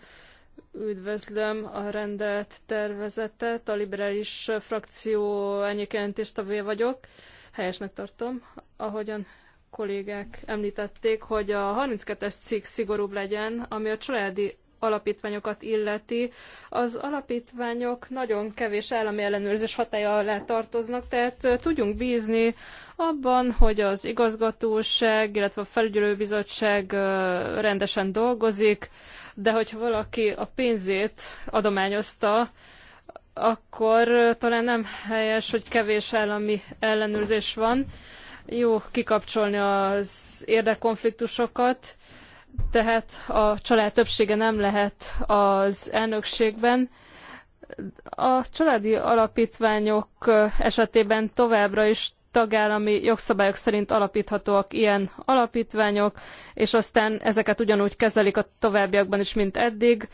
Üdvözlöm a rendelt tervezetet, a liberális frakció elnyékjelentéstevője vagyok. Helyesnek tartom, ahogyan kollégák említették, hogy a 32-es cikk szigorúbb legyen, ami a családi alapítványokat illeti. Az alapítványok nagyon kevés állami ellenőrzés hatája alá tartoznak, tehát tudjunk bízni abban, hogy az igazgatóság, illetve a felügyelőbizottság rendesen dolgozik, de hogyha valaki a pénzét adományozta, akkor talán nem helyes, hogy kevés állami ellenőrzés van. Jó kikapcsolni az érdekkonfliktusokat, tehát a család többsége nem lehet az elnökségben. A családi alapítványok esetében továbbra is tagállami jogszabályok szerint alapíthatóak ilyen alapítványok, és aztán ezeket ugyanúgy kezelik a továbbiakban is, mint eddig.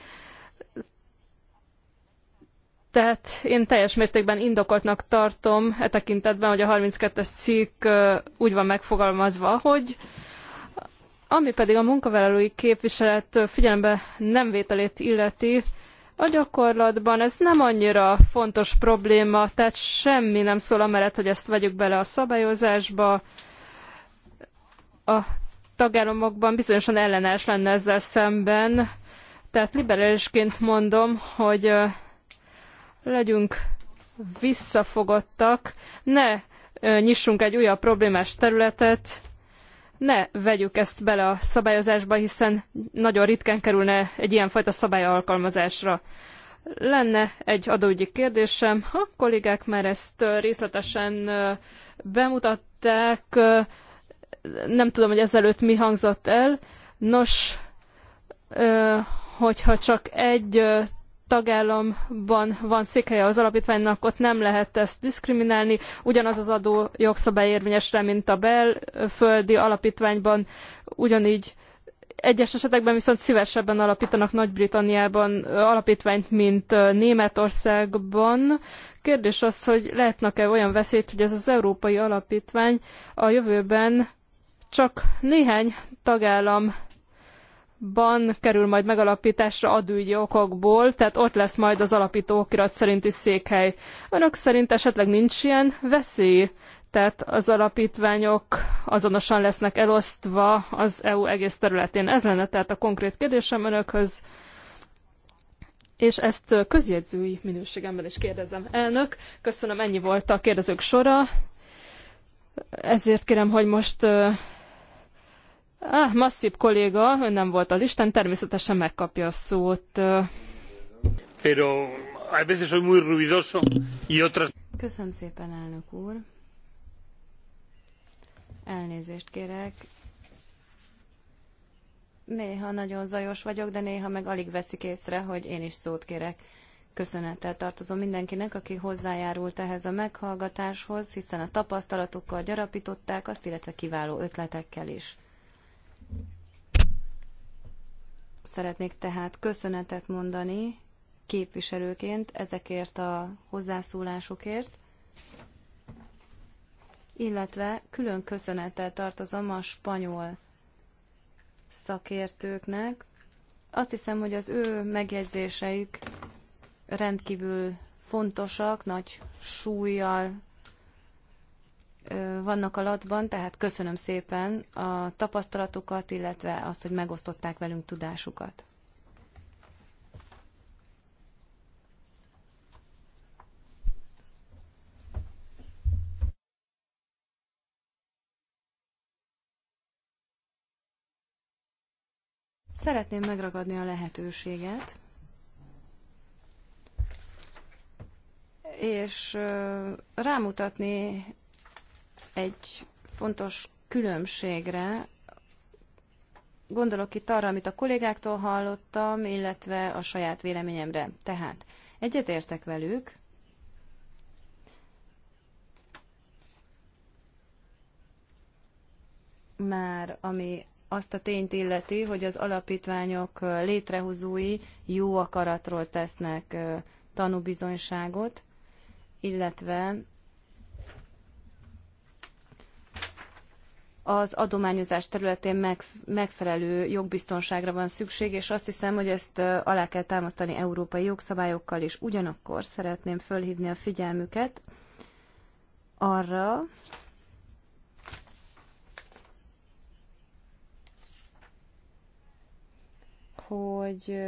Tehát én teljes mértékben indokoltnak tartom e tekintetben, hogy a 32-es cikk úgy van megfogalmazva, hogy ami pedig a munkavállalói képviselet figyelembe nem vételét illeti, a gyakorlatban ez nem annyira fontos probléma, tehát semmi nem szól amellett, hogy ezt vegyük bele a szabályozásba. A tagállamokban bizonyosan ellenes lenne ezzel szemben. Tehát liberálisként mondom, hogy legyünk visszafogottak, ne nyissunk egy újabb problémás területet, ne vegyük ezt bele a szabályozásba, hiszen nagyon ritkán kerülne egy ilyenfajta szabály alkalmazásra. Lenne egy adóügyi kérdésem, a kollégák már ezt részletesen bemutatták, nem tudom, hogy ezelőtt mi hangzott el. Nos, hogyha csak egy tagállamban van székhelye az alapítványnak, ott nem lehet ezt diszkriminálni. Ugyanaz az adó jogszabály rá mint a belföldi alapítványban, ugyanígy egyes esetekben viszont szívesebben alapítanak Nagy-Britanniában alapítványt, mint Németországban. Kérdés az, hogy látnak-e olyan veszélyt, hogy ez az európai alapítvány a jövőben csak néhány tagállam Ban kerül majd megalapításra adőgyi okokból, tehát ott lesz majd az alapító okirat szerinti székhely. Önök szerint esetleg nincs ilyen veszély? Tehát az alapítványok azonosan lesznek elosztva az EU egész területén. Ez lenne tehát a konkrét kérdésem önökhöz. És ezt közjegyzői minőségemben is kérdezem. Elnök, köszönöm, ennyi volt a kérdezők sora. Ezért kérem, hogy most Ah, masszív kolléga, ön nem volt a listán, természetesen megkapja a szót. Pero a veces soy muy ruidoso y otras... Köszönöm szépen, elnök úr. Elnézést kérek. Néha nagyon zajos vagyok, de néha meg alig veszik észre, hogy én is szót kérek. Köszönettel tartozom mindenkinek, aki hozzájárult ehhez a meghallgatáshoz, hiszen a tapasztalatukkal gyarapították azt, illetve kiváló ötletekkel is. Szeretnék tehát köszönetet mondani képviselőként ezekért a hozzászólásokért, illetve külön köszönettel tartozom a spanyol szakértőknek. Azt hiszem, hogy az ő megjegyzéseik rendkívül fontosak, nagy súlyjal vannak a alatban, tehát köszönöm szépen a tapasztalatukat, illetve azt, hogy megosztották velünk tudásukat. Szeretném megragadni a lehetőséget, és rámutatni egy fontos különbségre. Gondolok itt arra, amit a kollégáktól hallottam, illetve a saját véleményemre. Tehát egyetértek velük, már ami azt a tényt illeti, hogy az alapítványok létrehozói jó akaratról tesznek tanúbizonyságot, illetve az adományozás területén megfelelő jogbiztonságra van szükség, és azt hiszem, hogy ezt alá kell támasztani európai jogszabályokkal is. Ugyanakkor szeretném fölhívni a figyelmüket arra, hogy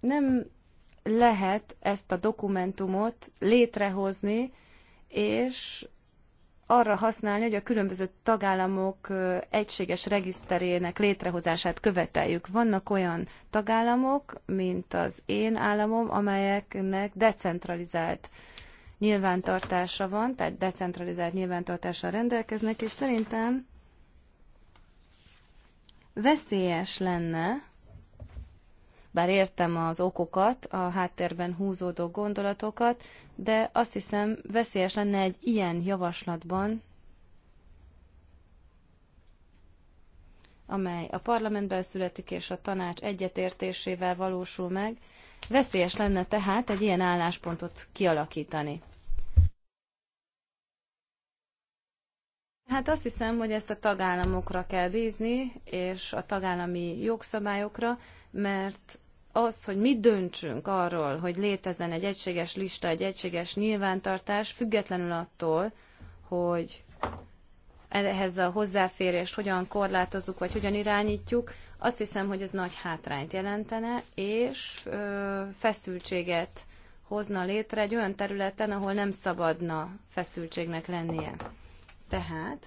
nem lehet ezt a dokumentumot létrehozni, és arra használni, hogy a különböző tagállamok egységes regiszterének létrehozását követeljük. Vannak olyan tagállamok, mint az én államom, amelyeknek decentralizált nyilvántartása van, tehát decentralizált nyilvántartással rendelkeznek, és szerintem veszélyes lenne, bár értem az okokat, a háttérben húzódó gondolatokat, de azt hiszem veszélyes lenne egy ilyen javaslatban, amely a parlamentben születik és a tanács egyetértésével valósul meg, veszélyes lenne tehát egy ilyen álláspontot kialakítani. Hát azt hiszem, hogy ezt a tagállamokra kell bízni, és a tagállami jogszabályokra, mert az, hogy mi döntsünk arról, hogy létezzen egy egységes lista, egy egységes nyilvántartás, függetlenül attól, hogy ehhez a hozzáférést hogyan korlátozzuk, vagy hogyan irányítjuk, azt hiszem, hogy ez nagy hátrányt jelentene, és ö, feszültséget hozna létre egy olyan területen, ahol nem szabadna feszültségnek lennie. Tehát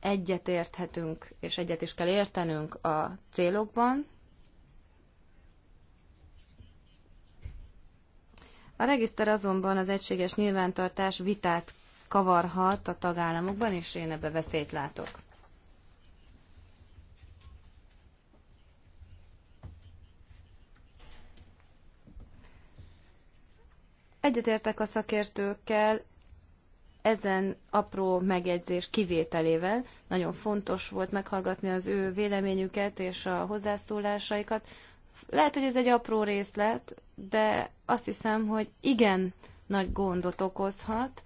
egyet érthetünk, és egyet is kell értenünk a célokban, A regiszter azonban az egységes nyilvántartás vitát kavarhat a tagállamokban, és én ebbe veszélyt látok. Egyetértek a szakértőkkel ezen apró megjegyzés kivételével. Nagyon fontos volt meghallgatni az ő véleményüket és a hozzászólásaikat. Lehet, hogy ez egy apró részlet, de azt hiszem, hogy igen nagy gondot okozhat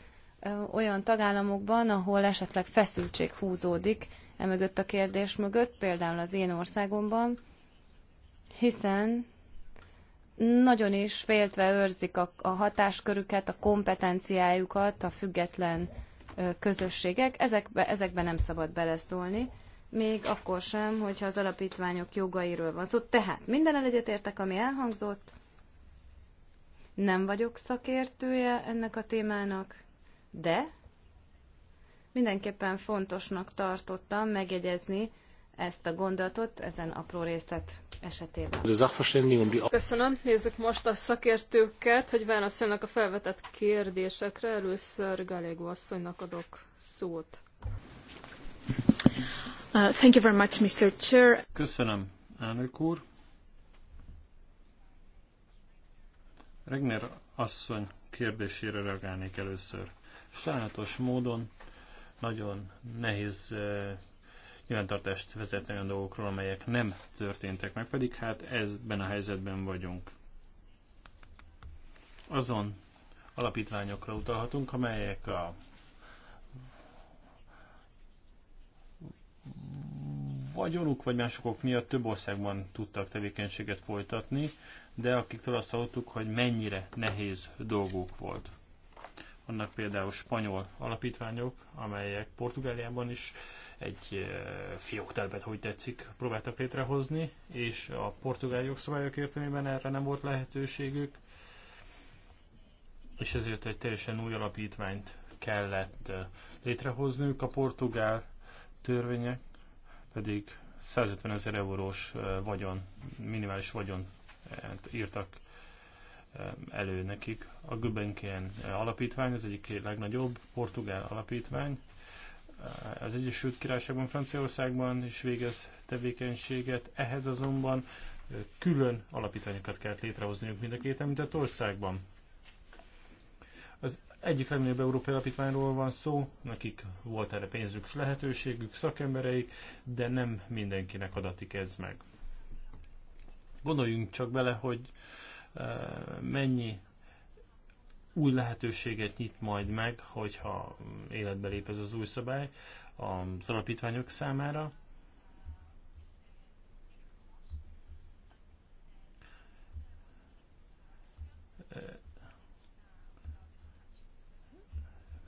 olyan tagállamokban, ahol esetleg feszültség húzódik emögött a kérdés mögött, például az én országomban, hiszen nagyon is féltve őrzik a, a hatáskörüket, a kompetenciájukat a független közösségek. Ezekbe, ezekbe nem szabad beleszólni még akkor sem, hogyha az alapítványok jogairól van szó. Tehát minden egyetértek, ami elhangzott. Nem vagyok szakértője ennek a témának, de mindenképpen fontosnak tartottam megjegyezni ezt a gondolatot ezen apró részlet esetében. Um Köszönöm. Nézzük most a szakértőket, hogy válaszolnak a felvetett kérdésekre. Először Galégo asszonynak adok szót. Uh, thank you very much, Mr. Chair. Köszönöm, elnök úr. Regner asszony kérdésére reagálnék először. Sajnálatos módon nagyon nehéz uh, nyilvántartást vezetni olyan dolgokról, amelyek nem történtek meg, pedig hát ezben a helyzetben vagyunk. Azon alapítványokra utalhatunk, amelyek a vagyonuk vagy másokok miatt több országban tudtak tevékenységet folytatni, de akiktől azt hallottuk, hogy mennyire nehéz dolguk volt. Vannak például spanyol alapítványok, amelyek Portugáliában is egy eh, fióktelbet, hogy tetszik, próbáltak létrehozni, és a portugál jogszabályok értelmében erre nem volt lehetőségük, és ezért egy teljesen új alapítványt kellett eh, létrehozniuk a portugál törvények pedig 150 ezer eurós vagyon, minimális vagyon írtak elő nekik. A Gulbenkian alapítvány az egyik legnagyobb portugál alapítvány. Az Egyesült Királyságban, Franciaországban is végez tevékenységet, ehhez azonban külön alapítványokat kell létrehozniuk mind a két említett országban. Egyik legnagyobb európai alapítványról van szó, nekik volt erre pénzük és lehetőségük, szakembereik, de nem mindenkinek adatik ez meg. Gondoljunk csak bele, hogy e, mennyi új lehetőséget nyit majd meg, hogyha életbe lép ez az új szabály az alapítványok számára.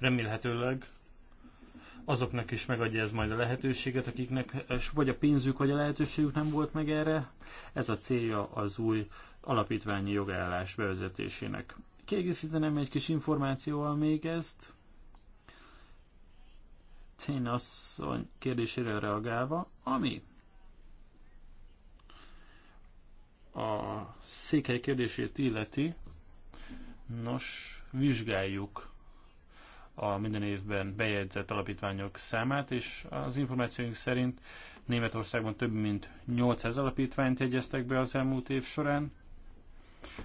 remélhetőleg azoknak is megadja ez majd a lehetőséget, akiknek vagy a pénzük, vagy a lehetőségük nem volt meg erre. Ez a célja az új alapítványi jogállás bevezetésének. Kiegészítenem egy kis információval még ezt. Cén asszony kérdésére reagálva, ami a székely kérdését illeti, nos, vizsgáljuk a minden évben bejegyzett alapítványok számát, és az információink szerint Németországban több mint 800 alapítványt jegyeztek be az elmúlt év során.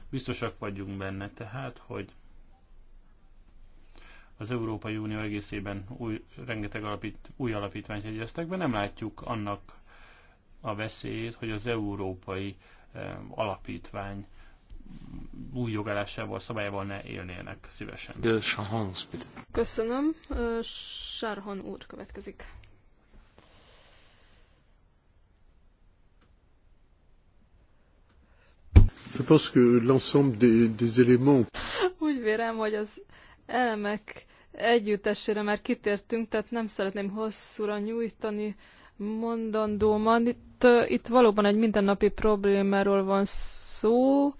Biztosak vagyunk benne tehát, hogy az Európai Unió egészében új, rengeteg alapít, új alapítványt jegyeztek be, nem látjuk annak a veszélyét, hogy az európai eh, alapítvány új jogállásával, szabályával ne élnének szívesen. Köszönöm. Sárhan úr következik. Je pense que l'ensemble des, des éléments... Úgy vélem, hogy az elemek együttesére már kitértünk, tehát nem szeretném hosszúra nyújtani mondandóman. Itt, itt valóban egy mindennapi problémáról van szó,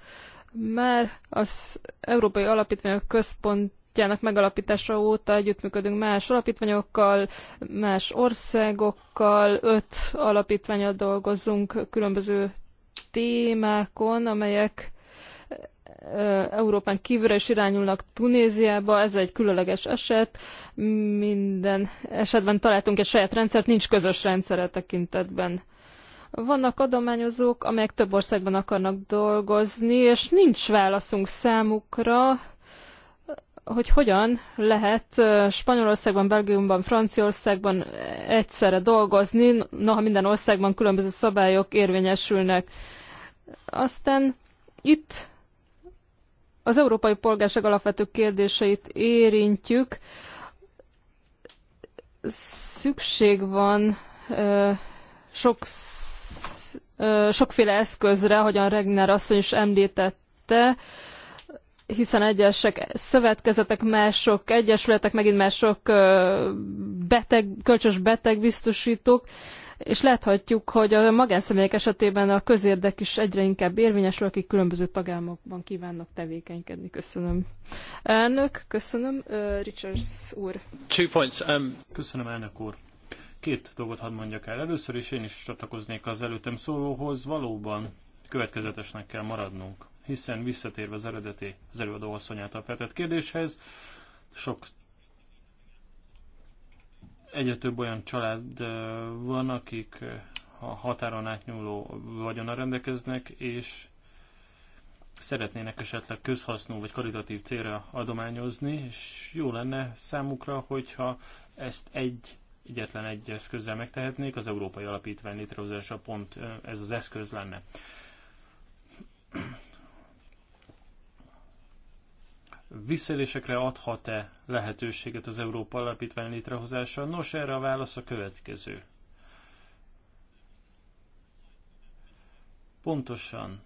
már az Európai Alapítványok Központ megalapítása óta együttműködünk más alapítványokkal, más országokkal, öt alapítványal dolgozunk különböző témákon, amelyek Európán kívülre is irányulnak Tunéziába, ez egy különleges eset. Minden esetben találtunk egy saját rendszert, nincs közös rendszere tekintetben. Vannak adományozók, amelyek több országban akarnak dolgozni, és nincs válaszunk számukra, hogy hogyan lehet Spanyolországban, Belgiumban, Franciaországban egyszerre dolgozni, noha minden országban különböző szabályok érvényesülnek. Aztán itt az európai polgárság alapvető kérdéseit érintjük. Szükség van ö, sok sokféle eszközre, ahogyan Regner asszony is említette, hiszen egyesek szövetkezetek, mások egyesületek, megint mások beteg, kölcsös betegbiztosítók, és láthatjuk, hogy a magánszemélyek esetében a közérdek is egyre inkább érvényesül, akik különböző tagállamokban kívánnak tevékenykedni. Köszönöm. Elnök, köszönöm. Richards úr. Two points. Um... Köszönöm, elnök úr. Két dolgot hadd mondjak el. Először is én is csatlakoznék az előttem szólóhoz. Valóban következetesnek kell maradnunk, hiszen visszatérve az eredeti, az előadó asszony által feltett kérdéshez, sok egyre több olyan család van, akik a határon átnyúló vagyona rendelkeznek, és szeretnének esetleg közhasznú vagy karitatív célra adományozni, és jó lenne számukra, hogyha ezt egy egyetlen egy eszközzel megtehetnék, az Európai Alapítvány létrehozása pont ez az eszköz lenne. Visszaélésekre adhat-e lehetőséget az Európa Alapítvány létrehozása? Nos, erre a válasz a következő. Pontosan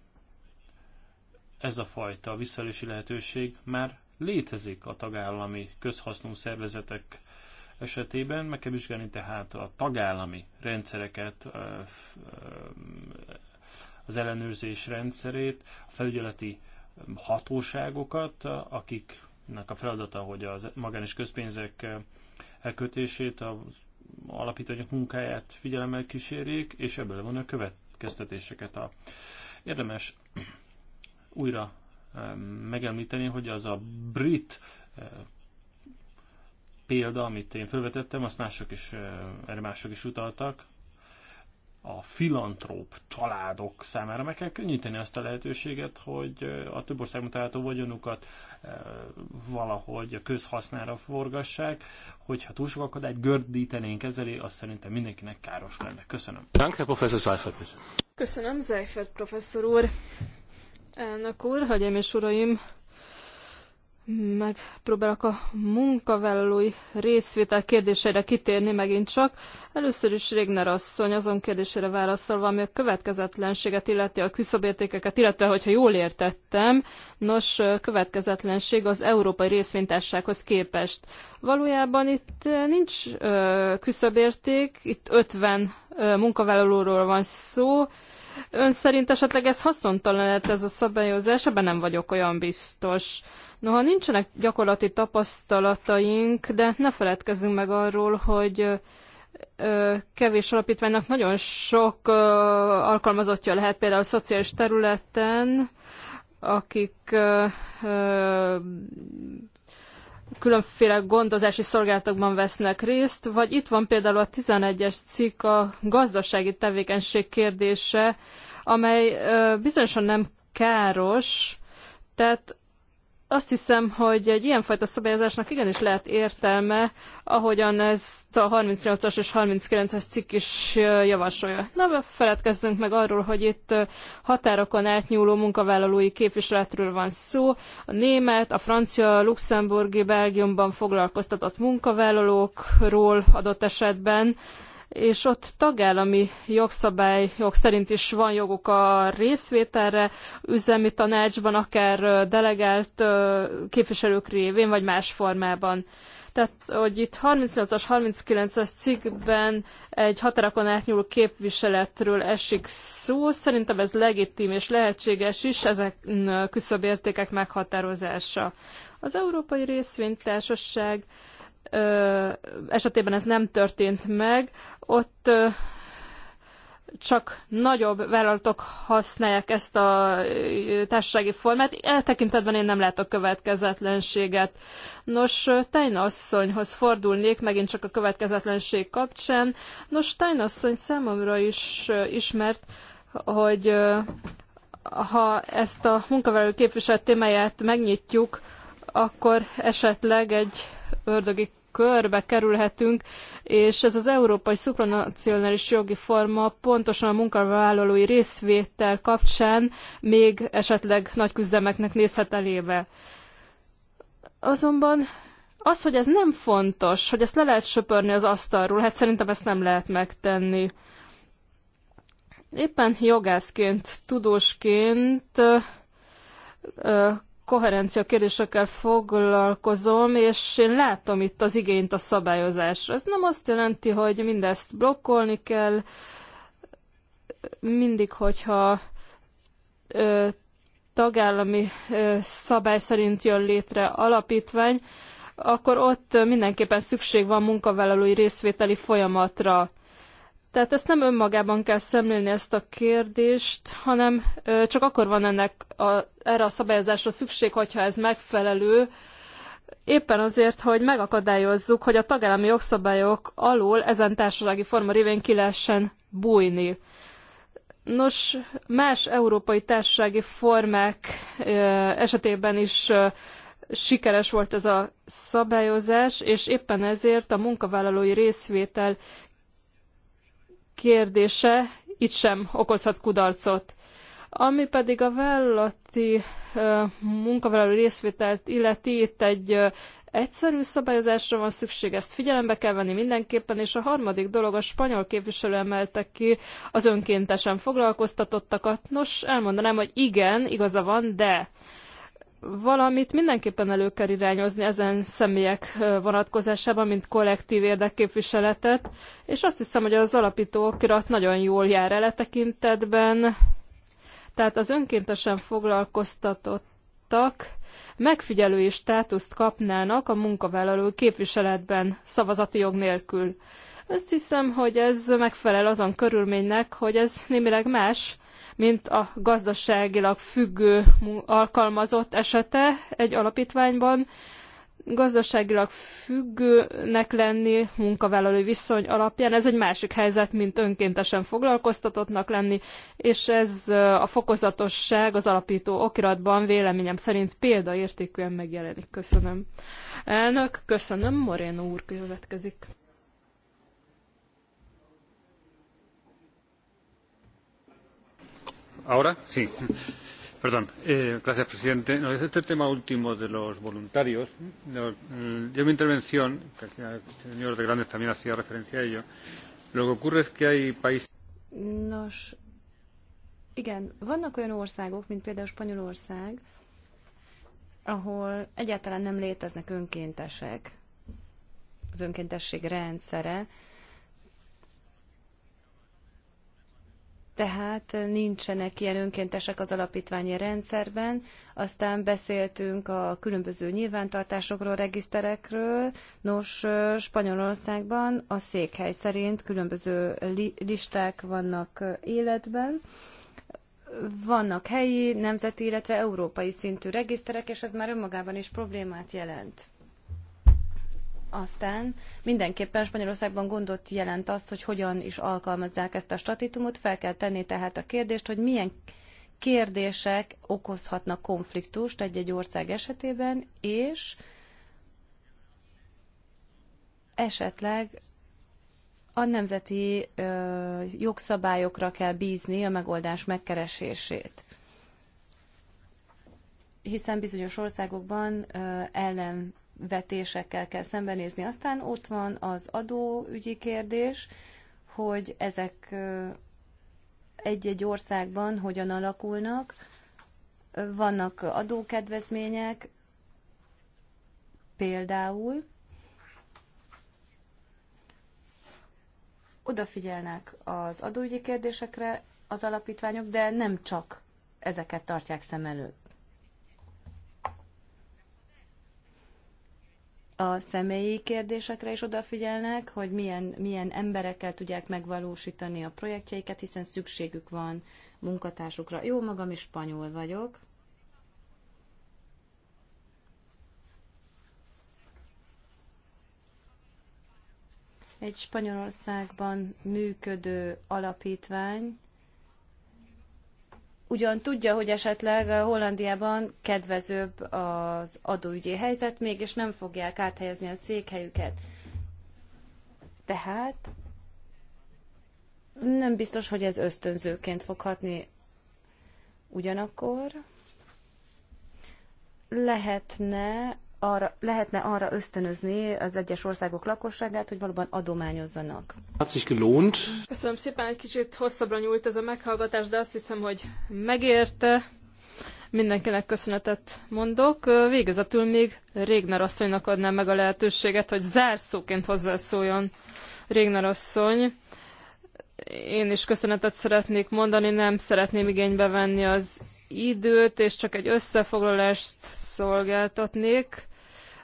ez a fajta visszaélési lehetőség már létezik a tagállami közhasznú szervezetek esetében meg kell vizsgálni tehát a tagállami rendszereket, az ellenőrzés rendszerét, a felügyeleti hatóságokat, akiknek a feladata, hogy a magán és közpénzek elkötését, az alapítványok munkáját figyelemmel kísérjék, és ebből van a következtetéseket. A érdemes újra megemlíteni, hogy az a brit példa, amit én felvetettem, azt mások is, eh, erre mások is utaltak, a filantróp családok számára meg kell könnyíteni azt a lehetőséget, hogy eh, a több országban található vagyonukat eh, valahogy a közhasznára forgassák, hogyha túl sok akadályt gördítenénk ezelé, az szerintem mindenkinek káros lenne. Köszönöm. Danke, professzor Köszönöm, Seifert professzor úr. Elnök úr, hagyjám és uraim, megpróbálok a munkavállalói részvétel kérdésére kitérni megint csak. Először is Régner asszony azon kérdésére válaszolva, ami a következetlenséget illeti a küszöbértékeket, illetve hogyha jól értettem, nos, következetlenség az európai részvénytársághoz képest. Valójában itt eh, nincs eh, küszöbérték, itt 50 eh, munkavállalóról van szó, Ön szerint esetleg ez haszontalan lehet ez a szabályozás? Ebben nem vagyok olyan biztos. Noha nincsenek gyakorlati tapasztalataink, de ne feledkezzünk meg arról, hogy kevés alapítványnak nagyon sok alkalmazottja lehet például a szociális területen, akik különféle gondozási szolgálatokban vesznek részt, vagy itt van például a 11-es cikk a gazdasági tevékenység kérdése, amely bizonyosan nem káros, tehát azt hiszem, hogy egy ilyenfajta szabályozásnak igenis lehet értelme, ahogyan ezt a 38-as és 39-es cikk is javasolja. Na, feledkezzünk meg arról, hogy itt határokon átnyúló munkavállalói képviseletről van szó. A német, a francia, a luxemburgi, Belgiumban foglalkoztatott munkavállalókról adott esetben, és ott tagállami jogszabályok szerint is van joguk a részvételre, üzemi tanácsban, akár delegált képviselők révén, vagy más formában. Tehát, hogy itt 38-as, 39-as cikkben egy határokon átnyúló képviseletről esik szó, szerintem ez legitim és lehetséges is ezek küszöbértékek meghatározása. Az Európai Részvénytársaság Társaság esetében ez nem történt meg. Ott csak nagyobb vállalatok használják ezt a társasági formát. Eltekintetben én nem látok következetlenséget. Nos, Tejna asszonyhoz fordulnék, megint csak a következetlenség kapcsán. Nos, Tejna asszony számomra is ismert, hogy ha ezt a munkavállaló képviselet témáját megnyitjuk, akkor esetleg egy ördögi körbe kerülhetünk, és ez az európai szupranacionális jogi forma pontosan a munkavállalói részvétel kapcsán még esetleg nagy küzdelmeknek nézhet elébe. Azonban az, hogy ez nem fontos, hogy ezt le lehet söpörni az asztalról, hát szerintem ezt nem lehet megtenni. Éppen jogászként, tudósként koherencia kérdésekkel foglalkozom, és én látom itt az igényt a szabályozásra. Ez nem azt jelenti, hogy mindezt blokkolni kell, mindig, hogyha ö, tagállami ö, szabály szerint jön létre alapítvány, akkor ott mindenképpen szükség van munkavállalói részvételi folyamatra. Tehát ezt nem önmagában kell szemlélni ezt a kérdést, hanem csak akkor van ennek a, erre a szabályozásra szükség, hogyha ez megfelelő, éppen azért, hogy megakadályozzuk, hogy a tagállami jogszabályok alól ezen társasági forma révén ki lehessen bújni. Nos, más európai társasági formák esetében is sikeres volt ez a szabályozás, és éppen ezért a munkavállalói részvétel kérdése itt sem okozhat kudarcot. Ami pedig a vállalati munkavállaló részvételt illeti, itt egy egyszerű szabályozásra van szükség, ezt figyelembe kell venni mindenképpen, és a harmadik dolog a spanyol képviselő emelte ki az önkéntesen foglalkoztatottakat. Nos, elmondanám, hogy igen, igaza van, de valamit mindenképpen elő kell irányozni ezen személyek vonatkozásában, mint kollektív érdekképviseletet, és azt hiszem, hogy az alapító okirat nagyon jól jár el e tekintetben, tehát az önkéntesen foglalkoztatottak megfigyelői státuszt kapnának a munkavállaló képviseletben szavazati jog nélkül. Azt hiszem, hogy ez megfelel azon körülménynek, hogy ez némileg más, mint a gazdaságilag függő alkalmazott esete egy alapítványban, gazdaságilag függőnek lenni munkavállalói viszony alapján. Ez egy másik helyzet, mint önkéntesen foglalkoztatottnak lenni, és ez a fokozatosság az alapító okiratban véleményem szerint példaértékűen megjelenik. Köszönöm. Elnök, köszönöm. Moreno úr következik. señor eh, presidente. en este tema último de los voluntarios, en mm, mi intervención, el señor de Grandes también hacía referencia a ello, lo que ocurre es que hay países. Nos, igen, vannak olyan országok, mint például Spanyolország, ahol egyáltalán nem léteznek önkéntesek, az önkéntesség rendszere, tehát nincsenek ilyen önkéntesek az alapítványi rendszerben. Aztán beszéltünk a különböző nyilvántartásokról, regiszterekről. Nos, Spanyolországban a székhely szerint különböző listák vannak életben. Vannak helyi, nemzeti, illetve európai szintű regiszterek, és ez már önmagában is problémát jelent. Aztán mindenképpen Spanyolországban gondot jelent az, hogy hogyan is alkalmazzák ezt a statitumot, Fel kell tenni tehát a kérdést, hogy milyen kérdések okozhatnak konfliktust egy-egy ország esetében, és esetleg a nemzeti ö, jogszabályokra kell bízni a megoldás megkeresését. Hiszen bizonyos országokban ö, ellen vetésekkel kell szembenézni. Aztán ott van az adóügyi kérdés, hogy ezek egy-egy országban hogyan alakulnak. Vannak adókedvezmények, például odafigyelnek az adóügyi kérdésekre az alapítványok, de nem csak ezeket tartják szem előtt. a személyi kérdésekre is odafigyelnek, hogy milyen, milyen emberekkel tudják megvalósítani a projektjeiket, hiszen szükségük van munkatársukra. Jó, magam is spanyol vagyok. Egy Spanyolországban működő alapítvány ugyan tudja, hogy esetleg eh, Hollandiában kedvezőbb az adóügyi helyzet, mégis nem fogják áthelyezni a székhelyüket. Tehát nem biztos, hogy ez ösztönzőként fog hatni. Ugyanakkor lehetne arra, lehetne arra ösztönözni az egyes országok lakosságát, hogy valóban adományozzanak. Köszönöm szépen, egy kicsit hosszabbra nyúlt ez a meghallgatás, de azt hiszem, hogy megérte. Mindenkinek köszönetet mondok. Végezetül még Régner asszonynak adnám meg a lehetőséget, hogy zárszóként hozzászóljon Régner asszony. Én is köszönetet szeretnék mondani, nem szeretném igénybe venni az időt, és csak egy összefoglalást szolgáltatnék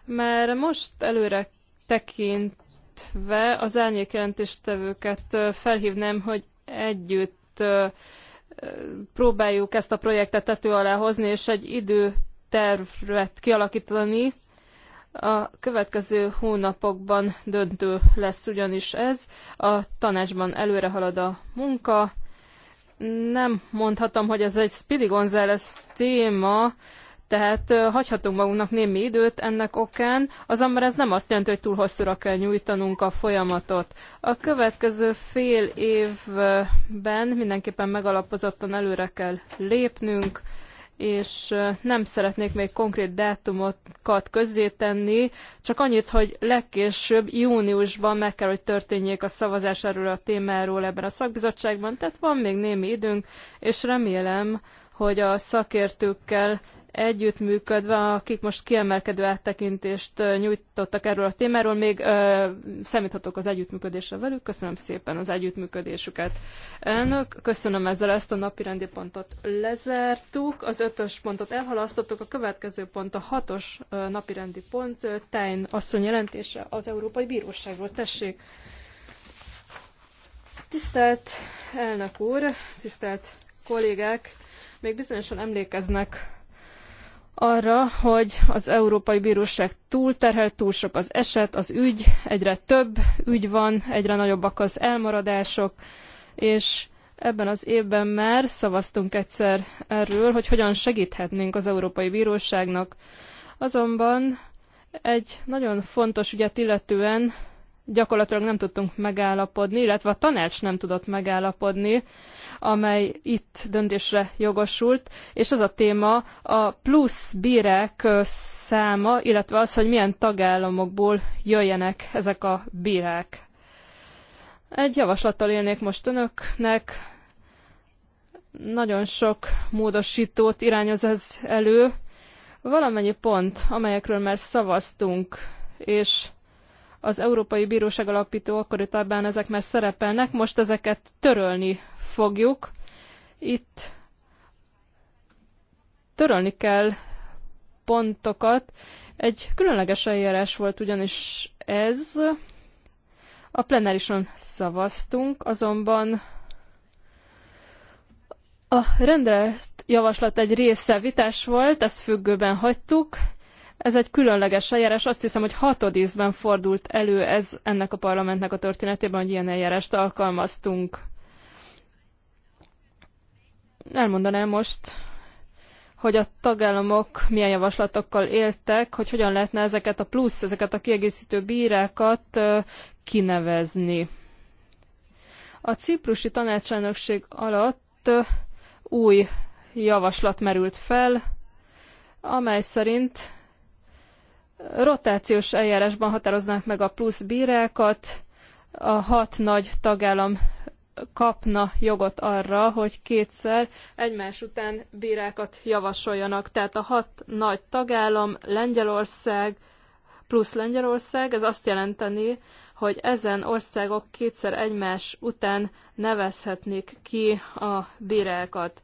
mert most előre tekintve az árnyék jelentéstevőket felhívnám, hogy együtt próbáljuk ezt a projektet tető alá hozni, és egy időtervet kialakítani. A következő hónapokban döntő lesz ugyanis ez. A tanácsban előre halad a munka. Nem mondhatom, hogy ez egy Speedy González téma, tehát hagyhatunk magunknak némi időt ennek okán, azonban ez nem azt jelenti, hogy túl hosszúra kell nyújtanunk a folyamatot. A következő fél évben mindenképpen megalapozottan előre kell lépnünk, és nem szeretnék még konkrét dátumokat közzétenni, csak annyit, hogy legkésőbb júniusban meg kell, hogy történjék a szavazás erről a témáról ebben a szakbizottságban, tehát van még némi időnk, és remélem, hogy a szakértőkkel együttműködve, akik most kiemelkedő áttekintést nyújtottak erről a témáról, még ö, számíthatok az együttműködésre velük. Köszönöm szépen az együttműködésüket. Elnök, köszönöm ezzel ezt a napi rendi pontot lezártuk. Az ötös pontot elhalasztottuk, a következő pont a hatos napi rendi pont, Tájn asszony jelentése az Európai Bíróságról. Tessék! Tisztelt elnök úr, tisztelt kollégák! Még bizonyosan emlékeznek arra, hogy az Európai Bíróság túlterhelt, túl sok az eset, az ügy, egyre több ügy van, egyre nagyobbak az elmaradások, és ebben az évben már szavaztunk egyszer erről, hogy hogyan segíthetnénk az Európai Bíróságnak. Azonban egy nagyon fontos ügyet illetően gyakorlatilag nem tudtunk megállapodni, illetve a tanács nem tudott megállapodni, amely itt döntésre jogosult, és az a téma a plusz bírek száma, illetve az, hogy milyen tagállamokból jöjjenek ezek a bírek. Egy javaslattal élnék most önöknek. Nagyon sok módosítót irányoz ez elő. Valamennyi pont, amelyekről már szavaztunk, és az Európai Bíróság alapító akkoritában ezek már szerepelnek, most ezeket törölni fogjuk. Itt törölni kell pontokat. Egy különleges eljárás volt ugyanis ez. A plenárison szavaztunk, azonban a rendelt javaslat egy része vitás volt, ezt függőben hagytuk, ez egy különleges eljárás. Azt hiszem, hogy hatodízben fordult elő ez ennek a parlamentnek a történetében, hogy ilyen eljárást alkalmaztunk. Elmondanám most, hogy a tagállamok milyen javaslatokkal éltek, hogy hogyan lehetne ezeket a plusz, ezeket a kiegészítő bírákat kinevezni. A ciprusi tanácselnökség alatt új javaslat merült fel, amely szerint rotációs eljárásban határoznák meg a plusz bírákat, a hat nagy tagállam kapna jogot arra, hogy kétszer egymás után bírákat javasoljanak. Tehát a hat nagy tagállam, Lengyelország plusz Lengyelország, ez azt jelenteni, hogy ezen országok kétszer egymás után nevezhetnék ki a bírákat.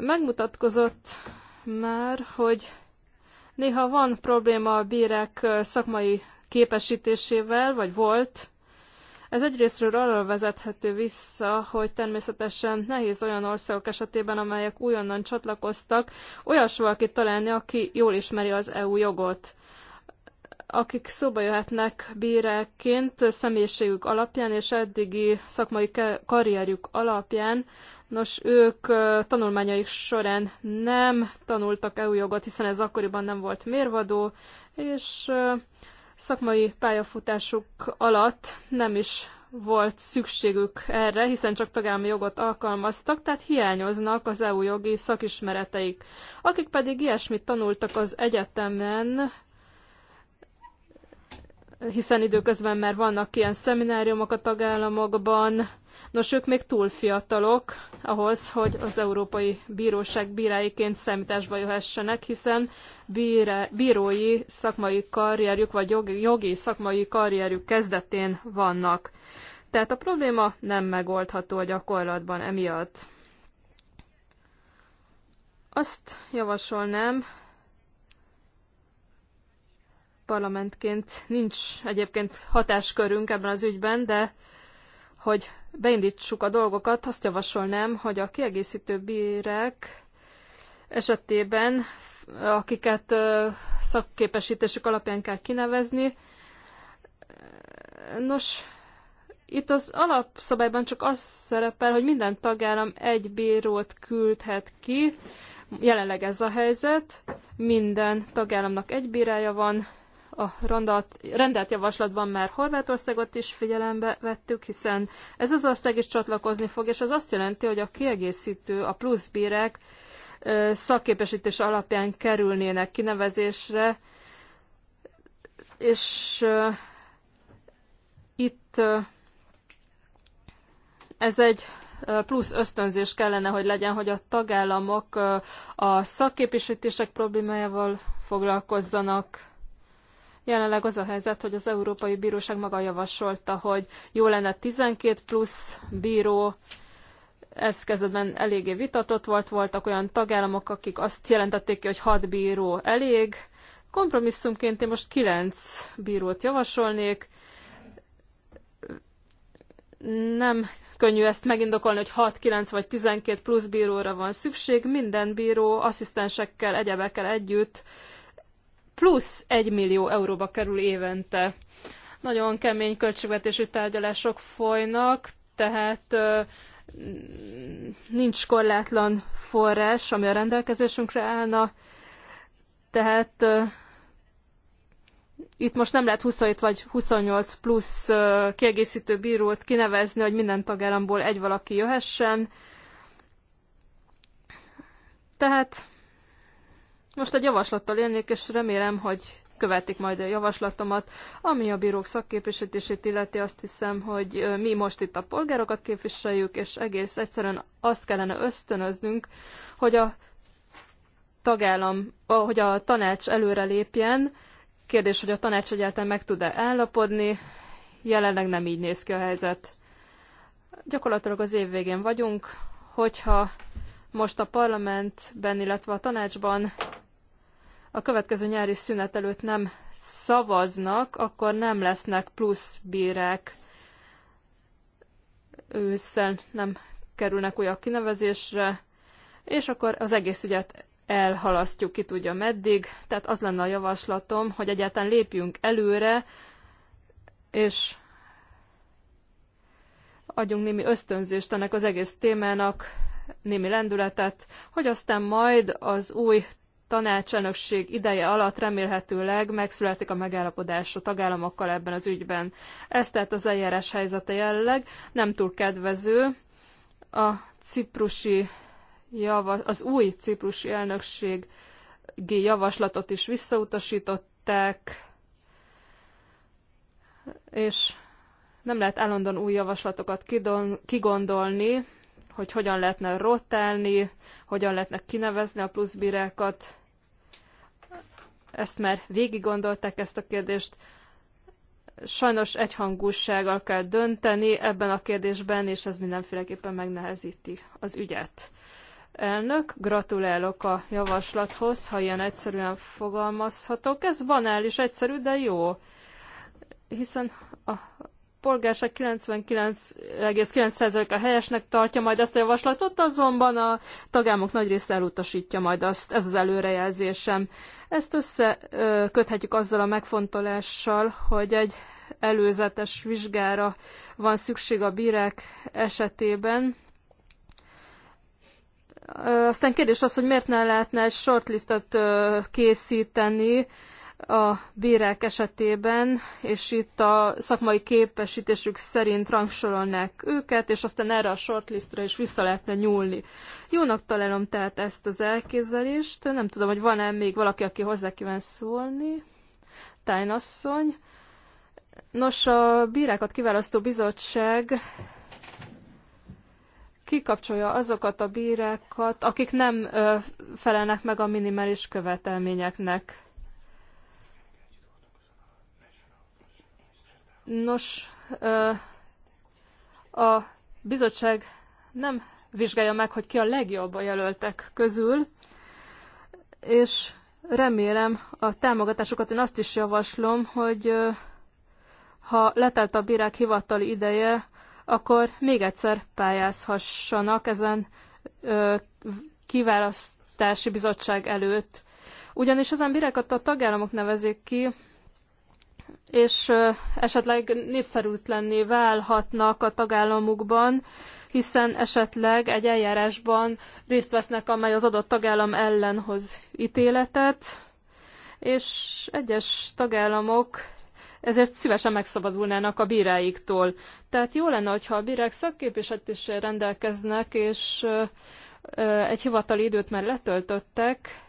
Megmutatkozott már, hogy Néha van probléma a bírek szakmai képesítésével, vagy volt. Ez egyrésztről arra vezethető vissza, hogy természetesen nehéz olyan országok esetében, amelyek újonnan csatlakoztak, olyas valakit találni, aki jól ismeri az EU jogot akik szóba jöhetnek bírákként személyiségük alapján és eddigi szakmai karrierjük alapján. Nos, ők tanulmányaik során nem tanultak EU jogot, hiszen ez akkoriban nem volt mérvadó, és szakmai pályafutásuk alatt nem is volt szükségük erre, hiszen csak tagállami jogot alkalmaztak, tehát hiányoznak az EU jogi szakismereteik. Akik pedig ilyesmit tanultak az egyetemen, hiszen időközben már vannak ilyen szemináriumok a tagállamokban. Nos, ők még túl fiatalok ahhoz, hogy az Európai Bíróság bíráiként számításba jöhessenek, hiszen bíre, bírói szakmai karrierjük, vagy jogi, jogi szakmai karrierjük kezdetén vannak. Tehát a probléma nem megoldható a gyakorlatban emiatt. Azt javasolnám, parlamentként nincs egyébként hatáskörünk ebben az ügyben, de hogy beindítsuk a dolgokat, azt javasolnám, hogy a kiegészítő bírek esetében, akiket szakképesítésük alapján kell kinevezni, nos, itt az alapszabályban csak az szerepel, hogy minden tagállam egy bírót küldhet ki, jelenleg ez a helyzet, minden tagállamnak egy bírája van, a rendelt rendelt javaslatban már Horvátországot is figyelembe vettük, hiszen ez az ország is csatlakozni fog, és az azt jelenti, hogy a kiegészítő, a bírek szakképesítés alapján kerülnének kinevezésre, és itt ez egy plusz ösztönzés kellene, hogy legyen, hogy a tagállamok a szakképesítések problémájával foglalkozzanak, Jelenleg az a helyzet, hogy az Európai Bíróság maga javasolta, hogy jó lenne 12 plusz bíró, ez kezdetben eléggé vitatott volt, voltak olyan tagállamok, akik azt jelentették ki, hogy 6 bíró elég. Kompromisszumként én most 9 bírót javasolnék. Nem könnyű ezt megindokolni, hogy 6, 9 vagy 12 plusz bíróra van szükség. Minden bíró asszisztensekkel, egyebekkel együtt plusz 1 millió euróba kerül évente. Nagyon kemény költségvetési tárgyalások folynak, tehát nincs korlátlan forrás, ami a rendelkezésünkre állna, tehát itt most nem lehet 27 vagy 28 plusz kiegészítő bírót kinevezni, hogy minden tagállamból egy valaki jöhessen. Tehát most egy javaslattal élnék, és remélem, hogy követik majd a javaslatomat. Ami a bírók szakképviselését illeti, azt hiszem, hogy mi most itt a polgárokat képviseljük, és egész egyszerűen azt kellene ösztönöznünk, hogy a tagállam, hogy a tanács lépjen, Kérdés, hogy a tanács egyáltalán meg tud-e állapodni. Jelenleg nem így néz ki a helyzet. Gyakorlatilag az év végén vagyunk, hogyha most a parlamentben, illetve a tanácsban a következő nyári szünet előtt nem szavaznak, akkor nem lesznek plusz bírák ősszel nem kerülnek újabb kinevezésre, és akkor az egész ügyet elhalasztjuk ki tudja meddig. Tehát az lenne a javaslatom, hogy egyáltalán lépjünk előre, és adjunk némi ösztönzést ennek az egész témának, némi lendületet, hogy aztán majd az új tanácselnökség ideje alatt remélhetőleg megszületik a megállapodás a tagállamokkal ebben az ügyben. Ez tehát az eljárás helyzete jelenleg nem túl kedvező. A ciprusi javas, az új ciprusi elnökségi javaslatot is visszautasították, és nem lehet állandóan új javaslatokat kigondolni, hogy hogyan lehetne rotálni, hogyan lehetne kinevezni a pluszbírákat ezt már végig gondolták ezt a kérdést. Sajnos egyhangúsággal kell dönteni ebben a kérdésben, és ez mindenféleképpen megnehezíti az ügyet. Elnök, gratulálok a javaslathoz, ha ilyen egyszerűen fogalmazhatok. Ez banális egyszerű, de jó. Hiszen a polgárság 99,9%-a helyesnek tartja majd ezt a javaslatot, azonban a tagállamok nagy része elutasítja majd azt, ez az előrejelzésem. Ezt összeköthetjük azzal a megfontolással, hogy egy előzetes vizsgára van szükség a bírák esetében, aztán kérdés az, hogy miért ne lehetne egy shortlistet készíteni, a bérek esetében, és itt a szakmai képesítésük szerint rangsorolnák őket, és aztán erre a shortlistre is vissza lehetne nyúlni. Jónak találom tehát ezt az elképzelést. Nem tudom, hogy van-e még valaki, aki hozzá kíván szólni. Tájnasszony. Nos, a bírákat kiválasztó bizottság kikapcsolja azokat a bírákat, akik nem felelnek meg a minimális követelményeknek Nos, a bizottság nem vizsgálja meg, hogy ki a legjobb a jelöltek közül, és remélem a támogatásokat én azt is javaslom, hogy ha letelt a bírák hivatali ideje, akkor még egyszer pályázhassanak ezen kiválasztási bizottság előtt. Ugyanis ezen bírákat a tagállamok nevezik ki, és esetleg népszerűtlenné válhatnak a tagállamukban, hiszen esetleg egy eljárásban részt vesznek, amely az adott tagállam ellen hoz ítéletet, és egyes tagállamok ezért szívesen megszabadulnának a bíráiktól. Tehát jó lenne, hogyha a bírák is rendelkeznek, és egy hivatali időt már letöltöttek,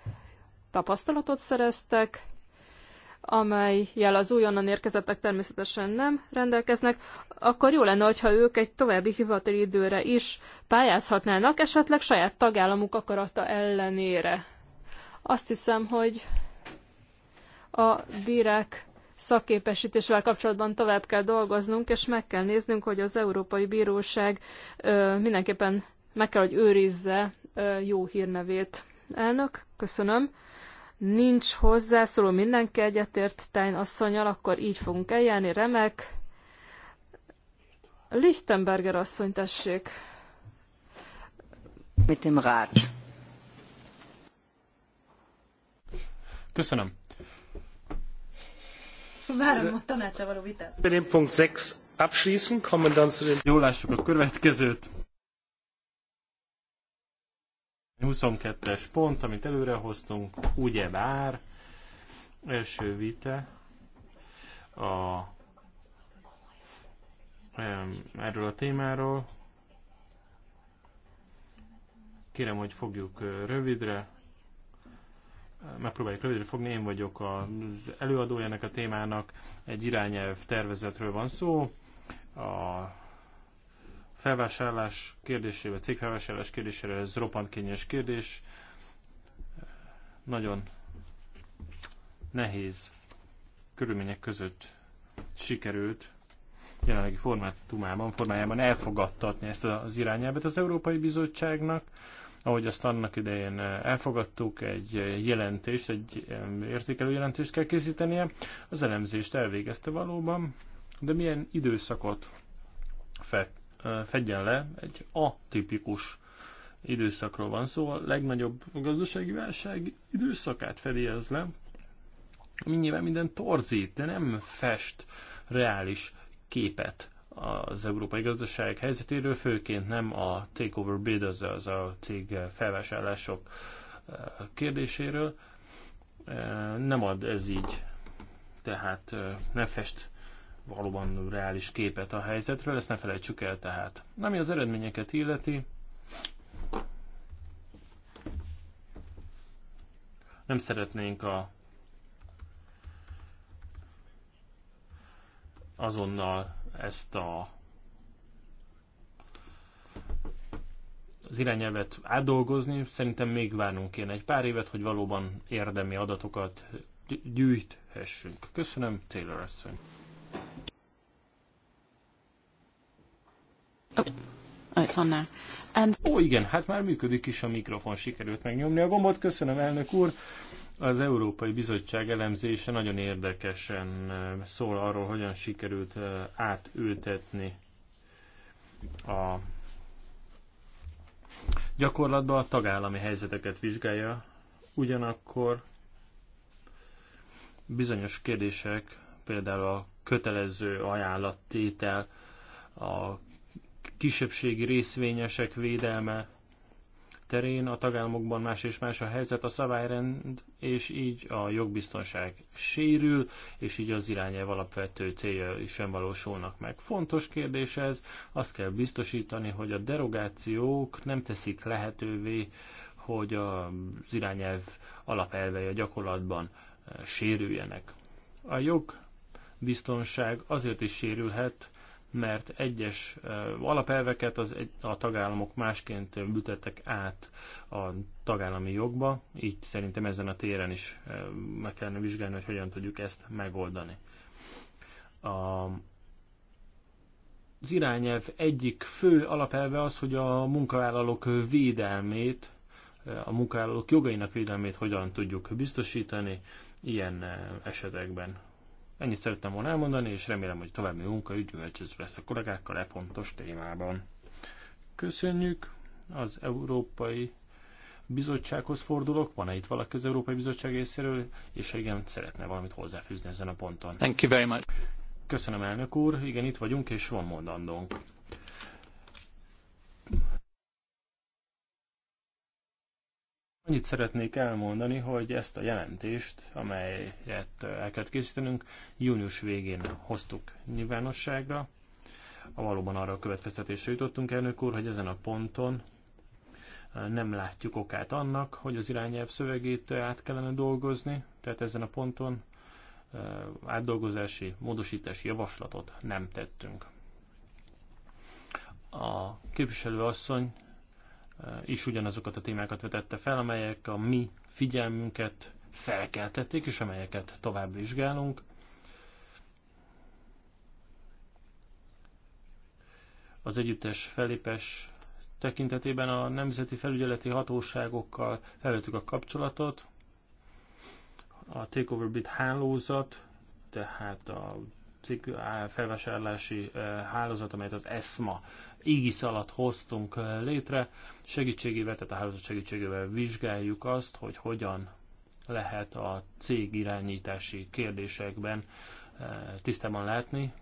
tapasztalatot szereztek, jel az újonnan érkezettek természetesen nem rendelkeznek, akkor jó lenne, hogyha ők egy további hivatali időre is pályázhatnának, esetleg saját tagállamuk akarata ellenére. Azt hiszem, hogy a bírák szakképesítésvel kapcsolatban tovább kell dolgoznunk, és meg kell néznünk, hogy az Európai Bíróság ö, mindenképpen meg kell, hogy őrizze ö, jó hírnevét. Elnök, köszönöm nincs hozzászóló, mindenki egyetért Tein asszonyal, akkor így fogunk eljárni, remek. Lichtenberger asszony, tessék. Mit dem Köszönöm. Várom a tanácsa való vitát. Pont 6 abschließen, kommen dann zu den... Jól lássuk a következőt. 22-es pont, amit hoztunk, ugye bár, első vite, a, erről a témáról. Kérem, hogy fogjuk rövidre, megpróbáljuk rövidre fogni, én vagyok az előadója ennek a témának, egy irányelv tervezetről van szó, a felvásárlás kérdésével, cégfelvásárlás kérdésére, ez roppant kényes kérdés. Nagyon nehéz körülmények között sikerült jelenlegi formátumában, formájában elfogadtatni ezt az irányelvet az Európai Bizottságnak. Ahogy azt annak idején elfogadtuk, egy jelentést, egy értékelő jelentést kell készítenie. Az elemzést elvégezte valóban, de milyen időszakot fektet fedjen le, egy atipikus időszakról van szó, a legnagyobb gazdasági válság időszakát fedi ez le. Nyilván minden torzít, de nem fest reális képet az európai gazdaság helyzetéről, főként nem a takeover bid, az a cég felvásárlások kérdéséről. Nem ad ez így, tehát nem fest valóban reális képet a helyzetről, ezt ne felejtsük el tehát. Ami az eredményeket illeti, nem szeretnénk a azonnal ezt a az irányelvet átdolgozni, szerintem még várnunk kéne egy pár évet, hogy valóban érdemi adatokat gyűjthessünk. Köszönöm, Taylor asszony. Oh, it's on now. Ó, igen, hát már működik is a mikrofon, sikerült megnyomni a gombot. Köszönöm, elnök úr. Az Európai Bizottság elemzése nagyon érdekesen eh, szól arról, hogyan sikerült eh, átültetni a gyakorlatban a tagállami helyzeteket vizsgálja, ugyanakkor bizonyos kérdések például a kötelező ajánlattétel, a kisebbségi részvényesek védelme terén a tagállamokban más és más a helyzet, a szabályrend, és így a jogbiztonság sérül, és így az irányelv alapvető célja is sem valósulnak meg. Fontos kérdés ez, azt kell biztosítani, hogy a derogációk nem teszik lehetővé, hogy az irányelv alapelvei a gyakorlatban eh, sérüljenek. A jog biztonság azért is sérülhet, mert egyes alapelveket az, a tagállamok másként ütettek át a tagállami jogba, így szerintem ezen a téren is meg kellene vizsgálni, hogy hogyan tudjuk ezt megoldani. A, az irányelv egyik fő alapelve az, hogy a munkavállalók védelmét, a munkavállalók jogainak védelmét hogyan tudjuk biztosítani ilyen esetekben. Ennyit szerettem volna elmondani, és remélem, hogy további munka ügyvölcsöző lesz a kollégákkal e fontos témában. Köszönjük az Európai Bizottsághoz fordulok. Van-e itt valaki az Európai Bizottság részéről? És ha igen, szeretne valamit hozzáfűzni ezen a ponton. Thank you very much. Köszönöm, elnök úr. Igen, itt vagyunk, és van mondandónk. Annyit szeretnék elmondani, hogy ezt a jelentést, amelyet el kellett készítenünk, június végén hoztuk nyilvánosságra. A Valóban arra a következtetésre jutottunk, elnök úr, hogy ezen a ponton nem látjuk okát annak, hogy az irányelv szövegét át kellene dolgozni, tehát ezen a ponton átdolgozási, módosítási javaslatot nem tettünk. A asszony is ugyanazokat a témákat vetette fel, amelyek a mi figyelmünket felkeltették, és amelyeket tovább vizsgálunk. Az együttes felépes tekintetében a nemzeti felügyeleti hatóságokkal felvettük a kapcsolatot. A Takeover Bit hálózat, tehát a cikk felvásárlási hálózat, amelyet az ESMA égisz alatt hoztunk létre. Segítségével, tehát a hálózat segítségével vizsgáljuk azt, hogy hogyan lehet a cég irányítási kérdésekben tisztában látni,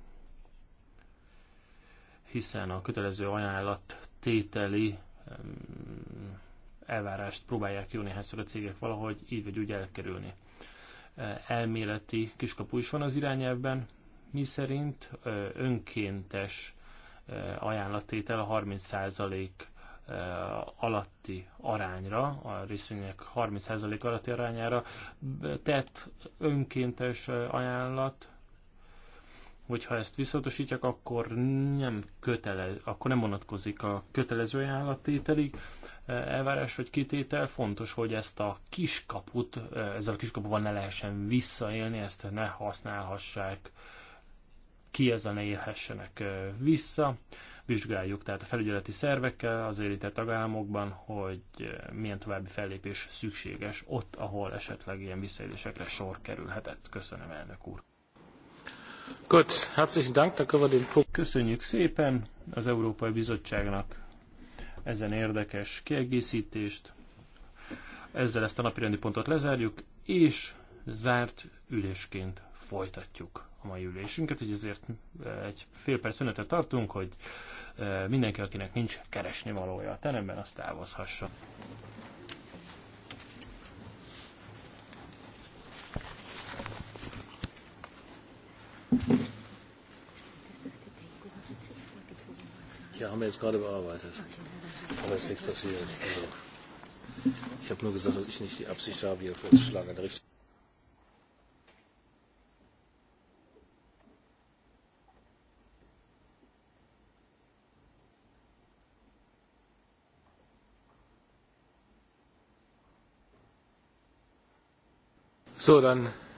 hiszen a kötelező ajánlat tételi elvárást próbálják jó néhányszor a cégek valahogy így vagy úgy elkerülni. Elméleti kiskapu is van az irányelvben, szerint önkéntes ajánlattétel a 30% alatti arányra, a részvények 30% alatti arányára tett önkéntes ajánlat, hogyha ezt visszatosítják, akkor nem kötelez, akkor nem vonatkozik a kötelező ajánlattételig elvárás vagy kitétel. Fontos, hogy ezt a kiskaput, ezzel a kiskapuval ne lehessen visszaélni, ezt ne használhassák ki ezzel ne élhessenek vissza. Vizsgáljuk tehát a felügyeleti szervekkel az érintett tagállamokban, hogy milyen további fellépés szükséges ott, ahol esetleg ilyen visszaélésekre sor kerülhetett. Köszönöm, elnök úr. Good. Herzlichen Dank, den Köszönjük szépen az Európai Bizottságnak ezen érdekes kiegészítést. Ezzel ezt a rendi pontot lezárjuk, és zárt ülésként folytatjuk a mai ülésünket, hogy ezért eh, egy fél perc szünetet tartunk, hogy eh, mindenki, akinek nincs keresni valója a teremben, azt távozhassa. Ja, haben wir jetzt gerade bearbeitet. Aber es ist nichts passiert. Also, ich habe nur gesagt, dass ich nicht die Absicht habe, hier vorzuschlagen. So,